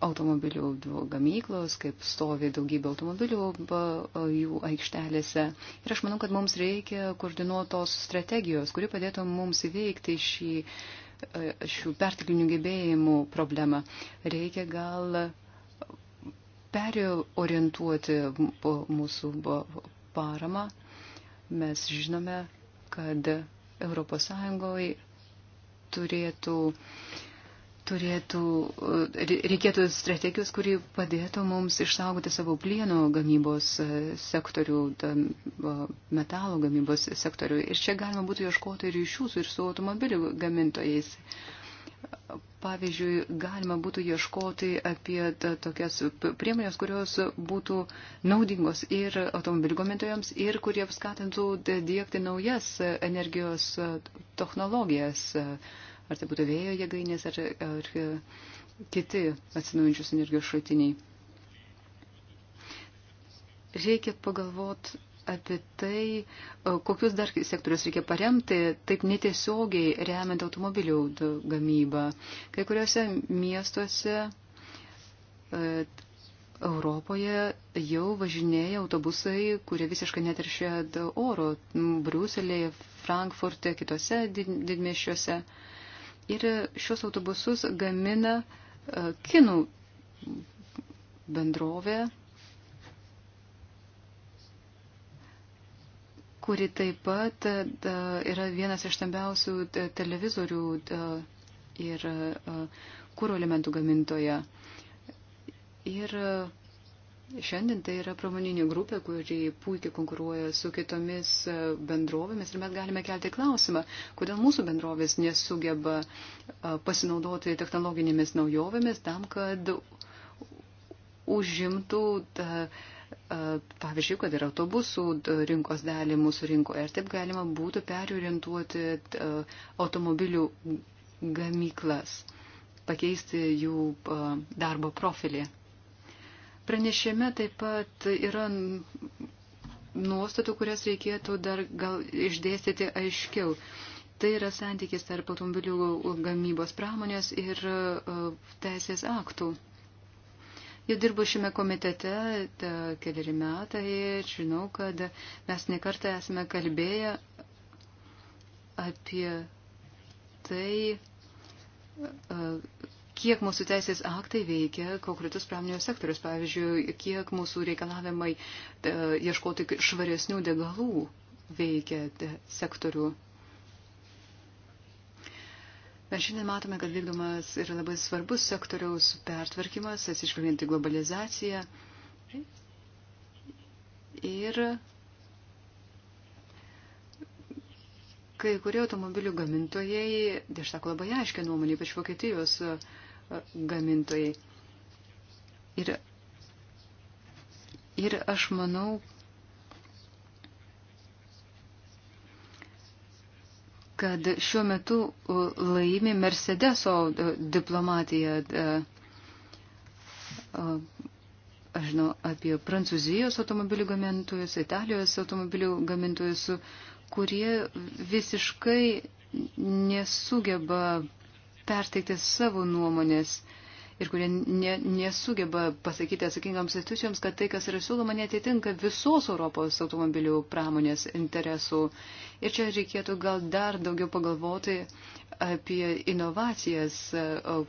automobilių gamyklos, kaip stovi daugybė automobilių jų aikštelėse. Ir aš manau, kad mums reikia koordinuotos strategijos, kuri padėtų mums įveikti šį uh, E, šių pertiklinių gebėjimų problemą. Reikia gal periorientuoti mūsų paramą. Mes žinome, kad ES turėtų uh, turėtų, e, reikėtų strategijos, kuri padėtų mums išsaugoti savo plieno gamybos e, sektorių, metalo gamybos sektorių. Ir čia galima būtų ieškoti ryšių su ir su automobilių gamintojais. Pavyzdžiui, galima būtų ieškoti apie tokias priemonės, kurios būtų naudingos ir automobilių gamintojams, ir kurie skatintų dėkti naujas energijos e, technologijas ar tai būtų vėjo jėgainės, ar, ar e, kiti atsinaujančius energijos šaltiniai. Reikia pagalvoti apie tai, e, kokius dar sektorius reikia paremti, taip netiesiogiai remiant automobilių gamybą. Kai kuriuose miestuose e, Europoje jau važinėja autobusai, kurie visiškai neteršia oro Briuselėje, Frankfurte, kitose didmešiuose. Did Ir šios autobusus gamina e, kinų bendrovė, kuri taip pat e, yra vienas iš stambiausių televizorių ir e, kūro elementų gamintoja. Ir uh, Šiandien tai yra pramoninė grupė, kuri puikiai konkuruoja su kitomis e, bendrovėmis ir mes galime kelti klausimą, kodėl mūsų bendrovės nesugeba e, pasinaudoti technologinėmis naujovėmis tam, kad užimtų, tą, e, pavyzdžiui, kad ir autobusų rinkos dalį mūsų rinkoje. Ir taip galima būtų periorientuoti automobilių gamyklas, pakeisti jų darbo profilį. Pranešime taip pat yra nuostatų, kurias reikėtų dar gal išdėstyti aiškiau. Tai yra santykis tarp automobilių gamybos pramonės ir e, teisės aktų. Jau dirbu šiame komitete keliari metai ir žinau, kad mes nekartą esame kalbėję apie tai, e, kiek mūsų teisės aktai veikia konkretus pramonio sektorius, pavyzdžiui, kiek mūsų reikalavimai e, ieškoti švaresnių degalų veikia sektorių. Mes šiandien matome, kad vykdomas yra labai svarbus sektoriaus pertvarkymas, atsižvelgiant į globalizaciją. Ir kai kurie automobilių gamintojai, tai aš sakau labai aiškia nuomonė, ypač Vokietijos uh, gamintojai. Ir, ir aš manau, kad šiuo metu uh, laimi Mercedeso uh, diplomatija. Uh, aš žinau apie prancūzijos automobilių gamintojus, italijos automobilių gamintojus, kurie visiškai nesugeba uh, perteikti savo nuomonės ir kurie ne, nesugeba pasakyti atsakingoms institucijoms, kad tai, kas yra siūloma, netitinka visos Europos automobilių pramonės interesų. Ir čia reikėtų gal dar daugiau pagalvoti apie inovacijas,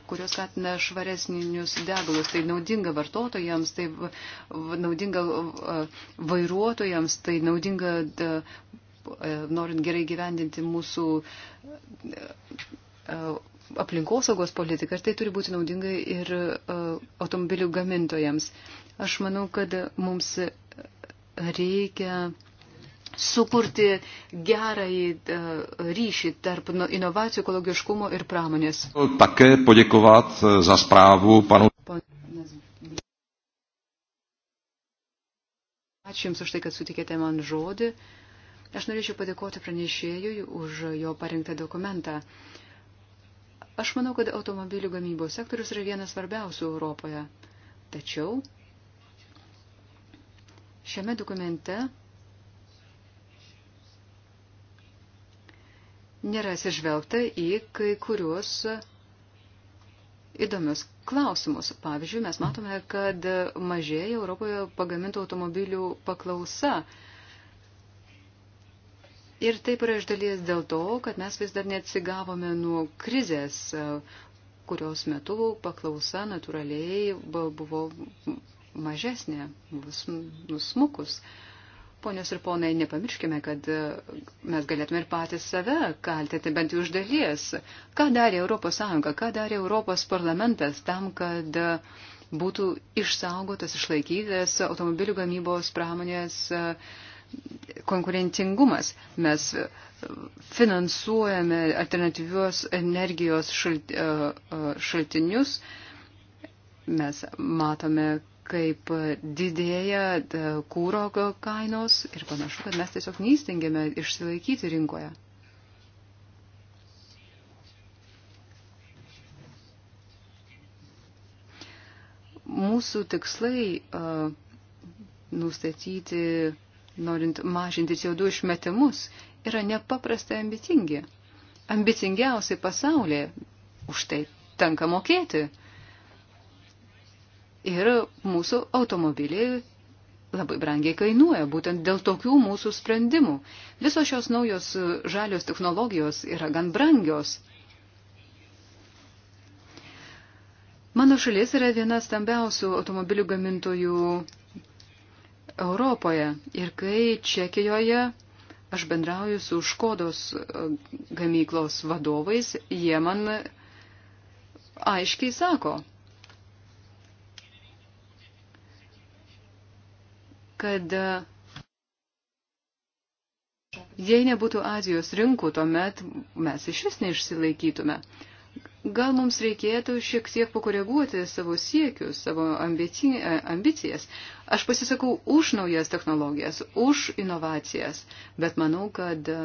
kurios skatina švaresninius degalus. Tai naudinga vartotojams, tai naudinga vairuotojams, tai naudinga e, norint gerai gyvendinti mūsų e, e, aplinkosaugos politiką ir tai turi būti naudinga ir e, automobilių gamintojams. Aš manau, kad mums reikia sukurti gerąjį e, ryšį tarp inovacijų, ekologiškumo ir pramonės. Také poděkovat e, za zprávu panu. Ačiū Jums už tai, kad sutikėte man žodį. Aš norėčiau padėkoti pranešėjui už jo parengtą dokumentą. Uh, Aš manau, kad automobilių gamybos sektorius yra vienas svarbiausių Europoje. Tačiau šiame dokumente nėra atsižvelgta į kai kuriuos įdomius klausimus. Pavyzdžiui, mes matome, kad mažėja Europoje pagamintų automobilių paklausa. Ir taip yra iš dalies dėl to, kad mes vis dar neatsigavome nuo krizės, kurios metu paklausa natūraliai buvo mažesnė, buvo nusmukus. Ponios ir ponai, nepamirškime, kad mes galėtume ir patys save kaltinti bent jau iš dalies. Ką darė ES, ką darė Europos parlamentas tam, kad būtų išsaugotas, išlaikytas automobilių gamybos pramonės uh, konkurencingumas. Mes e, finansuojame alternatyvios energijos šalt, e, e, šaltinius. Mes matome, kaip didėja kūro kainos ir panašu, kad mes tiesiog neįstengiame išsilaikyti rinkoje. Mūsų tikslai uh, nustatyti norint mažinti CO2 išmetimus, yra nepaprastai ambicingi. Ambicingiausiai pasaulyje už tai tenka mokėti. Ir mūsų automobiliai labai brangiai kainuoja, būtent dėl tokių mūsų sprendimų. Visos šios naujos e, žalios technologijos yra gan brangios. Mano šalis yra viena stambiausių automobilių gamintojų Europoje. Ir kai Čekijoje aš bendrauju su Škodos e, gamyklos vadovais, jie man aiškiai sako, kad e, jei nebūtų Azijos rinkų, tuomet mes iš vis neišsilaikytume. Gal mums reikėtų šiek tiek pakoreguoti savo siekius, savo ambici, e, ambicijas. Aš pasisakau už naujas technologijas, už inovacijas, bet manau, kad e,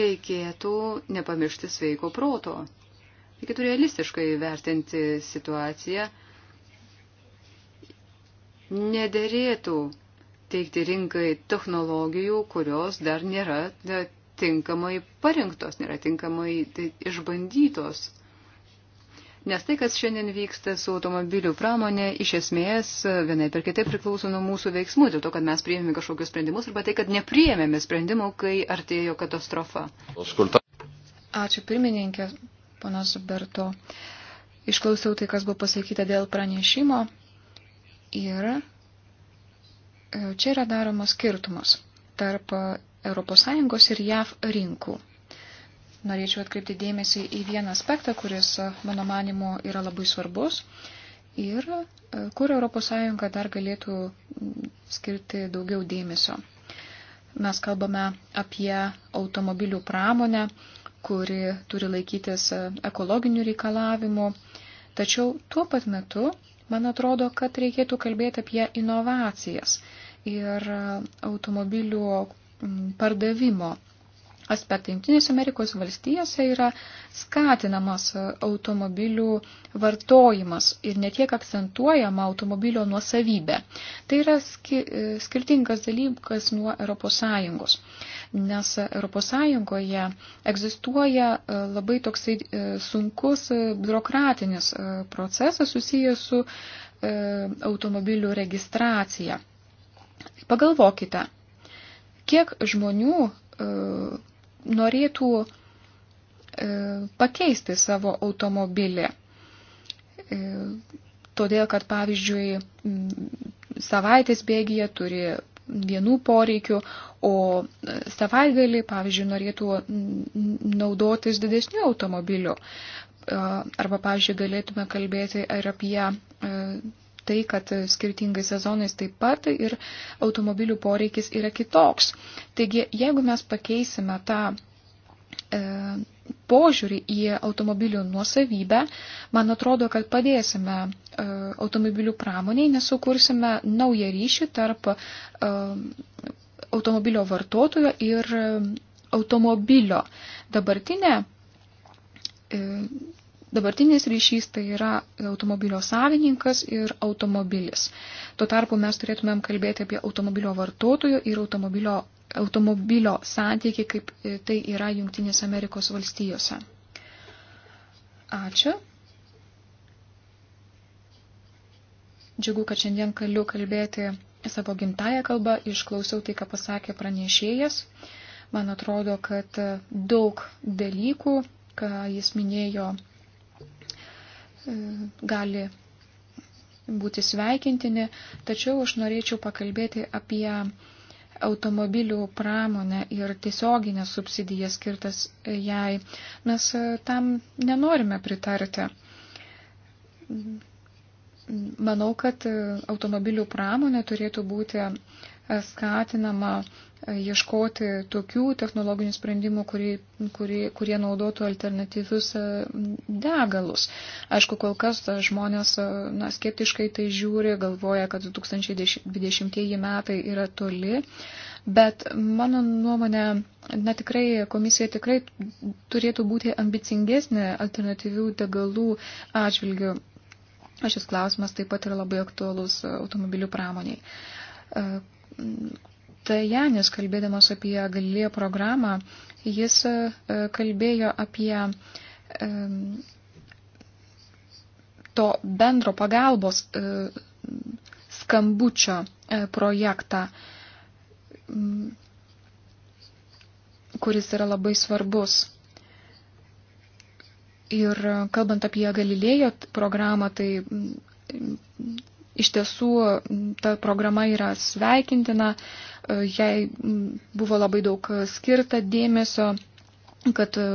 reikėtų nepamiršti sveiko proto. Reikėtų realistiškai vertinti situaciją. Nederėtų teikti rinkai technologijų, kurios dar nėra tinkamai parinktos, nėra tinkamai tai išbandytos. Nes tai, kas šiandien vyksta su automobilių pramonė, iš esmės vienai per kitaip priklauso nuo mūsų veiksmų, dėl to, kad mes priėmėme kažkokius sprendimus arba tai, kad nepriėmėme sprendimų, kai artėjo katastrofa. Ačiū pirmininkė, panas Berto. Išklausiau tai, kas buvo pasakyta dėl pranešimo ir e, čia yra daromas skirtumas tarp ES ir JAV rinkų. Norėčiau atkreipti dėmesį į vieną aspektą, kuris, mano manimu, yra labai svarbus ir kur ES dar galėtų skirti daugiau dėmesio. Mes kalbame apie automobilių pramonę, kuri turi laikytis ekologinių reikalavimų, tačiau tuo pat metu man atrodo, kad reikėtų kalbėti apie inovacijas ir automobilių Mm, pardavimo aspektai. Junktinės Amerikos valstijose yra skatinamas automobilių vartojimas ir netiek akcentuojama automobilio nuosavybė. Tai yra ski, e, skirtingas dalykas nuo ES, nes ES egzistuoja e, labai toksai e, sunkus biurokratinis procesas susijęs su automobilių registracija. Pagalvokite, Kiek žmonių e, norėtų e, pakeisti savo automobilį? E, todėl, kad pavyzdžiui, savaitės bėgyje turi vienų poreikių, o e, savaitgalį, pavyzdžiui, norėtų naudotis didesnių automobilių. E, arba, pavyzdžiui, galėtume kalbėti ir apie e, tai, kad skirtingai sezonais taip pat ir automobilių poreikis yra kitoks. Taigi, jeigu mes pakeisime tą e, požiūrį į automobilių nuosavybę, man atrodo, kad padėsime e, automobilių pramoniai, nesukursime naują ryšį tarp e, automobilio vartotojo ir automobilio. Dabartinė e, Dabartinis ryšys tai yra automobilio savininkas ir automobilis. Tuo tarpu mes turėtumėm kalbėti apie automobilio vartotojo ir automobilio, automobilio santykį, kaip e, tai yra Junktinės Amerikos valstijose. Ačiū. Džiugu, kad šiandien galiu kalbėti savo gimtają kalbą, išklausiau tai, ką pasakė pranešėjas. Man atrodo, kad daug dalykų, ką jis minėjo, gali būti sveikintini, tačiau aš norėčiau pakalbėti apie automobilių pramonę ir tiesioginę subsidiją skirtas jai. Mes tam nenorime pritarti. Manau, kad automobilių pramonė turėtų būti skatinama ieškoti tokių technologinių sprendimų, kurie, kurie, kurie naudotų alternatyvius e, degalus. Aišku, kol kas e, žmonės e, na, skeptiškai tai žiūri, galvoja, kad 2020 metai yra toli, bet mano nuomonė, na tikrai komisija tikrai turėtų būti ambicingesnė alternatyvių degalų atžvilgių. Šis klausimas taip pat yra labai aktuolus automobilių pramoniai Tajanis, kalbėdamas apie Galilėjo programą, jis e, kalbėjo apie to bendro pagalbos e, skambučio e, projektą, kuris yra labai svarbus. Ir kalbant apie Galilėjo programą, tai Iš tiesų, ta programa yra sveikintina, e, jai buvo labai daug e, skirta dėmesio, kad e,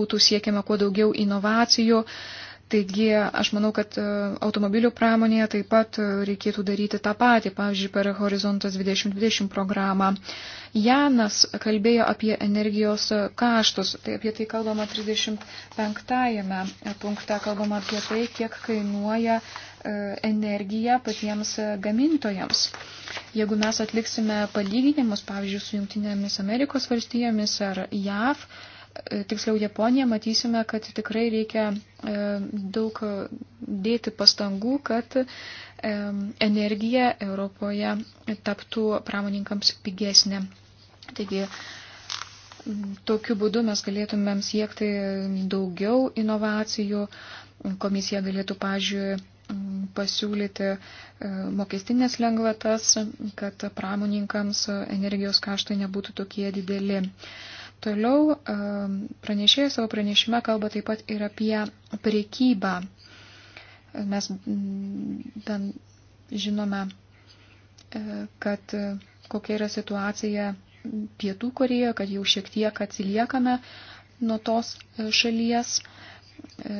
būtų siekiama kuo daugiau inovacijų. Taigi aš manau, kad automobilių pramonėje taip pat reikėtų daryti tą patį, pavyzdžiui, per Horizontas 2020 programą. Janas kalbėjo apie energijos kaštus, tai apie tai kalbama 35 punkte, kalbama apie tai, kiek kainuoja uh, E, energiją patiems gamintojams. Jeigu mes atliksime palyginimus, pavyzdžiui, su Junktinėmis Amerikos valstijomis ar JAV, e, tiksliau Japonija, matysime, kad tikrai reikia e, daug dėti pastangų, kad energija Europoje taptų pramoninkams pigesnė. Taigi, tokiu būdu mes galėtumėm siekti daugiau inovacijų. Komisija galėtų, pažiūrėjau, pasiūlyti e, mokestinės lengvatas, kad pramoninkams energijos kaštai nebūtų tokie dideli. Toliau e, pranešėjai savo pranešime kalba taip pat ir apie priekybą. Mes ten mm, žinome, e, kad kokia yra situacija Pietų Korejoje, kad jau šiek tiek atsiliekame nuo tos šalies. E,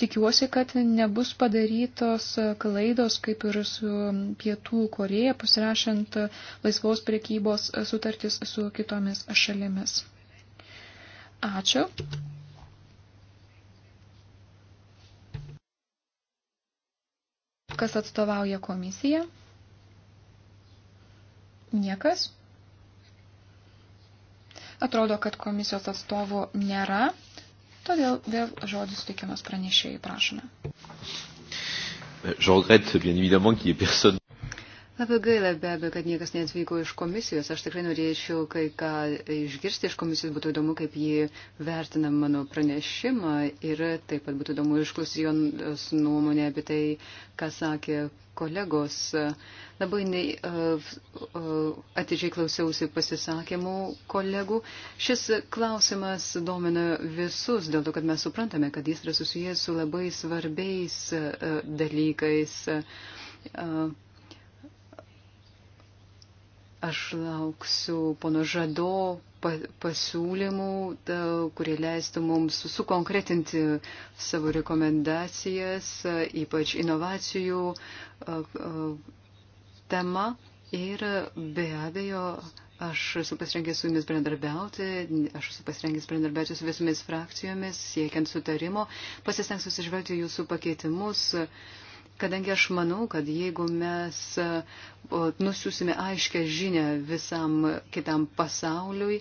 tikiuosi, kad nebus padarytos klaidos, kaip ir su Pietų Koreja, pasirašant laisvos priekybos sutartis su kitomis šalimis. Ačiū. Kas atstovauja komisiją? Niekas. Atrodo, kad komisijos atstovų nėra. Todėl vėl žodis teikiamas pranešėjai, prašome. Je regrette bien évidemment qu'il n'y ait personne Labai gaila be abejo, kad niekas neatvyko iš komisijos. Aš tikrai norėčiau kai ką išgirsti iš komisijos. Būtų įdomu, kaip ji vertina mano pranešimą ir taip pat būtų įdomu išklausyti jos nuomonę apie tai, ką sakė kolegos. Labai ne, atidžiai klausiausi pasisakymų kolegų. Šis klausimas domina visus, dėl to, kad mes suprantame, kad jis yra susijęs su labai svarbiais dalykais. Uh, Aš lauksiu pono Žado pasiūlymų, kurie leistų mums sukonkretinti savo rekomendacijas, ypač inovacijų tema. Ir be abejo, aš esu pasirengęs su jumis bendradarbiauti, aš esu pasirengęs bendradarbiauti su visomis frakcijomis, siekiant sutarimo, pasistengsiu susižvelgti jūsų pakeitimus. Uh, Kadangi aš manau, kad jeigu mes nusiusime aiškę žinę visam kitam pasauliui,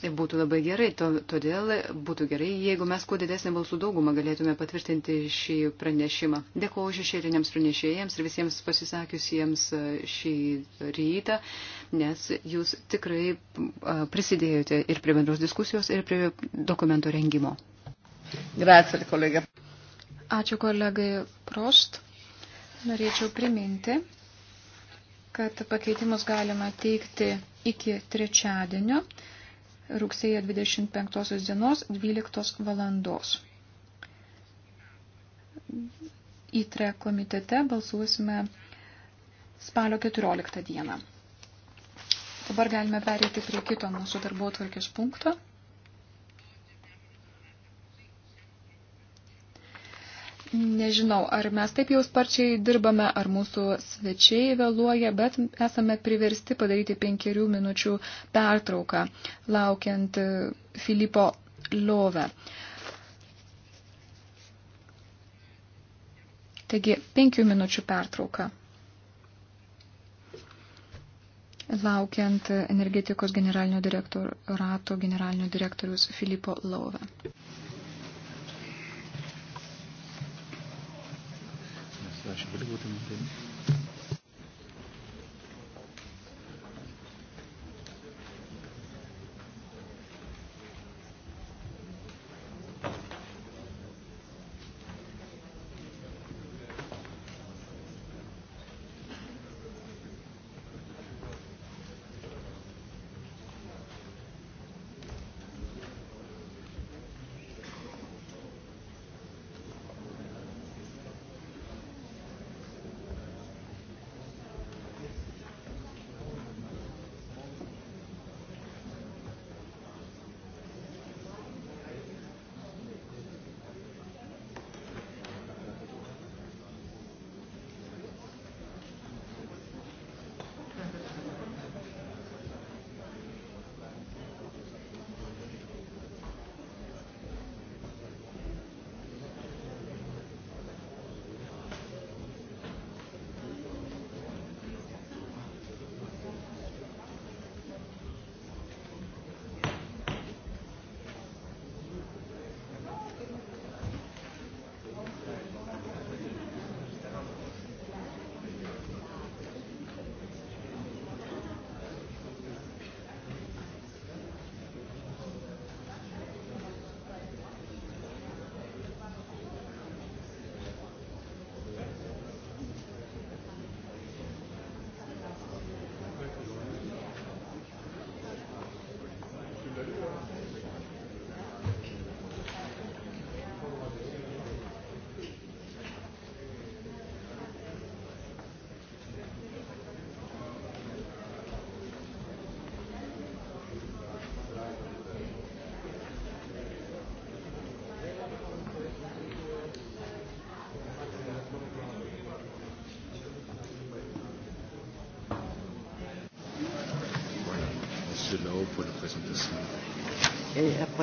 tai būtų labai gerai. Todėl būtų gerai, jeigu mes kuo didesnį balsų daugumą galėtume patvirtinti šį pranešimą. Dėkuoju šešėliniams pranešėjams ir visiems pasisakiusiems e, šį rytą, nes jūs tikrai e, prisidėjote ir prie bendros diskusijos, ir prie dokumento rengimo. Grazie, kolega. Ačiū kolegai Prost norėčiau priminti, kad pakeitimus galima teikti iki trečiadienio, rugsėjo 25 dienos 12 valandos. Įtre komitete balsuosime spalio 14 dieną. Dabar galime pereiti prie kito mūsų darbo tvarkės punkto. Nežinau, ar mes taip jau sparčiai dirbame, ar mūsų svečiai vėluoja, bet esame priversti padaryti penkerių minučių pertrauką, laukiant e, Filipo Lovę. Taigi, penkių minučių pertrauka. Laukiant energetikos generalinio direktorato generalinio direktorius Filipo Lovę. Prašau, gali būti nutinti.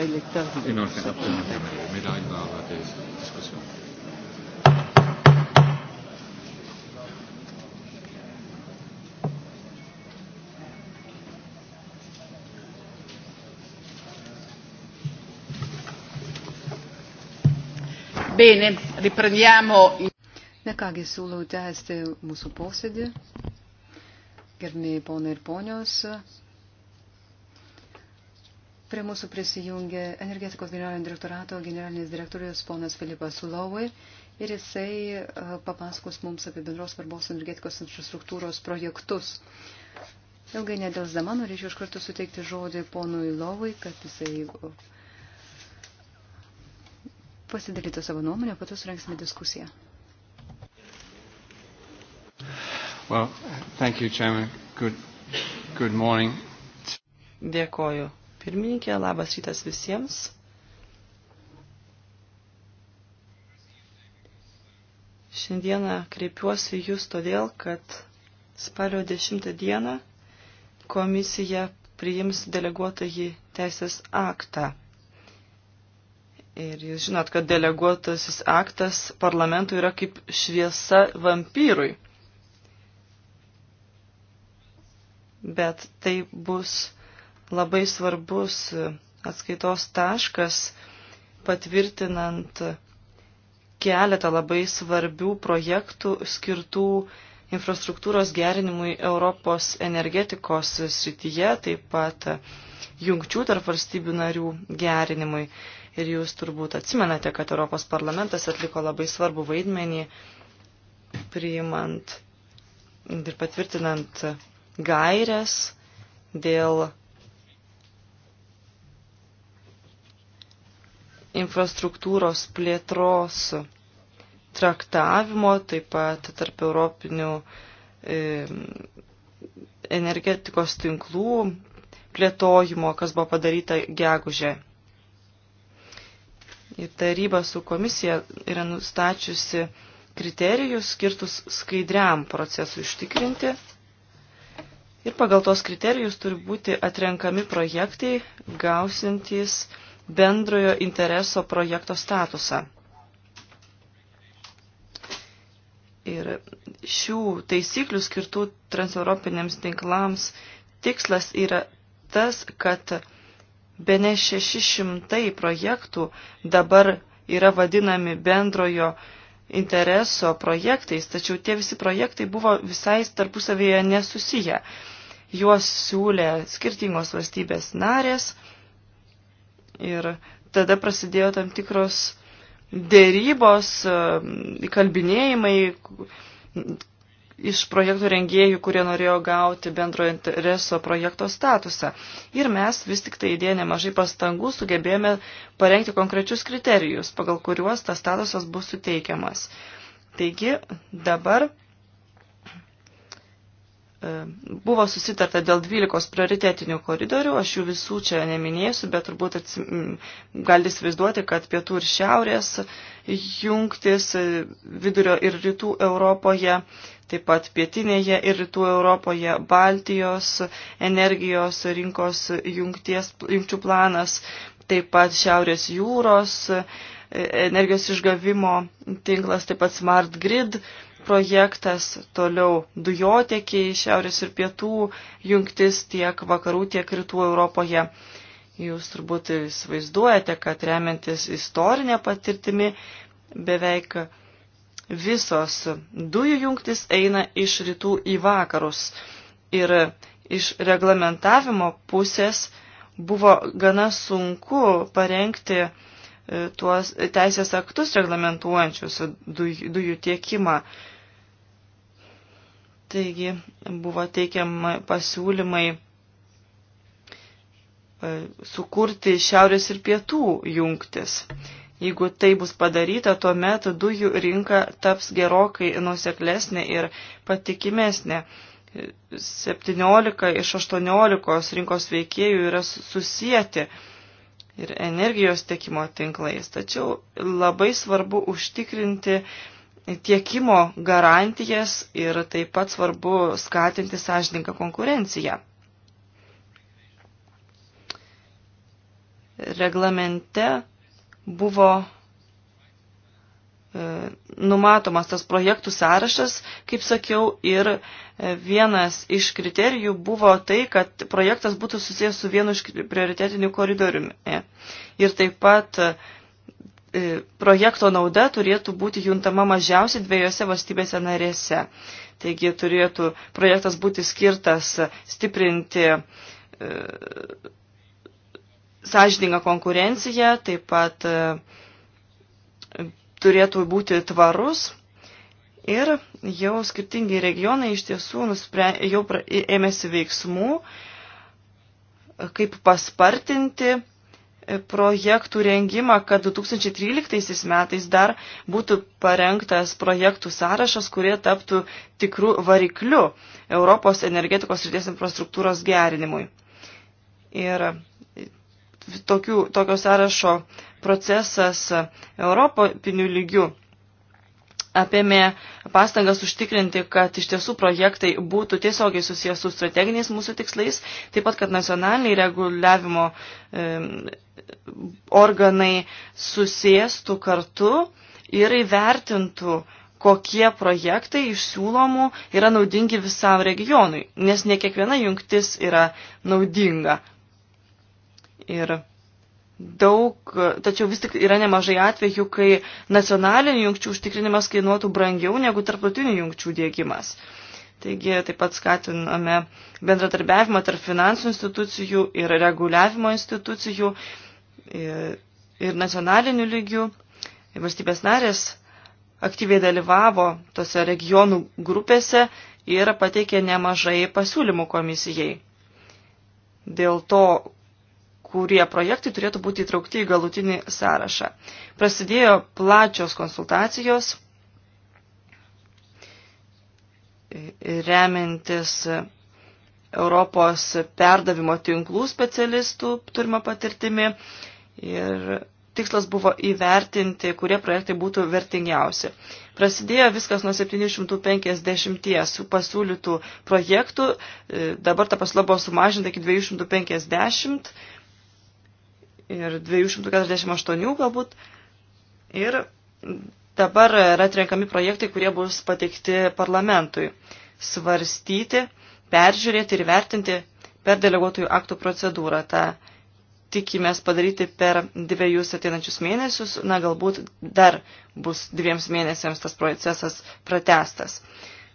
poi il lettore. E non c'è appunto medaglia alla discussione. Bene, riprendiamo. Na kągi, siūlau tęsti mūsų posėdį. Gerbėjai ponai ir ponios, Prie mūsų prisijungė energetikos generalinio direktorato generalinis direktorius ponas Filipas Sulovai ir jisai e, papasakos mums apie bendros svarbos energetikos infrastruktūros projektus. Ilgai nedelsdama norėčiau iš karto suteikti žodį ponui Lovai, kad jisai e, pasidalytų savo nuomonę, po to surengsime diskusiją. Well, thank you, Chairman. Good, good morning. Dėkoju, pirmininkė, labas rytas visiems. Šiandieną kreipiuosi jūs todėl, kad spalio 10 dieną komisija priims deleguotąjį teisės aktą. Ir jūs žinot, kad deleguotasis aktas parlamentui yra kaip šviesa vampyrui. Bet tai bus labai svarbus atskaitos taškas patvirtinant keletą labai svarbių projektų skirtų infrastruktūros gerinimui Europos energetikos srityje, taip pat jungčių tarp valstybių narių gerinimui. Ir jūs turbūt atsimenate, kad Europos parlamentas atliko labai svarbų vaidmenį priimant ir patvirtinant gairias dėl infrastruktūros plėtros traktavimo, taip pat tarp europinių e, energetikos tinklų plėtojimo, kas buvo padaryta gegužė. Ir taryba su komisija yra nustačiusi kriterijus skirtus skaidriam procesui ištikrinti. Ir pagal tos kriterijus turi būti atrenkami projektai, gausintys bendrojo intereso projekto statusą. Ir šių taisyklių skirtų transeuropiniams tinklams tikslas yra tas, kad be ne 600 projektų dabar yra vadinami bendrojo intereso projektais, tačiau tie visi projektai buvo visai tarpusavėje nesusiję. Juos siūlė skirtingos valstybės narės Ir tada prasidėjo tam tikros dėrybos, e, kalbinėjimai iš projektų rengėjų, kurie norėjo gauti bendro intereso projekto statusą. Ir mes vis tik tai įdėję nemažai pastangų sugebėjome parengti konkrečius kriterijus, pagal kuriuos tas statusas bus suteikiamas. Taigi dabar Buvo susitarta dėl 12 prioritetinių koridorių, aš jų visų čia neminėsiu, bet turbūt galite įsivaizduoti, kad pietų ir šiaurės jungtis vidurio ir rytų Europoje, taip pat pietinėje ir rytų Europoje Baltijos energijos rinkos jungties, jungčių planas, taip pat šiaurės jūros e, energijos išgavimo tinklas, taip pat smart grid projektas, toliau dujotiekiai šiaurės ir pietų jungtis tiek vakarų, tiek rytų Europoje. Jūs turbūt įsivaizduojate, kad remiantis istorinė patirtimi beveik visos dujų jungtis eina iš rytų į vakarus. Ir iš reglamentavimo pusės buvo gana sunku parengti E, tuos teisės aktus reglamentuojančius dujų tiekimą. Taigi buvo teikiama pasiūlymai e, sukurti šiaurės ir pietų jungtis. Jeigu tai bus padaryta, tuomet dujų rinka taps gerokai nuseklesnė ir patikimesnė. 17 e, iš 18 rinkos veikėjų yra susijęti ir energijos tiekimo tinklais. Tačiau labai svarbu užtikrinti tiekimo garantijas ir taip pat svarbu skatinti sąžininką konkurenciją. Reglamente buvo E, numatomas tas projektų sąrašas, kaip sakiau, ir e, vienas iš kriterijų buvo tai, kad projektas būtų susijęs su vienu iš prioritetinių koridoriumi. Ir taip pat e, projekto nauda turėtų būti juntama mažiausiai dviejose valstybėse narėse. Taigi turėtų projektas būti skirtas stiprinti sąžiningą konkurenciją, taip pat turėtų būti tvarus ir jau skirtingi regionai iš tiesų nuspre, jau pra, ėmėsi veiksmų, kaip paspartinti projektų rengimą, kad 2013 metais dar būtų parengtas projektų sąrašas, kurie taptų tikrų variklių Europos energetikos ryties infrastruktūros gerinimui. Ir tokių, tokio sąrašo procesas Europinių lygių apėmė pastangas užtikrinti, kad iš tiesų projektai būtų tiesiogiai susijęs su strateginiais mūsų tikslais, taip pat, kad nacionaliniai reguliavimo e, organai susijęstų kartu ir įvertintų kokie projektai iš siūlomų yra naudingi visam regionui, nes ne kiekviena jungtis yra naudinga. Ir daug, tačiau vis tik yra nemažai atvejų, kai nacionalinių jungčių užtikrinimas kainuotų brangiau negu tarptautinių jungčių dėgymas. Taigi taip pat skatiname bendradarbiavimą tarp finansų institucijų ir reguliavimo institucijų ir, ir nacionalinių lygių. Ir valstybės narės aktyviai dalyvavo tose regionų grupėse ir pateikė nemažai pasiūlymų komisijai. Dėl to, kurie projektai turėtų būti įtraukti į galutinį sąrašą. Prasidėjo plačios konsultacijos remiantis Europos perdavimo tinklų specialistų turima patirtimi ir tikslas buvo įvertinti, kurie projektai būtų vertingiausi. Prasidėjo viskas nuo 750 pasiūlytų projektų, dabar ta pasla buvo sumažinta iki 250 ir 248 galbūt. Ir dabar yra atrenkami projektai, kurie bus pateikti parlamentui svarstyti, peržiūrėti ir vertinti per deleguotojų aktų procedūrą. Ta tikimės padaryti per dviejus ateinančius mėnesius, na galbūt dar bus dviems mėnesiams tas procesas pratestas.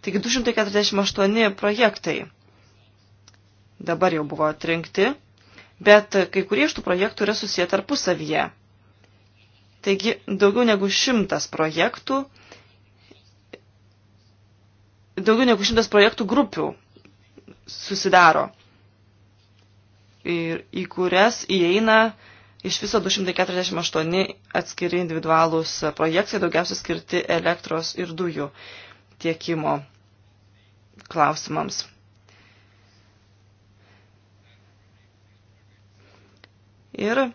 Taigi 248 projektai dabar jau buvo atrinkti bet kai kurie iš tų projektų yra susiję tarpusavyje. Taigi daugiau negu šimtas projektų, daugiau negu šimtas projektų grupių susidaro, ir į kurias įeina iš viso 248 atskiri individualūs projektai, daugiausia skirti elektros ir dujų tiekimo klausimams. Ir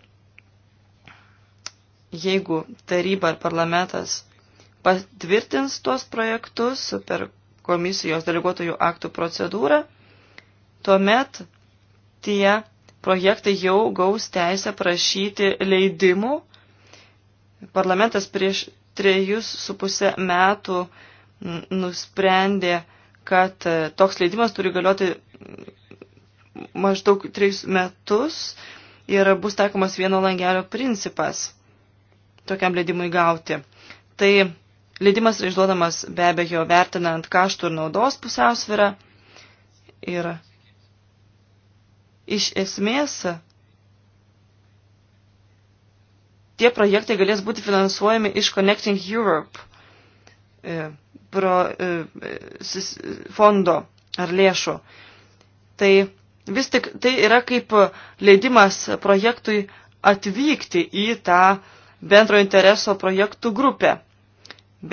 jeigu taryba ar parlamentas patvirtins tuos projektus per komisijos deleguotojų aktų procedūrą, tuomet tie projektai jau gaus teisę prašyti leidimų. Parlamentas prieš trejus su pusę metų nusprendė, kad toks leidimas turi galioti maždaug trejus metus ir bus taikomas vieno langelio principas tokiam leidimui gauti. Tai leidimas išduodamas be abejo vertinant kaštų ir naudos pusiausvyrą ir iš esmės tie projektai galės būti finansuojami iš Connecting Europe e, pro, e, e, fondo ar lėšų. Tai vis tik tai yra kaip leidimas projektui atvykti į tą bendro intereso projektų grupę.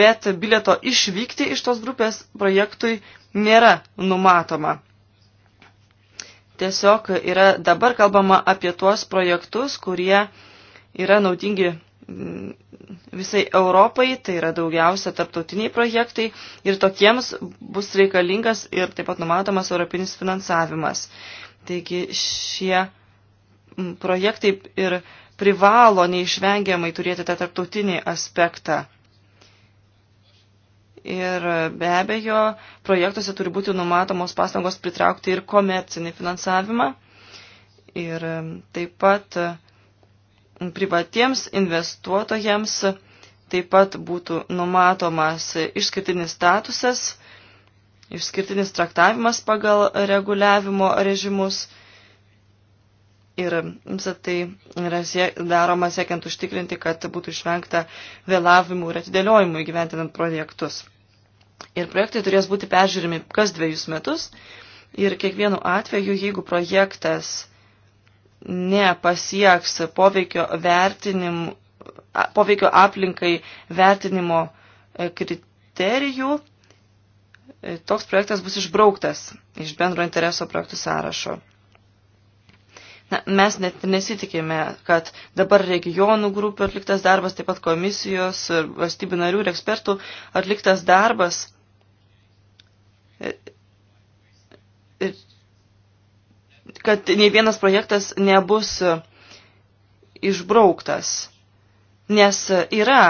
Bet bilieto išvykti iš tos grupės projektui nėra numatoma. Tiesiog yra dabar kalbama apie tuos projektus, kurie yra naudingi Mm, visai Europai, tai yra daugiausia tarptautiniai projektai ir tokiems bus reikalingas ir taip pat numatomas europinis finansavimas. Taigi šie mm, projektai ir privalo neišvengiamai turėti tą tarptautinį aspektą. Ir be abejo, projektuose turi būti numatomos pastangos pritraukti ir komercinį finansavimą. Ir mm, taip pat uh, privatiems investuotojams taip pat būtų numatomas išskirtinis statusas, išskirtinis traktavimas pagal reguliavimo režimus ir visą tai yra siek, daroma siekiant užtikrinti, kad būtų išvengta vėlavimų ir atidėliojimų įgyventinant projektus. Ir projektai turės būti peržiūrimi kas dviejus metus ir kiekvienu atveju, jeigu projektas nepasieks poveikio, vertinim, poveikio aplinkai vertinimo e, kriterijų, e, toks projektas bus išbrauktas iš bendro intereso projektų sąrašo. Na, mes net nesitikime, kad dabar regionų grupių atliktas darbas, taip pat komisijos, e, valstybių narių ir ekspertų atliktas darbas ir kad nei vienas projektas nebus išbrauktas, nes yra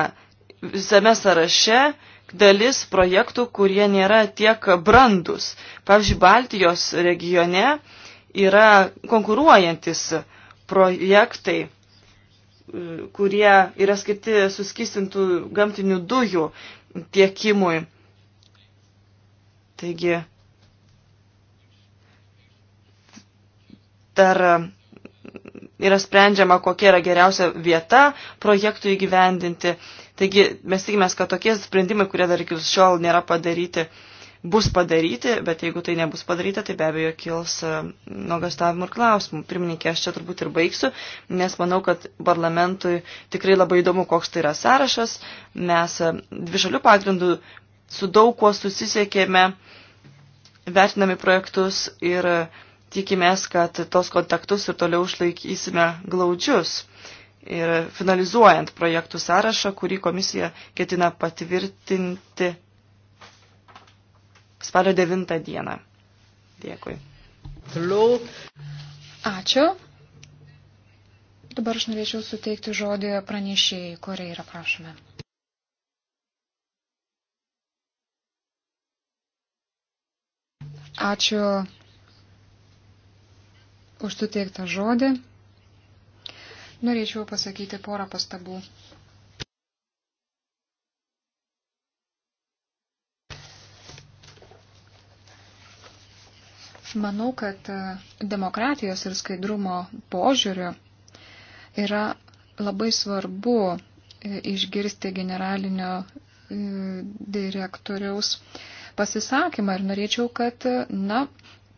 visame sąraše dalis projektų, kurie nėra tiek brandus. Pavyzdžiui, Baltijos regione yra konkuruojantis projektai, kurie yra skirti suskistintų gamtinių dujų tiekimui. Taigi, per e, yra sprendžiama, kokia yra geriausia vieta projektų įgyvendinti. Taigi mes tikimės, kad tokie sprendimai, kurie dar iki šiol nėra padaryti, bus padaryti, bet jeigu tai nebus padaryta, tai be abejo kils e, nuogastavimų ir klausimų. Pirmininkė, aš čia turbūt ir baigsiu, nes manau, kad parlamentui tikrai labai įdomu, koks tai yra sąrašas. Mes e, dvišalių pagrindų su daug kuo susisiekėme, vertinami projektus ir uh, tikimės, kad tos kontaktus ir toliau išlaikysime glaudžius. Ir finalizuojant projektų sąrašą, kurį komisija ketina patvirtinti spalio 9 dieną. Dėkui. Toliau. Ačiū. Dabar aš norėčiau suteikti žodį pranešėjai, kurie yra prašome. Ačiū už suteiktą žodį. Norėčiau pasakyti porą pastabų. Manau, kad e, demokratijos ir skaidrumo požiūriu yra labai svarbu e, išgirsti generalinio e, direktoriaus pasisakymą ir norėčiau, kad, na,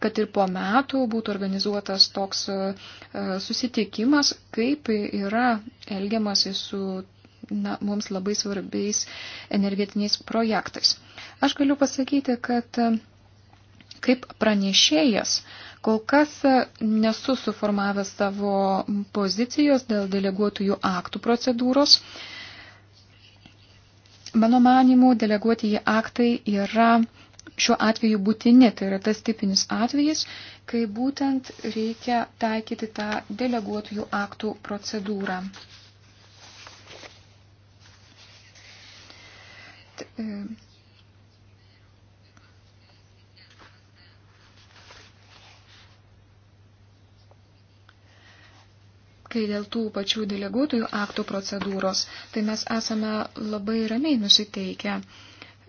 kad ir po metų būtų organizuotas toks e, e, susitikimas, kaip yra elgiamasi su na, mums labai svarbiais energetiniais projektais. Aš galiu pasakyti, kad e, kaip pranešėjas, kol kas nesu suformavęs savo pozicijos dėl deleguotųjų aktų procedūros. Mano manimų, deleguotieji aktai yra šiuo atveju būtini. Tai yra tas tipinis atvejis, kai būtent reikia taikyti tą deleguotųjų aktų procedūrą. E, kai dėl tų pačių deleguotojų aktų procedūros, tai mes esame labai ramiai nusiteikę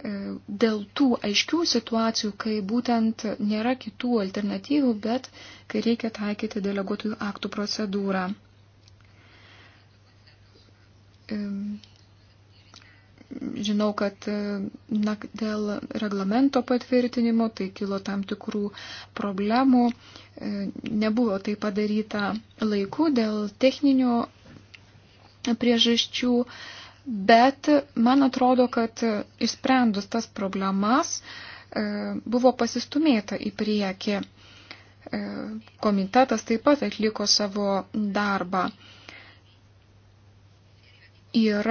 dėl tų aiškių situacijų, kai būtent nėra kitų alternatyvų, bet kai reikia taikyti deleguotųjų aktų procedūrą. Žinau, kad na, dėl reglamento patvirtinimo tai kilo tam tikrų problemų, e, nebuvo tai padaryta laiku dėl techninių priežasčių Bet man atrodo, kad išsprendus tas problemas e, buvo pasistumėta į priekį. E, komitetas taip pat atliko savo darbą. Ir,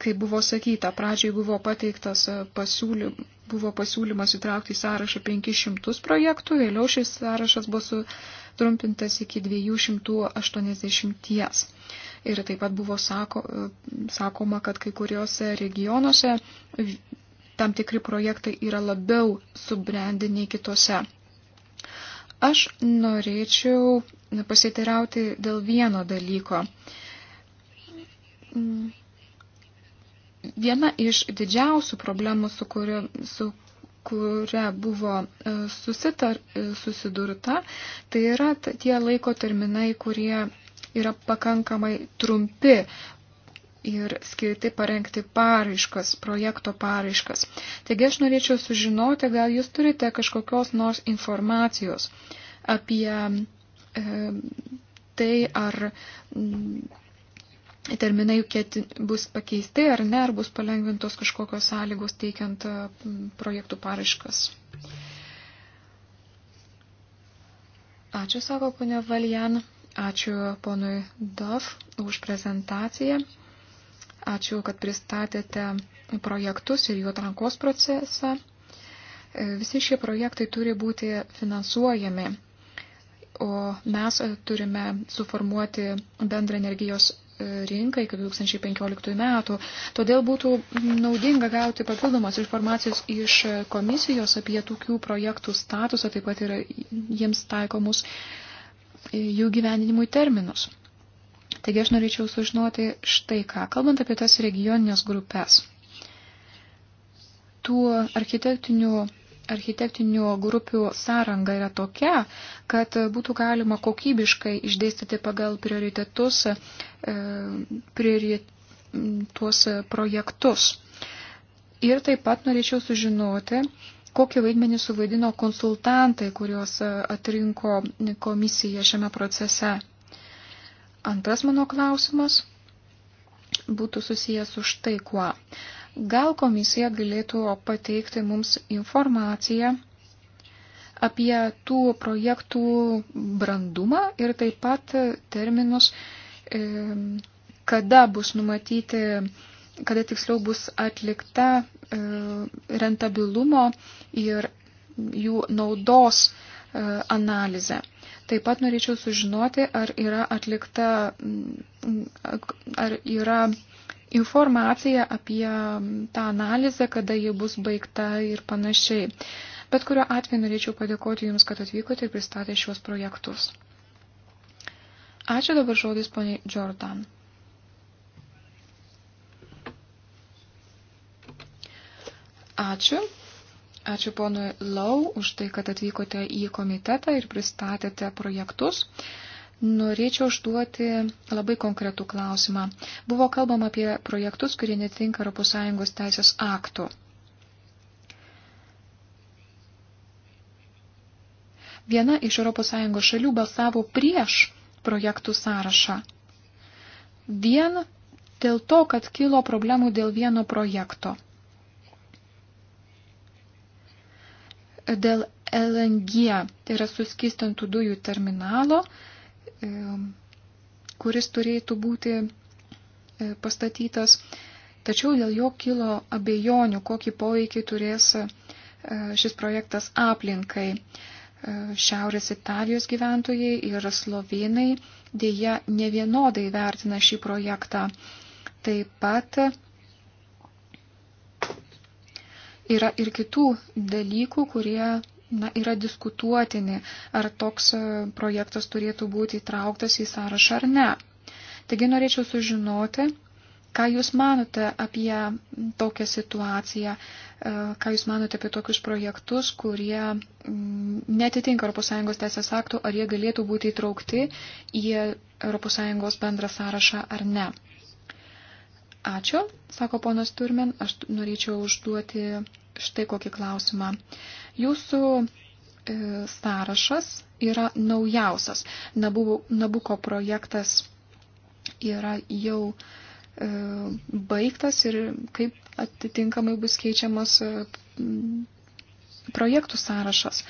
kaip buvo sakyta, pradžiai buvo pateiktas pasiūlymas, buvo pasiūlymas įtraukti į sąrašą 500 projektų, vėliau šis sąrašas buvo sutrumpintas iki 280. Ir taip pat buvo sako, sakoma, kad kai kuriuose regionuose tam tikri projektai yra labiau subrendiniai kitose. Aš norėčiau pasiteirauti dėl vieno dalyko. Viena iš didžiausių problemų, su, kurio, su kuria buvo e, susitar, susidurta, tai yra tie laiko terminai, kurie yra pakankamai trumpi ir skirti parengti paraiškas, projekto paraiškas. Taigi aš norėčiau sužinoti, gal jūs turite kažkokios nors informacijos apie e, tai, ar m, mm, terminai kėti, bus pakeisti ar ne, ar bus palengvintos kažkokios sąlygos teikiant e, m, mm, projektų paraiškas. Ačiū, sako ponia Valjan. Ačiū ponui Dorf už prezentaciją. Ačiū, kad pristatėte projektus ir jų atrankos procesą. Visi šie projektai turi būti finansuojami, o mes turime suformuoti bendrą energijos rinką iki 2015 metų. Todėl būtų naudinga gauti papildomos informacijos iš komisijos apie tokių projektų statusą, taip pat ir jiems taikomus jų gyveninimui terminus. Taigi aš norėčiau sužinoti štai ką, kalbant apie tas regioninės grupės. Tų architektinių, architektinių grupių sąranga yra tokia, kad būtų galima kokybiškai išdėstyti pagal prioritetus e, priori, tuos projektus. Ir taip pat norėčiau sužinoti, kokį vaidmenį suvaidino konsultantai, kuriuos e, atrinko komisija šiame procese. Antras mano klausimas būtų susijęs už tai, kuo. Gal komisija galėtų pateikti mums informaciją apie tų projektų brandumą ir taip pat terminus, e, kada bus numatyti, kada tiksliau bus atlikta E, rentabilumo ir jų naudos e, analizę. Taip pat norėčiau sužinoti, ar yra atlikta, ar yra informacija apie tą analizę, kada ji bus baigta ir panašiai. Bet kuriuo atveju norėčiau padėkoti Jums, kad atvykote ir pristatė šios projektus. Ačiū dabar žodis poniai Jordan. Ačiū. Ačiū ponui Lau už tai, kad atvykote į komitetą ir pristatėte projektus. Norėčiau užduoti labai konkretų klausimą. Buvo kalbama apie projektus, kurie netinka ES teisės aktų. Viena iš ES šalių balsavo prieš projektų sąrašą. Vien dėl to, kad kilo problemų dėl vieno projekto. dėl LNG, tai yra suskistintų dujų terminalo, e, kuris turėtų būti e, pastatytas, tačiau dėl jo kilo abejonių, kokį poveikį turės e, šis projektas aplinkai. Šiaurės Italijos gyventojai ir slovenai dėja nevienodai vertina šį projektą. Taip pat Yra ir kitų dalykų, kurie na, yra diskutuotini, ar toks e, projektas turėtų būti įtrauktas į sąrašą ar ne. Taigi norėčiau sužinoti, ką Jūs manote apie tokią situaciją, e, ką Jūs manote apie tokius projektus, kurie netitinka ES teisės aktų, ar jie galėtų būti įtraukti į ES bendrą sąrašą ar ne. Ačiū, sako ponas Turmen, aš norėčiau užduoti štai kokį klausimą. Jūsų e, sąrašas yra naujausias. Nabu, Nabuko projektas yra jau e, baigtas ir kaip atitinkamai bus keičiamas e, projektų sąrašas.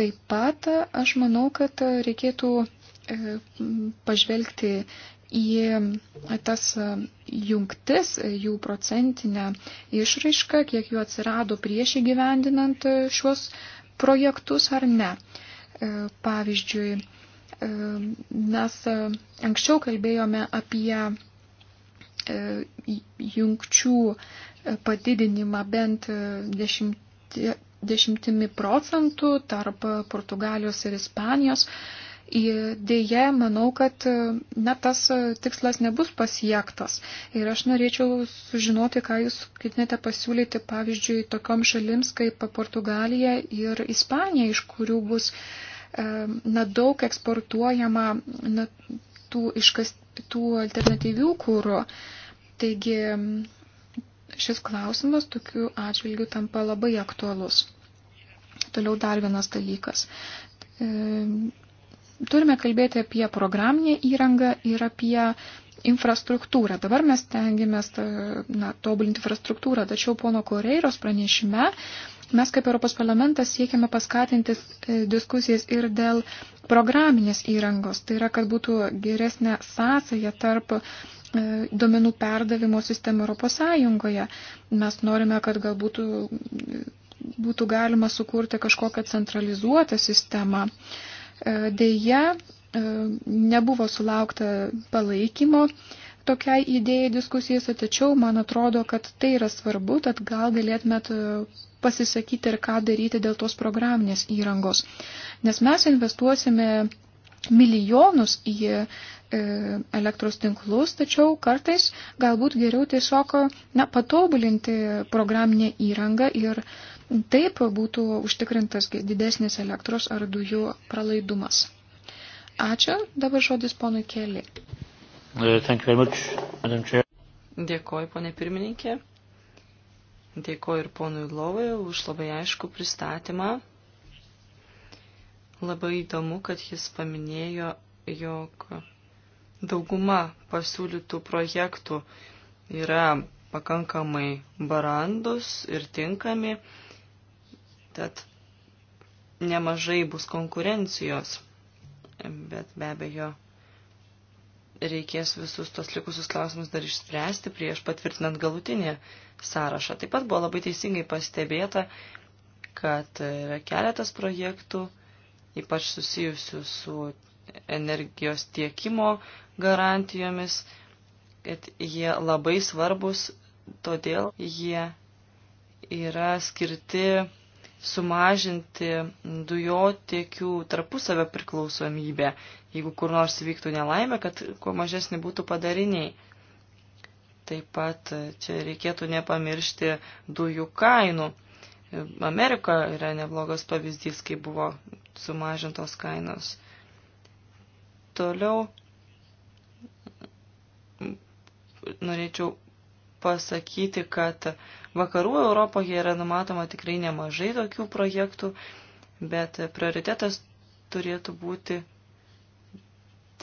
Taip pat aš manau, kad reikėtų e, pažvelgti į tas e, jungtis, e, jų procentinę išraišką, kiek jų atsirado prieš įgyvendinant e, šiuos projektus ar ne. Pavyzdžiui, mes anksčiau kalbėjome apie jungčių padidinimą bent dešimtimi procentų tarp Portugalijos ir Ispanijos. Dėje, manau, kad e, na, tas e, tikslas nebus pasiektas. Ir aš norėčiau sužinoti, ką jūs ketinate pasiūlyti, pavyzdžiui, tokiom šalims kaip Portugalija ir Ispanija, iš kurių bus e, na, daug eksportuojama na, tų, iškas, tų alternatyvių kūrų. Taigi šis klausimas tokiu atžvilgiu tampa labai aktualus. Toliau dar vienas dalykas turime kalbėti apie programinę įrangą ir apie infrastruktūrą. Dabar mes tengiamės na, tobulinti infrastruktūrą, tačiau pono Koreiros pranešime mes kaip Europos parlamentas siekiame paskatinti e, diskusijas ir dėl programinės įrangos. Tai yra, kad būtų geresnė sąsaja tarp e, duomenų perdavimo sistemų Europos Sąjungoje. Mes norime, kad galbūt būtų galima sukurti kažkokią centralizuotą sistemą. Uh, E, deja, e, nebuvo sulaukta palaikymo tokiai idėjai diskusijose, tačiau man atrodo, kad tai yra svarbu, tad gal galėtumėt e, pasisakyti ir ką daryti dėl tos programinės įrangos. Nes mes investuosime milijonus į elektros tinklus, tačiau kartais galbūt geriau tiesiog na, patobulinti programinę įrangą ir Taip būtų užtikrintas didesnis elektros ar dujų pralaidumas. Ačiū. Dabar žodis ponui Keli. Uh, Dėkoju, ponė pirmininkė. Dėkoju ir ponui Lovai už labai aišku pristatymą. Labai įdomu, kad jis paminėjo, jog dauguma pasiūlytų projektų yra pakankamai barandus ir tinkami kad nemažai bus konkurencijos, bet be abejo reikės visus tos likusius klausimus dar išspręsti prieš patvirtinant galutinį sąrašą. Taip pat buvo labai teisingai pastebėta, kad yra keletas projektų, ypač susijusių su energijos tiekimo garantijomis, kad jie labai svarbus, todėl jie yra skirti sumažinti dujotiekių tarpusavę priklausomybę, jeigu kur nors vyktų nelaimė, kad kuo mažesni būtų padariniai. Taip pat čia reikėtų nepamiršti dujų kainų. Amerika yra neblogas pavyzdys, kai buvo sumažintos kainos. Toliau norėčiau pasakyti, kad vakarų Europoje yra numatoma tikrai nemažai tokių projektų, bet prioritetas turėtų būti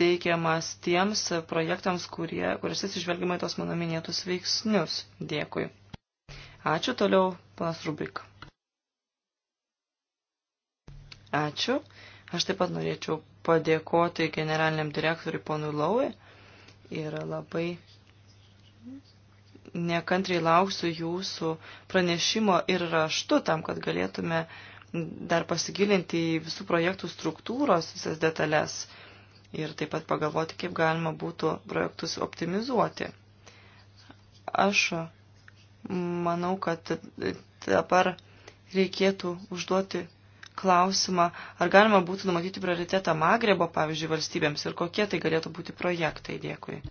teikiamas tiems projektams, kurie, kuriuose atsižvelgiama į tos mano minėtus veiksnius. Dėkui. Ačiū toliau, panas Rubrik. Ačiū. Aš taip pat norėčiau padėkoti generaliniam direktoriui ponui Lauė ir labai nekantriai lauksiu jūsų pranešimo ir raštu tam, kad galėtume dar pasigilinti į visų projektų struktūros visas detalės ir taip pat pagalvoti, kaip galima būtų projektus optimizuoti. Aš manau, kad dabar reikėtų užduoti klausimą, ar galima būtų numatyti prioritetą Magrebo, pavyzdžiui, valstybėms ir kokie tai galėtų būti projektai. Dėkui.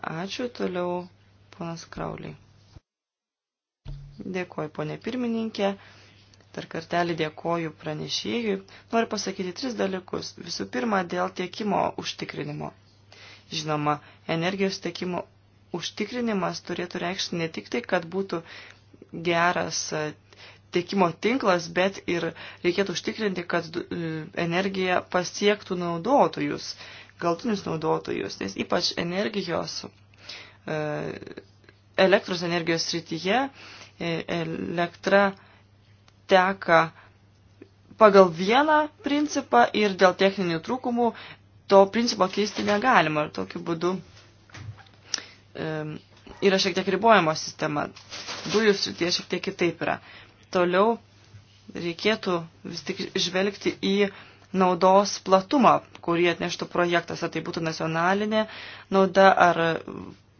Ačiū toliau, ponas Krauliai. Dėkoju, ponė pirmininkė. Dar kartelį dėkoju pranešėjui. Noriu pasakyti tris dalykus. Visų pirma, dėl tiekimo užtikrinimo. Žinoma, energijos tiekimo užtikrinimas turėtų reikšti ne tik tai, kad būtų geras e, tiekimo tinklas, bet ir reikėtų užtikrinti, kad e, energija pasiektų naudotojus galtinius naudotojus, nes ypač energijos, e, elektros energijos srityje e, elektra teka pagal vieną principą ir dėl techninių trūkumų to principo keisti negalima ir tokiu būdu e, yra šiek tiek ribojama sistema. Dujų srityje šiek tiek kitaip yra. Toliau reikėtų vis tik žvelgti į naudos platumą, kurį atneštų projektas, ar tai būtų nacionalinė nauda, ar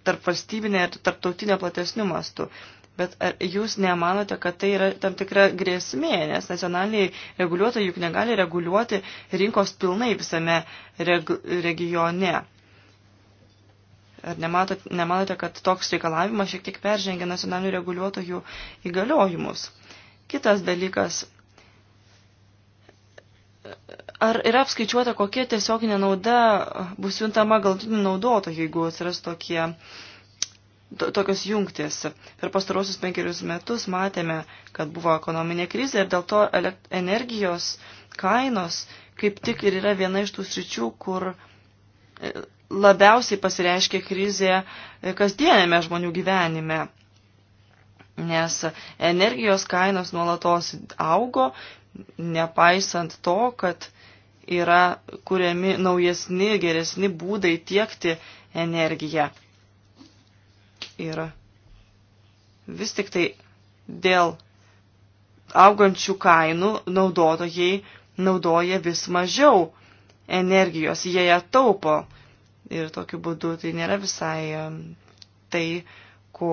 tarp valstybinė ir tarptautinė platesnių mastų. Bet ar jūs nemanote, kad tai yra tam tikra grėsmė, nes nacionaliniai reguliuotojai juk negali reguliuoti rinkos pilnai visame reg regione? Ar nematot, nemanote, kad toks reikalavimas šiek tiek peržengia nacionalinių reguliuotojų įgaliojimus? Kitas dalykas Ar yra apskaičiuota, kokia tiesioginė nauda bus juntama galutinių naudotojų, jeigu atsiras tokie, to, tokios jungtis? Per pastarosius penkerius metus matėme, kad buvo ekonominė krizė ir dėl to energijos kainos kaip tik ir yra viena iš tų sričių, kur e, labiausiai pasireiškia krizė e, kasdienėme žmonių gyvenime. Nes energijos kainos nuolatos augo, nepaisant to, kad yra kuriami naujesni, geresni būdai tiekti energiją. Ir vis tik tai dėl augančių kainų naudotojai naudoja vis mažiau energijos, jie ją taupo. Ir tokiu būdu tai nėra visai um, tai, ko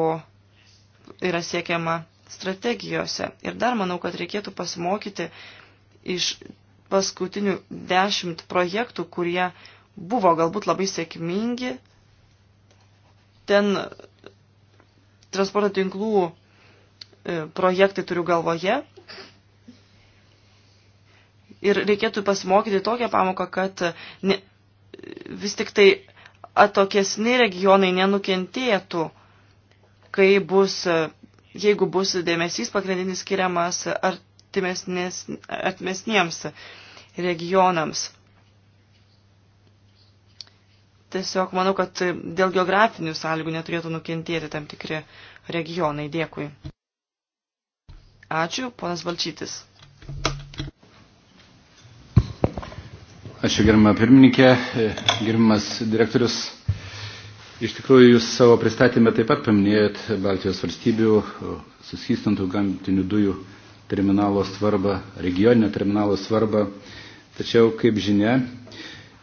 yra siekiama strategijose. Ir dar manau, kad reikėtų pasimokyti iš paskutinių dešimt projektų, kurie buvo galbūt labai sėkmingi, ten transporto tinklų e, projektai turiu galvoje. Ir reikėtų pasimokyti tokią pamoką, kad ne, vis tik tai atokesni regionai nenukentėtų, kai bus, e, jeigu bus dėmesys pagrindinis skiriamas ar atmesniems regionams. Tiesiog manau, kad dėl geografinių sąlygų neturėtų nukentėti tam tikri regionai. Dėkui. Ačiū, ponas Balčytis. Ačiū, gerbama pirmininkė, gerbamas direktorius. Iš tikrųjų, jūs savo pristatymę taip pat paminėjot Baltijos valstybių suskystintų gamtinių dujų terminalo svarbą, regioninio terminalo svarbą. Tačiau, kaip žinia,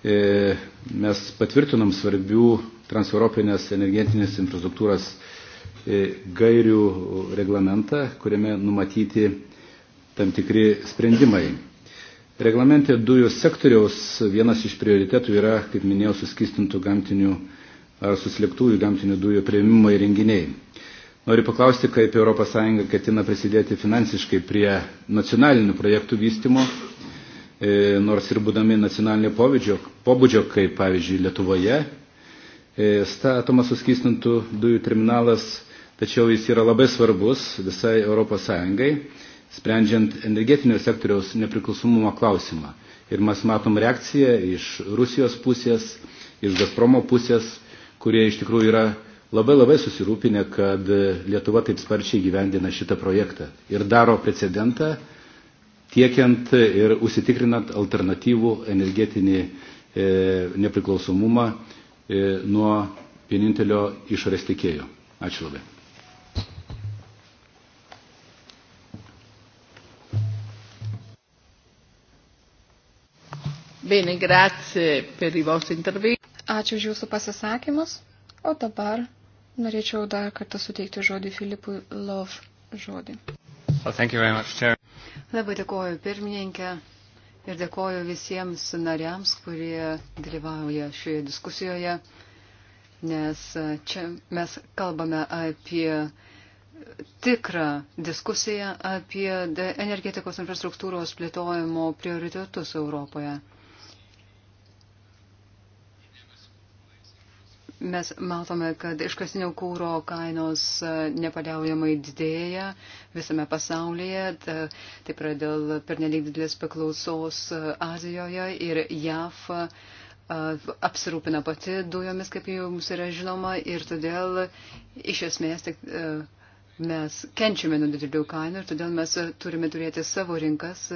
e, mes patvirtinom svarbių transeuropinės energetinės infrastruktūros e, gairių reglamentą, kuriame numatyti tam tikri sprendimai. Reglamente dujų sektoriaus vienas iš prioritetų yra, kaip minėjau, suskistintų gamtinių ar suslėptųjų gamtinių dujų prieimimo įrenginiai. Noriu paklausti, kaip ES ketina prisidėti finansiškai prie nacionalinių projektų vystimo, e, nors ir būdami nacionalinio pobūdžio, pobūdžio kaip pavyzdžiui Lietuvoje, e, statomas suskystintų dujų terminalas, tačiau jis yra labai svarbus visai ES sprendžiant energetinio sektoriaus nepriklausomumo klausimą. Ir mes matom reakciją iš Rusijos pusės, iš Gazpromo pusės, kurie iš tikrųjų yra labai labai susirūpinę, kad Lietuva taip sparčiai gyvendina šitą projektą ir daro precedentą, tiekiant ir užsitikrinant alternatyvų energetinį e, nepriklausomumą e, nuo vienintelio išorės tikėjo. Ačiū labai. Bene, grazie per i vostri interventi. Ačiū už jūsų pasisakymus. O dabar Norėčiau dar kartą suteikti žodį Filipui Love žodį. Well, much, Labai dėkoju pirmininkė ir dėkoju visiems nariams, kurie dalyvauja šioje diskusijoje, nes e, čia mes kalbame apie tikrą diskusiją apie energetikos infrastruktūros plėtojimo prioritetus Europoje. Mes matome, kad iškasinio kūro kainos e, nepaliaujamai didėja visame pasaulyje. Taip yra dėl pernelyg didelės paklausos e, Azijoje ir JAF e, apsirūpina pati dujomis, kaip jau mums yra žinoma, ir todėl iš esmės tik mes kenčiame nuo didelių kainų ir todėl mes turime turėti savo rinkas,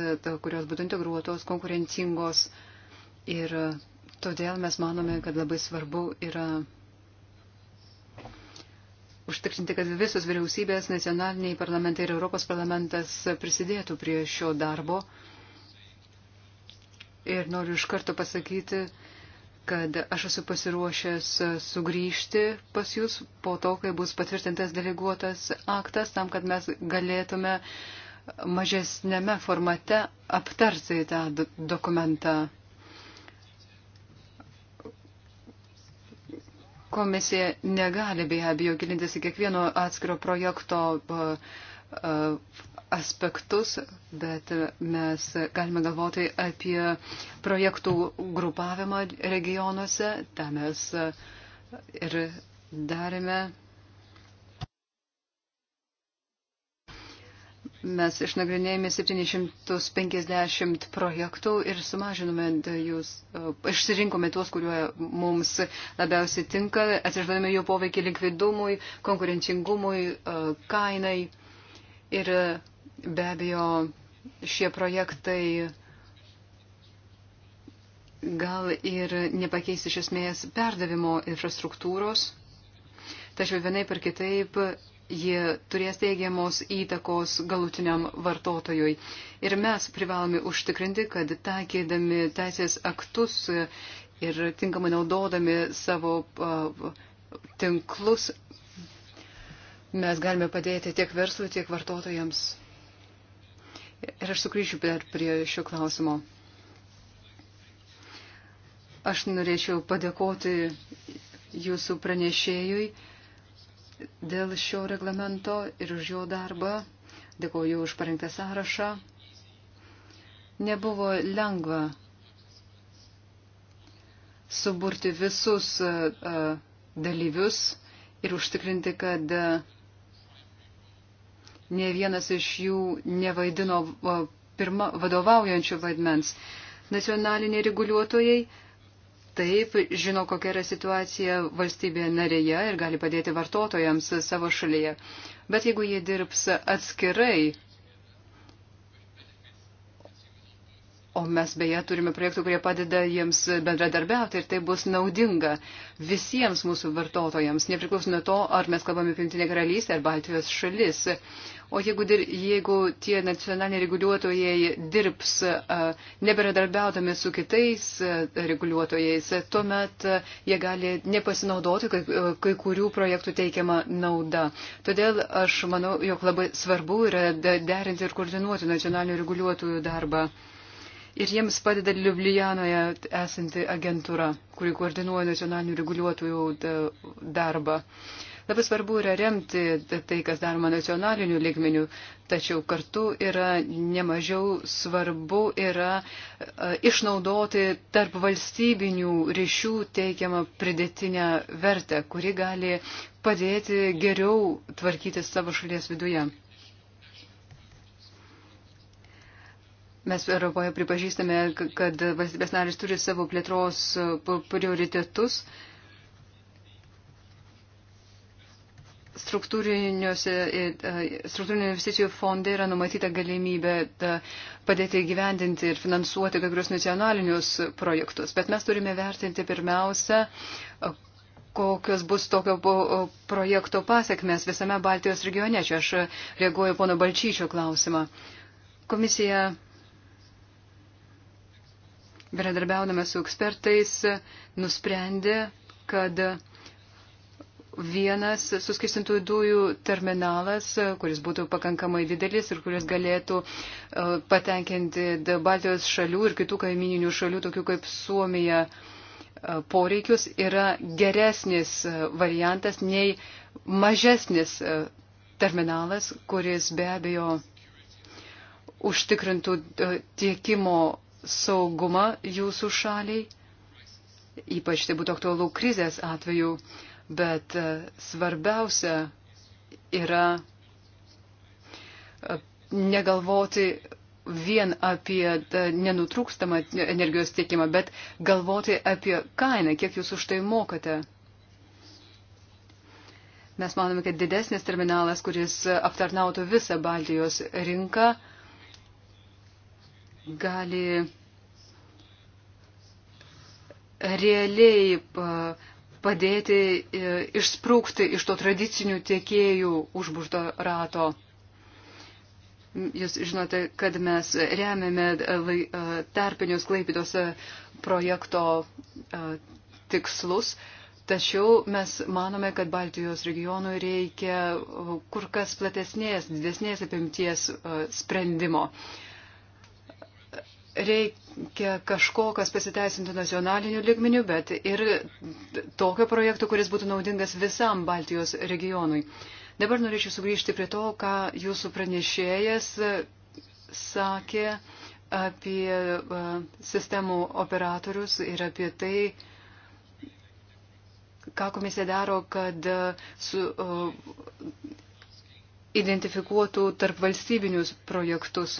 kurios būtų integruotos, konkurencingos. Ir todėl mes manome, kad labai svarbu yra užtikrinti, kad visos vyriausybės, nacionaliniai parlamentai ir Europos parlamentas prisidėtų prie šio darbo. Ir noriu iš karto pasakyti, kad aš esu pasiruošęs sugrįžti pas jūs po to, kai bus patvirtintas deleguotas aktas, tam, kad mes galėtume mažesnėme formate aptarti tą dokumentą. Komisija negali be abejo gilintis į kiekvieno atskiro projekto aspektus, bet mes galime galvoti apie projektų grupavimą regionuose. Ta mes ir darėme Mes išnagrinėjome 750 projektų ir sumažinome jūs, e, išsirinkome tuos, kurie mums labiausiai tinka, atsižvelgėme jų poveikį likvidumui, konkurencingumui, e, kainai. Ir e, be abejo, šie projektai gal ir nepakeis iš esmės perdavimo infrastruktūros, tačiau vienai per kitaip jie turės teigiamos įtakos galutiniam vartotojui. Ir mes privalome užtikrinti, kad taikydami teisės aktus ir tinkamai naudodami savo tinklus, mes galime padėti tiek verslui, tiek vartotojams. Ir aš sugrįšiu prie šio klausimo. Aš norėčiau padėkoti jūsų pranešėjui dėl šio reglamento ir už jo darbą. Dėkoju už parengtą sąrašą. Nebuvo lengva suburti visus e, e, dalyvius ir užtikrinti, kad e, ne vienas iš jų nevaidino pirma, vadovaujančių vaidmens. Nacionaliniai reguliuotojai taip žino, kokia yra situacija valstybėje narėje ir gali padėti vartotojams savo šalyje. Bet jeigu jie dirbs atskirai O mes beje turime projektų, kurie padeda jiems bendradarbiauti ir tai bus naudinga visiems mūsų vartotojams, nepriklausomai nuo to, ar mes kalbame apie Junktinę karalystę ar Baltijos šalis. O jeigu, jeigu tie nacionaliniai reguliuotojai dirbs neberadarbiaudami su kitais reguliuotojais, tuomet jie gali nepasinaudoti kai, kai kurių projektų teikiama nauda. Todėl aš manau, jog labai svarbu yra derinti ir koordinuoti nacionalinių reguliuotojų darbą ir jiems padeda Liublianoje esanti agentūra, kuri koordinuoja nacionalinių reguliuotojų e, darbą. Labai svarbu yra remti tai, kas daroma nacionaliniu lygmeniu, tačiau kartu yra nemažiau svarbu yra e, išnaudoti tarp valstybinių ryšių teikiamą pridėtinę vertę, kuri gali padėti geriau tvarkyti savo šalies viduje. Mes Europoje pripažįstame, kad valstybės narės turi savo plėtros e, prioritetus. Struktūriniuose e, e, investicijų fondai yra numatyta galimybė padėti gyvendinti ir finansuoti kai kurios nacionalinius projektus. Bet mes turime vertinti pirmiausia, kokios bus tokio projekto pasiekmes visame Baltijos regione. Čia aš reaguoju pono Balčyčio klausimą. Komisija bendradarbiaudama su ekspertais, nusprendė, kad vienas suskistintų dujų terminalas, kuris būtų pakankamai didelis ir kuris galėtų e, patenkinti Baltijos šalių ir kitų kaimininių šalių, tokių kaip Suomija, e, poreikius, yra geresnis e, variantas nei mažesnis terminalas, kuris be abejo užtikrintų tiekimo saugumą jūsų šaliai, ypač tai būtų aktualu krizės atveju, bet e, svarbiausia yra e, negalvoti vien apie e, nenutrūkstamą energijos tiekimą, bet galvoti apie kainą, kiek jūs už tai mokate. Mes manome, kad didesnis terminalas, kuris aptarnautų visą Baltijos rinką, gali realiai padėti e, išsprūkti iš to tradicinių tiekėjų užburto rato. Jūs žinote, kad mes remiame e, e, tarpinius Klaipidos projekto tikslus, tačiau mes manome, kad Baltijos regionui reikia kur kas platesnės, didesnės apimties sprendimo. Uh, reikia kažko, kas pasiteisintų nacionaliniu ligmeniu, bet ir tokio projekto, kuris būtų naudingas visam Baltijos regionui. Dabar norėčiau sugrįžti prie to, ką jūsų pranešėjas sakė apie e, sistemų operatorius ir apie tai, ką komisija daro, kad e, su, identifikuotų tarp valstybinius projektus.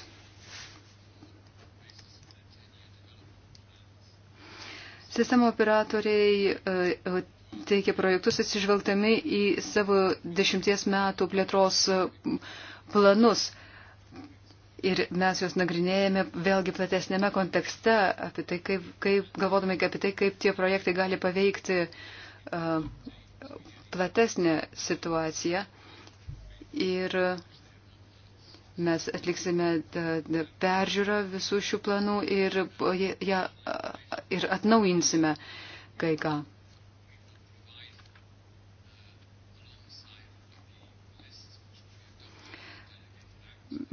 Sistemo operatoriai e, e, teikia projektus atsižvelgdami į savo dešimties metų plėtros e, planus. Ir mes juos nagrinėjame vėlgi platesnėme kontekste, apie tai, kaip, kaip, galvodami apie tai, kaip tie projektai gali paveikti uh, platesnę situaciją. Ir uh, Mes atliksime e, e, peržiūrą visų šių planų ir, e, ja, ir atnaujinsime kai ką.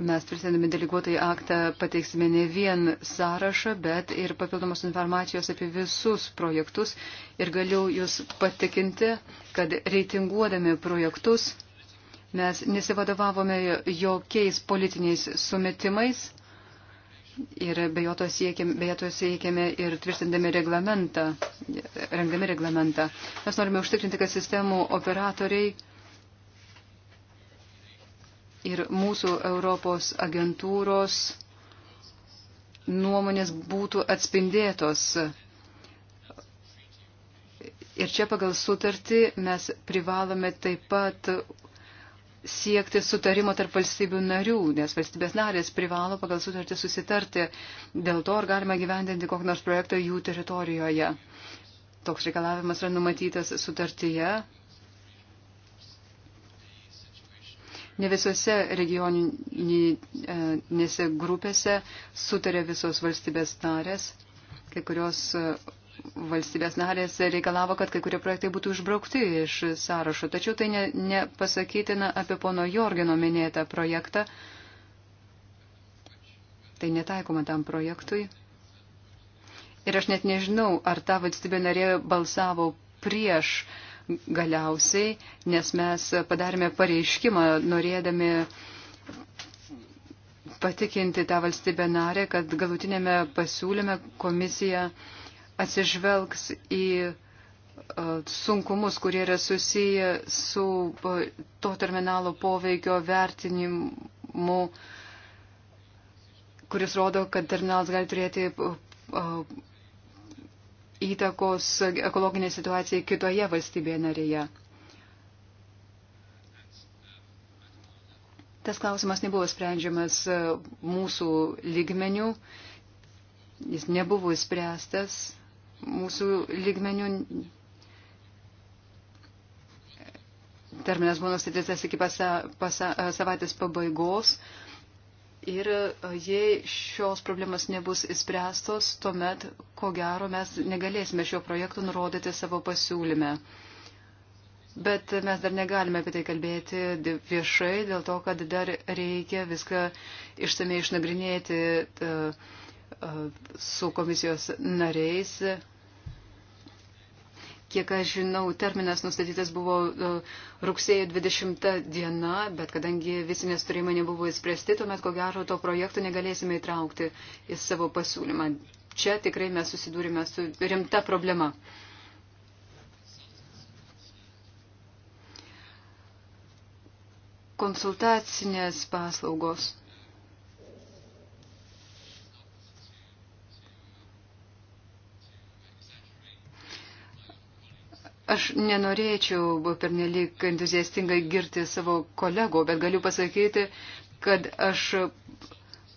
mes pristatydami deleguotai aktą pateiksime ne vien sąrašą, bet ir papildomos informacijos apie visus projektus. Ir galiu Jūs patikinti, kad reitinguodami projektus Mes nesivadovavome jokiais politiniais sumetimais ir be to siekėme, be to siekėme ir tvirtindami reglamentą, rengdami reglamentą. Mes norime užtikrinti, kad sistemų operatoriai ir mūsų Europos agentūros nuomonės būtų atspindėtos. Ir čia pagal sutartį mes privalome taip pat siekti sutarimo tarp valstybių narių, nes valstybės narės privalo pagal sutartį susitarti dėl to, ar galima gyvendinti kokį nors projektą jų teritorijoje. Toks reikalavimas yra numatytas sutartyje. Ne visose regioninėse grupėse sutarė visos valstybės narės, kai kurios valstybės narės reikalavo, kad kai kurie projektai būtų išbraukti iš sąrašo. Tačiau tai nepasakytina ne, ne apie pono Jorgino minėtą projektą. Tai netaikoma tam projektui. Ir aš net nežinau, ar ta valstybė narė balsavo prieš galiausiai, nes mes padarėme pareiškimą norėdami patikinti tą valstybę narę, kad galutinėme pasiūlyme komisija uh, atsižvelgs į e, sunkumus, kurie yra susiję su e, to terminalo poveikio vertinimu, kuris rodo, kad terminalas gali turėti e, įtakos ekologinė situacija kitoje valstybėje narėje. Tas klausimas nebuvo sprendžiamas mūsų lygmenių, jis nebuvo įspręstas mūsų lygmenių terminas buvo nustatytas iki pasa, pasa, savaitės pabaigos. Ir jei šios problemas nebus įspręstos, tuomet, ko gero, mes negalėsime šio projekto nurodyti savo pasiūlyme. Bet mes dar negalime apie tai kalbėti viešai, dėl to, kad dar reikia viską išsamei išnagrinėti su komisijos nariais Kiek aš žinau, terminas nustatytas buvo e, rugsėjo 20 diena, bet kadangi visi nesturėjimai nebuvo įspręsti, tuomet ko gero to projekto negalėsime įtraukti į savo pasiūlymą. Čia tikrai mes susidūrime su rimta problema. Konsultacinės paslaugos. Aš nenorėčiau pernelyg entuziastingai girti savo kolegų, bet galiu pasakyti, kad aš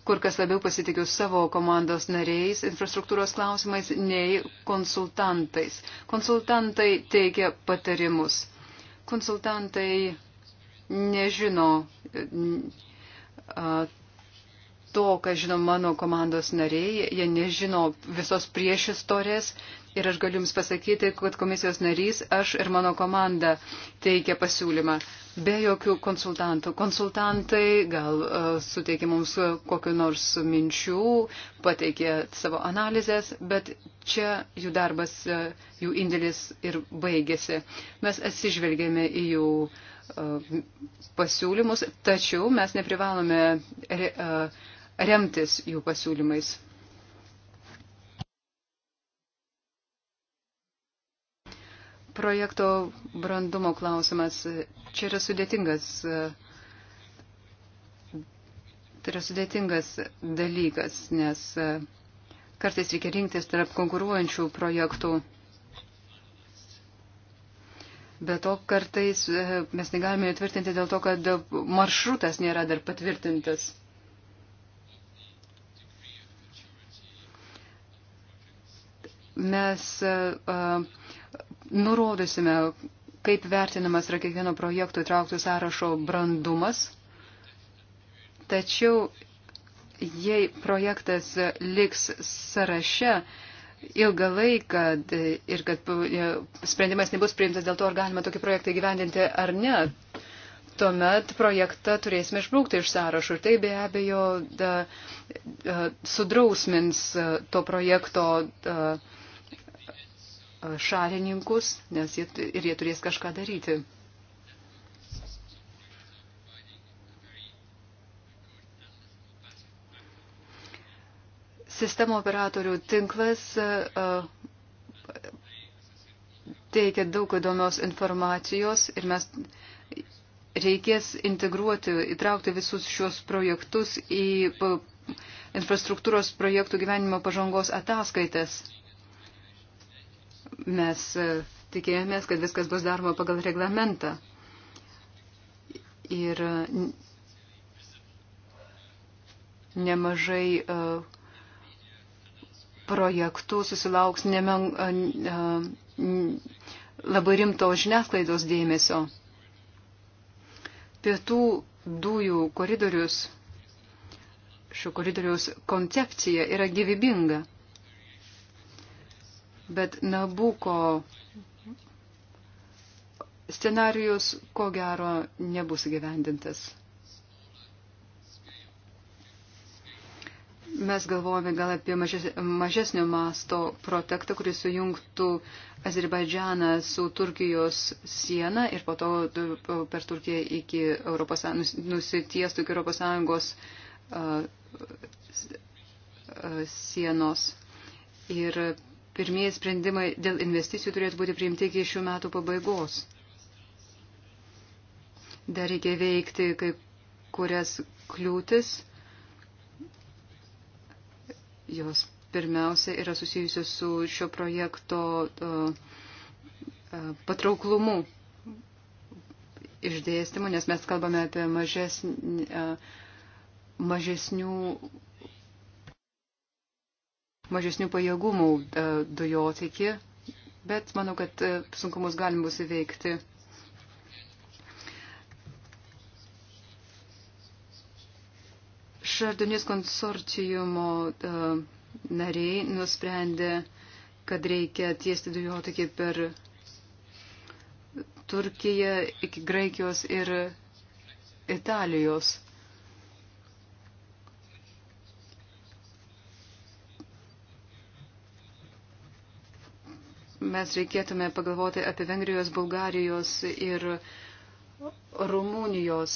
kur kas labiau pasitikiu savo komandos nariais infrastruktūros klausimais nei konsultantais. Konsultantai teikia patarimus. Konsultantai nežino to, ką žino mano komandos nariai, jie nežino visos priešistorės ir aš galiu Jums pasakyti, kad komisijos narys, aš ir mano komanda teikia pasiūlymą be jokių konsultantų. Konsultantai gal uh, suteikė mums kokiu nors minčių, pateikė savo analizės, bet čia jų darbas, uh, jų indėlis ir baigėsi. Mes atsižvelgėme į jų uh, pasiūlymus, tačiau mes neprivalome. Uh, remtis jų pasiūlymais. Projekto brandumo klausimas čia yra sudėtingas, tai yra sudėtingas dalykas, nes kartais reikia rinktis tarp konkuruojančių projektų. Be to kartais mes negalime įtvirtinti dėl to, kad maršrutas nėra dar patvirtintas. mes e, e, nurodysime, kaip vertinamas yra kiekvieno projekto įtrauktų sąrašo brandumas. Tačiau jei projektas liks sąraše ilgą laiką ir kad e, sprendimas nebus priimtas dėl to, ar galima tokį projektą gyvendinti ar ne, tuomet projektą turėsime išbraukti iš sąrašų. Ir tai be abejo da, da, sudrausmins to projekto da, šalininkus, nes jie, ir jie turės kažką daryti. Sistemo operatorių tinklas teikia daug įdomios informacijos ir mes reikės integruoti, įtraukti visus šios projektus į infrastruktūros projektų gyvenimo pažangos ataskaitas mes e, tikėjomės, kad viskas bus daroma pagal reglamentą. Ir e, nemažai e, projektų susilauks nemen, labai rimto žiniasklaidos dėmesio. Pietų dujų koridorius, šio koridoriaus koncepcija yra gyvybinga. Bet Nabuko scenarijus, ko gero, nebus gyvendintas. Mes galvojame gal apie mažesnio masto protektą, kuris sujungtų Azerbaidžaną su Turkijos siena ir po to per Turkiją iki Europos, nusitiestų iki Europos Sąjungos uh, sienos. Ir Pirmieji sprendimai dėl investicijų turėtų būti priimti iki šių metų pabaigos. Dar reikia veikti kai kurias kliūtis. Jos pirmiausia yra susijusios su šio projekto patrauklumu išdėstymu, nes mes kalbame apie mažesnį, mažesnių mažesnių pajėgumų e, dujotikį, bet manau, kad e, sunkumus galim bus įveikti. Šardonės konsorcijumo e, nariai nusprendė, kad reikia tiesti dujotikį per Turkiją iki Graikijos ir Italijos. mes reikėtume pagalvoti apie Vengrijos, Bulgarijos ir Rumunijos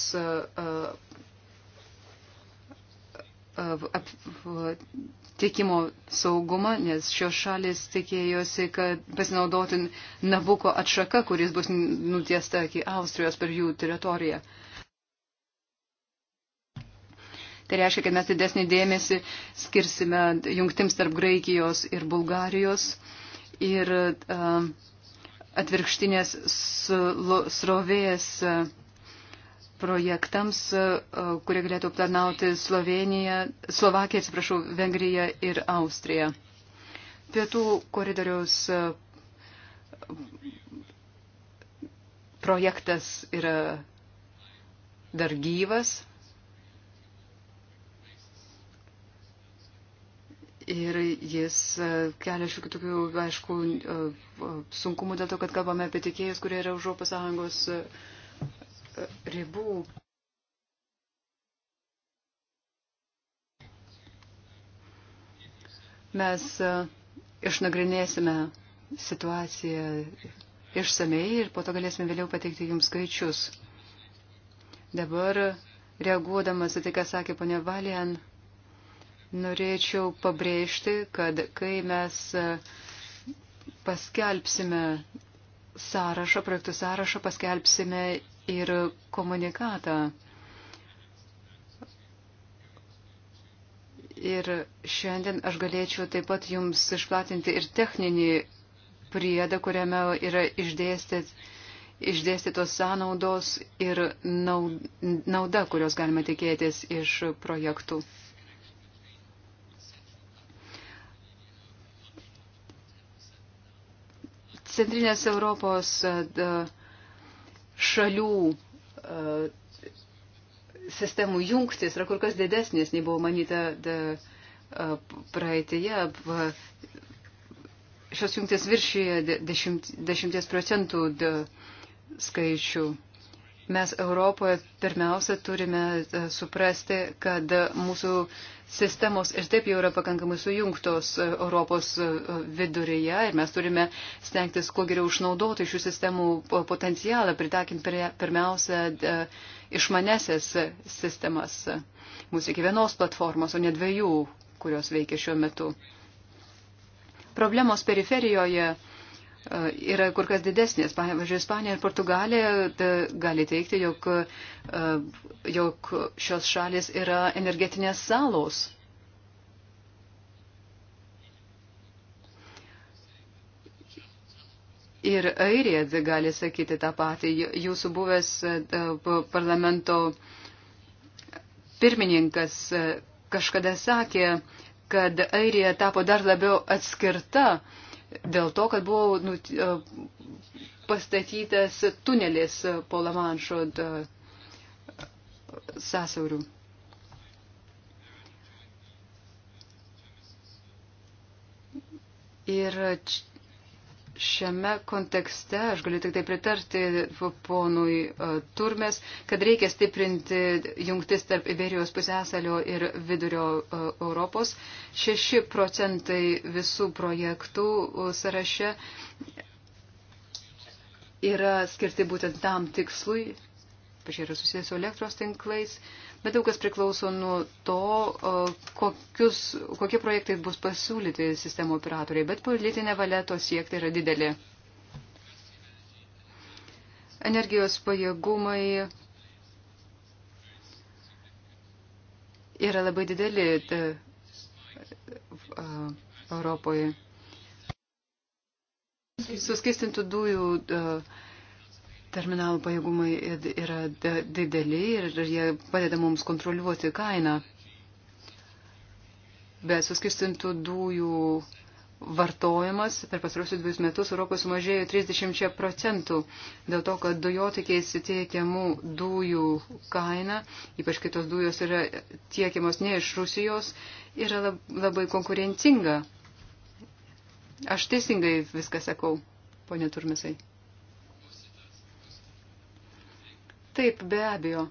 tiekimo saugumą, nes šios šalis tikėjosi, kad pasinaudoti Nabuko atšaka, kuris bus nutiesta iki Austrijos per jų teritoriją. Tai reiškia, kad mes didesnį dėmesį skirsime jungtims tarp Graikijos ir Bulgarijos ir e, atvirkštinės srovės e, projektams, e, kurie galėtų aptarnauti Sloveniją, Slovakiją, atsiprašau, Vengriją ir Austriją. Pietų koridoriaus projektas yra dar gyvas. Ir jis e, kelia šiokių tokių, aišku, e, sunkumų dėl to, kad kalbame apie tikėjus, kurie yra už Europos Sąjungos e, ribų. Mes išnagrinėsime situaciją išsamei ir po to galėsime vėliau pateikti jums skaičius. Dabar, reaguodamas į tai, ką sakė ponia Valian, norėčiau pabrėžti, kad kai mes e, paskelbsime sąrašą, projektų sąrašą, paskelbsime ir komunikatą. Ir šiandien aš galėčiau taip pat jums išplatinti ir techninį priedą, kuriame yra išdėstytas išdėstytos sąnaudos ir nauda, kurios galima tikėtis iš projektų. Centrinės Europos e, šalių e, sistemų jungtis yra kur kas didesnės, nei buvo manyta e, praeitėje. Šios jungtis viršyje 10 procentų skaičių. Mes Europoje pirmiausia turime suprasti, kad mūsų sistemos ir taip jau yra pakankamai sujungtos e, Europos e, viduryje ir mes turime stengtis kuo geriau išnaudoti šių sistemų potencialą, pritaikint pirmiausia e, išmanesias sistemas. Mūsų iki vienos platformos, o ne dviejų, kurios veikia šiuo metu. Problemos periferijoje E, yra kur kas didesnės. Pavyzdžiui, Ispanija ir Portugalija e, gali teikti, jog, e, jog šios šalis yra energetinės salos. Ir Airija gali sakyti tą patį. Jūsų buvęs parlamento pirmininkas kažkada sakė, kad Airija tapo dar labiau atskirta uh, dėl to, kad buvo nu, e, pastatytas tunelis po Lamanšo sąsaurių. Ir č šiame kontekste aš galiu tik tai pritarti ponui e, Turmes, kad reikia stiprinti jungtis tarp Iberijos pusėsalio ir vidurio e, Europos. 6 procentai visų projektų e, sąraše yra skirti būtent tam tikslui, pažiūrėjau, susijęs su elektros tinklais, bet daug kas priklauso nuo to, kokius, kokie projektai bus pasiūlyti sistemų operatoriai, bet politinė valia to siekti yra didelė. Energijos pajėgumai yra labai dideli ta, uh, Europoje. Suskistintų dujų uh, Terminalų pajėgumai yra dideli ir jie padeda mums kontroliuoti kainą. Bet suskirstintų dujų vartojimas per pasarusius dvius metus Europos sumažėjo 30 procentų dėl to, kad dujotikiais tiekiamų dujų kaina, ypač kai tos dujos yra tiekiamos ne iš Rusijos, yra labai konkurencinga. Aš teisingai viską sakau, ponė Turmisai. Taip, be abejo.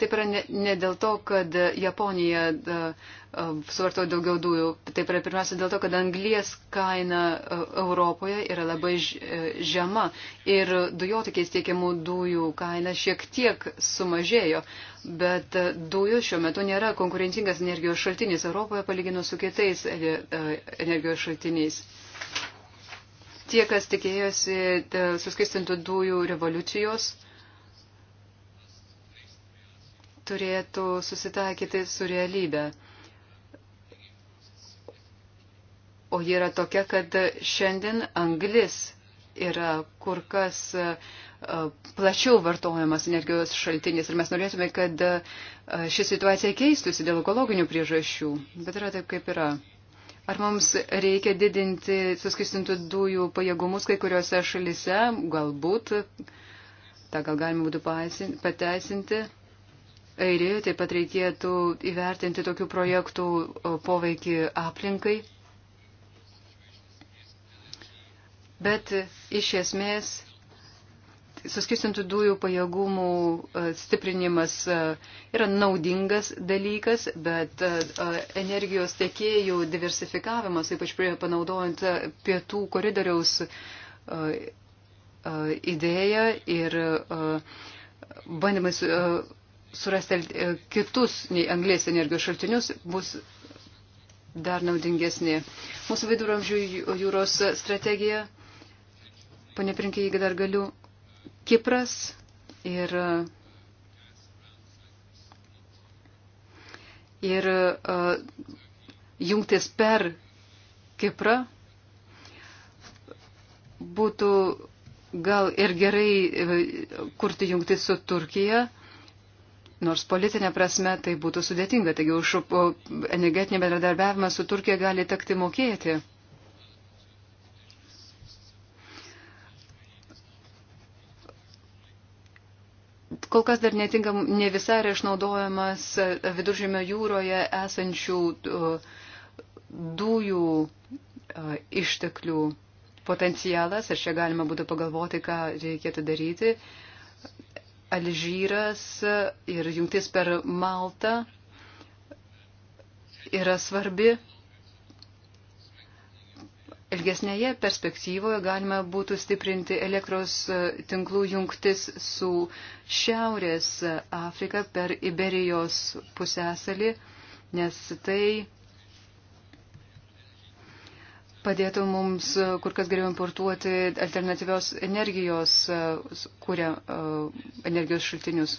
Taip yra ne, ne dėl to, kad Japonija suvartoja daugiau dujų, taip yra pirmiausia dėl to, kad anglies kaina Europoje yra labai e, žema ir dujotikiais tiekiamų dujų kaina šiek tiek sumažėjo, bet dujų šiuo metu nėra konkurencingas energijos šaltinis Europoje palyginus su kitais e, e, energijos šaltiniais. Tie, kas tikėjosi e, suskistintų dujų revoliucijos, turėtų susitaikyti su realybė. O ji yra tokia, kad šiandien anglis yra kur kas e, plačiau vartojamas energijos šaltinis ir mes norėtume, kad e, ši situacija keistųsi dėl ekologinių priežasčių, bet yra taip, kaip yra. Ar mums reikia didinti suskistintų dujų pajėgumus kai kuriuose šalise? Galbūt. Ta gal galima būtų pateisinti. Airijoje taip pat reikėtų įvertinti tokių projektų poveikį aplinkai. Bet iš esmės suskistintų dujų pajėgumų e, stiprinimas e, yra naudingas dalykas, bet e, energijos tiekėjų diversifikavimas, ypač panaudojant pietų koridoriaus idėją ir bandymais surasti kitus nei anglės energijos šaltinius, bus dar naudingesnė. Mūsų viduramžių jūros strategija Pane Prinkė, jeigu dar galiu Kipras ir, ir uh, jungtis per Kiprą būtų gal ir gerai e, kurti jungtis su Turkija, nors politinė prasme tai būtų sudėtinga, taigi už energetinį bendradarbiavimą su Turkija gali tekti mokėti. Kol kas dar netinkam, ne visai yra išnaudojamas e, viduržėmio jūroje esančių e, dujų e, išteklių potencialas. Ar čia galima būtų pagalvoti, ką reikėtų daryti. Alžyras ir jungtis per Maltą yra svarbi ilgesnėje perspektyvoje galima būtų stiprinti elektros e, tinklų jungtis su Šiaurės Afrika per Iberijos pusęsalį, nes tai padėtų mums e, kur kas geriau importuoti alternatyvios energijos, e, kuria energijos šaltinius.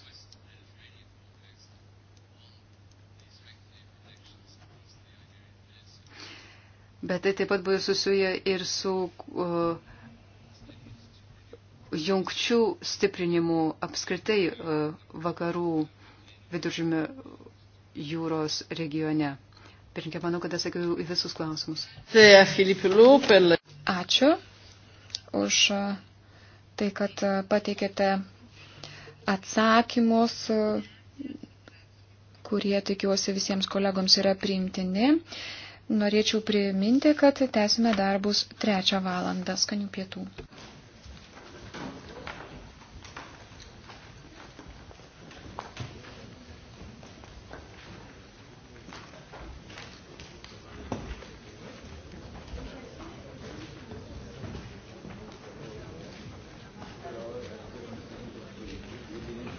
Bet tai taip pat buvo susiję ir su uh, jungčių stiprinimu apskritai uh, vakarų viduržymio jūros regione. Pirmininkė, manau, kad atsakiau į visus klausimus. Tai, e, Ačiū už tai, kad e, pateikėte atsakymus, kurie tikiuosi visiems kolegoms yra priimtini. Norėčiau priminti, kad tęsime darbus trečią valandą skanių pietų.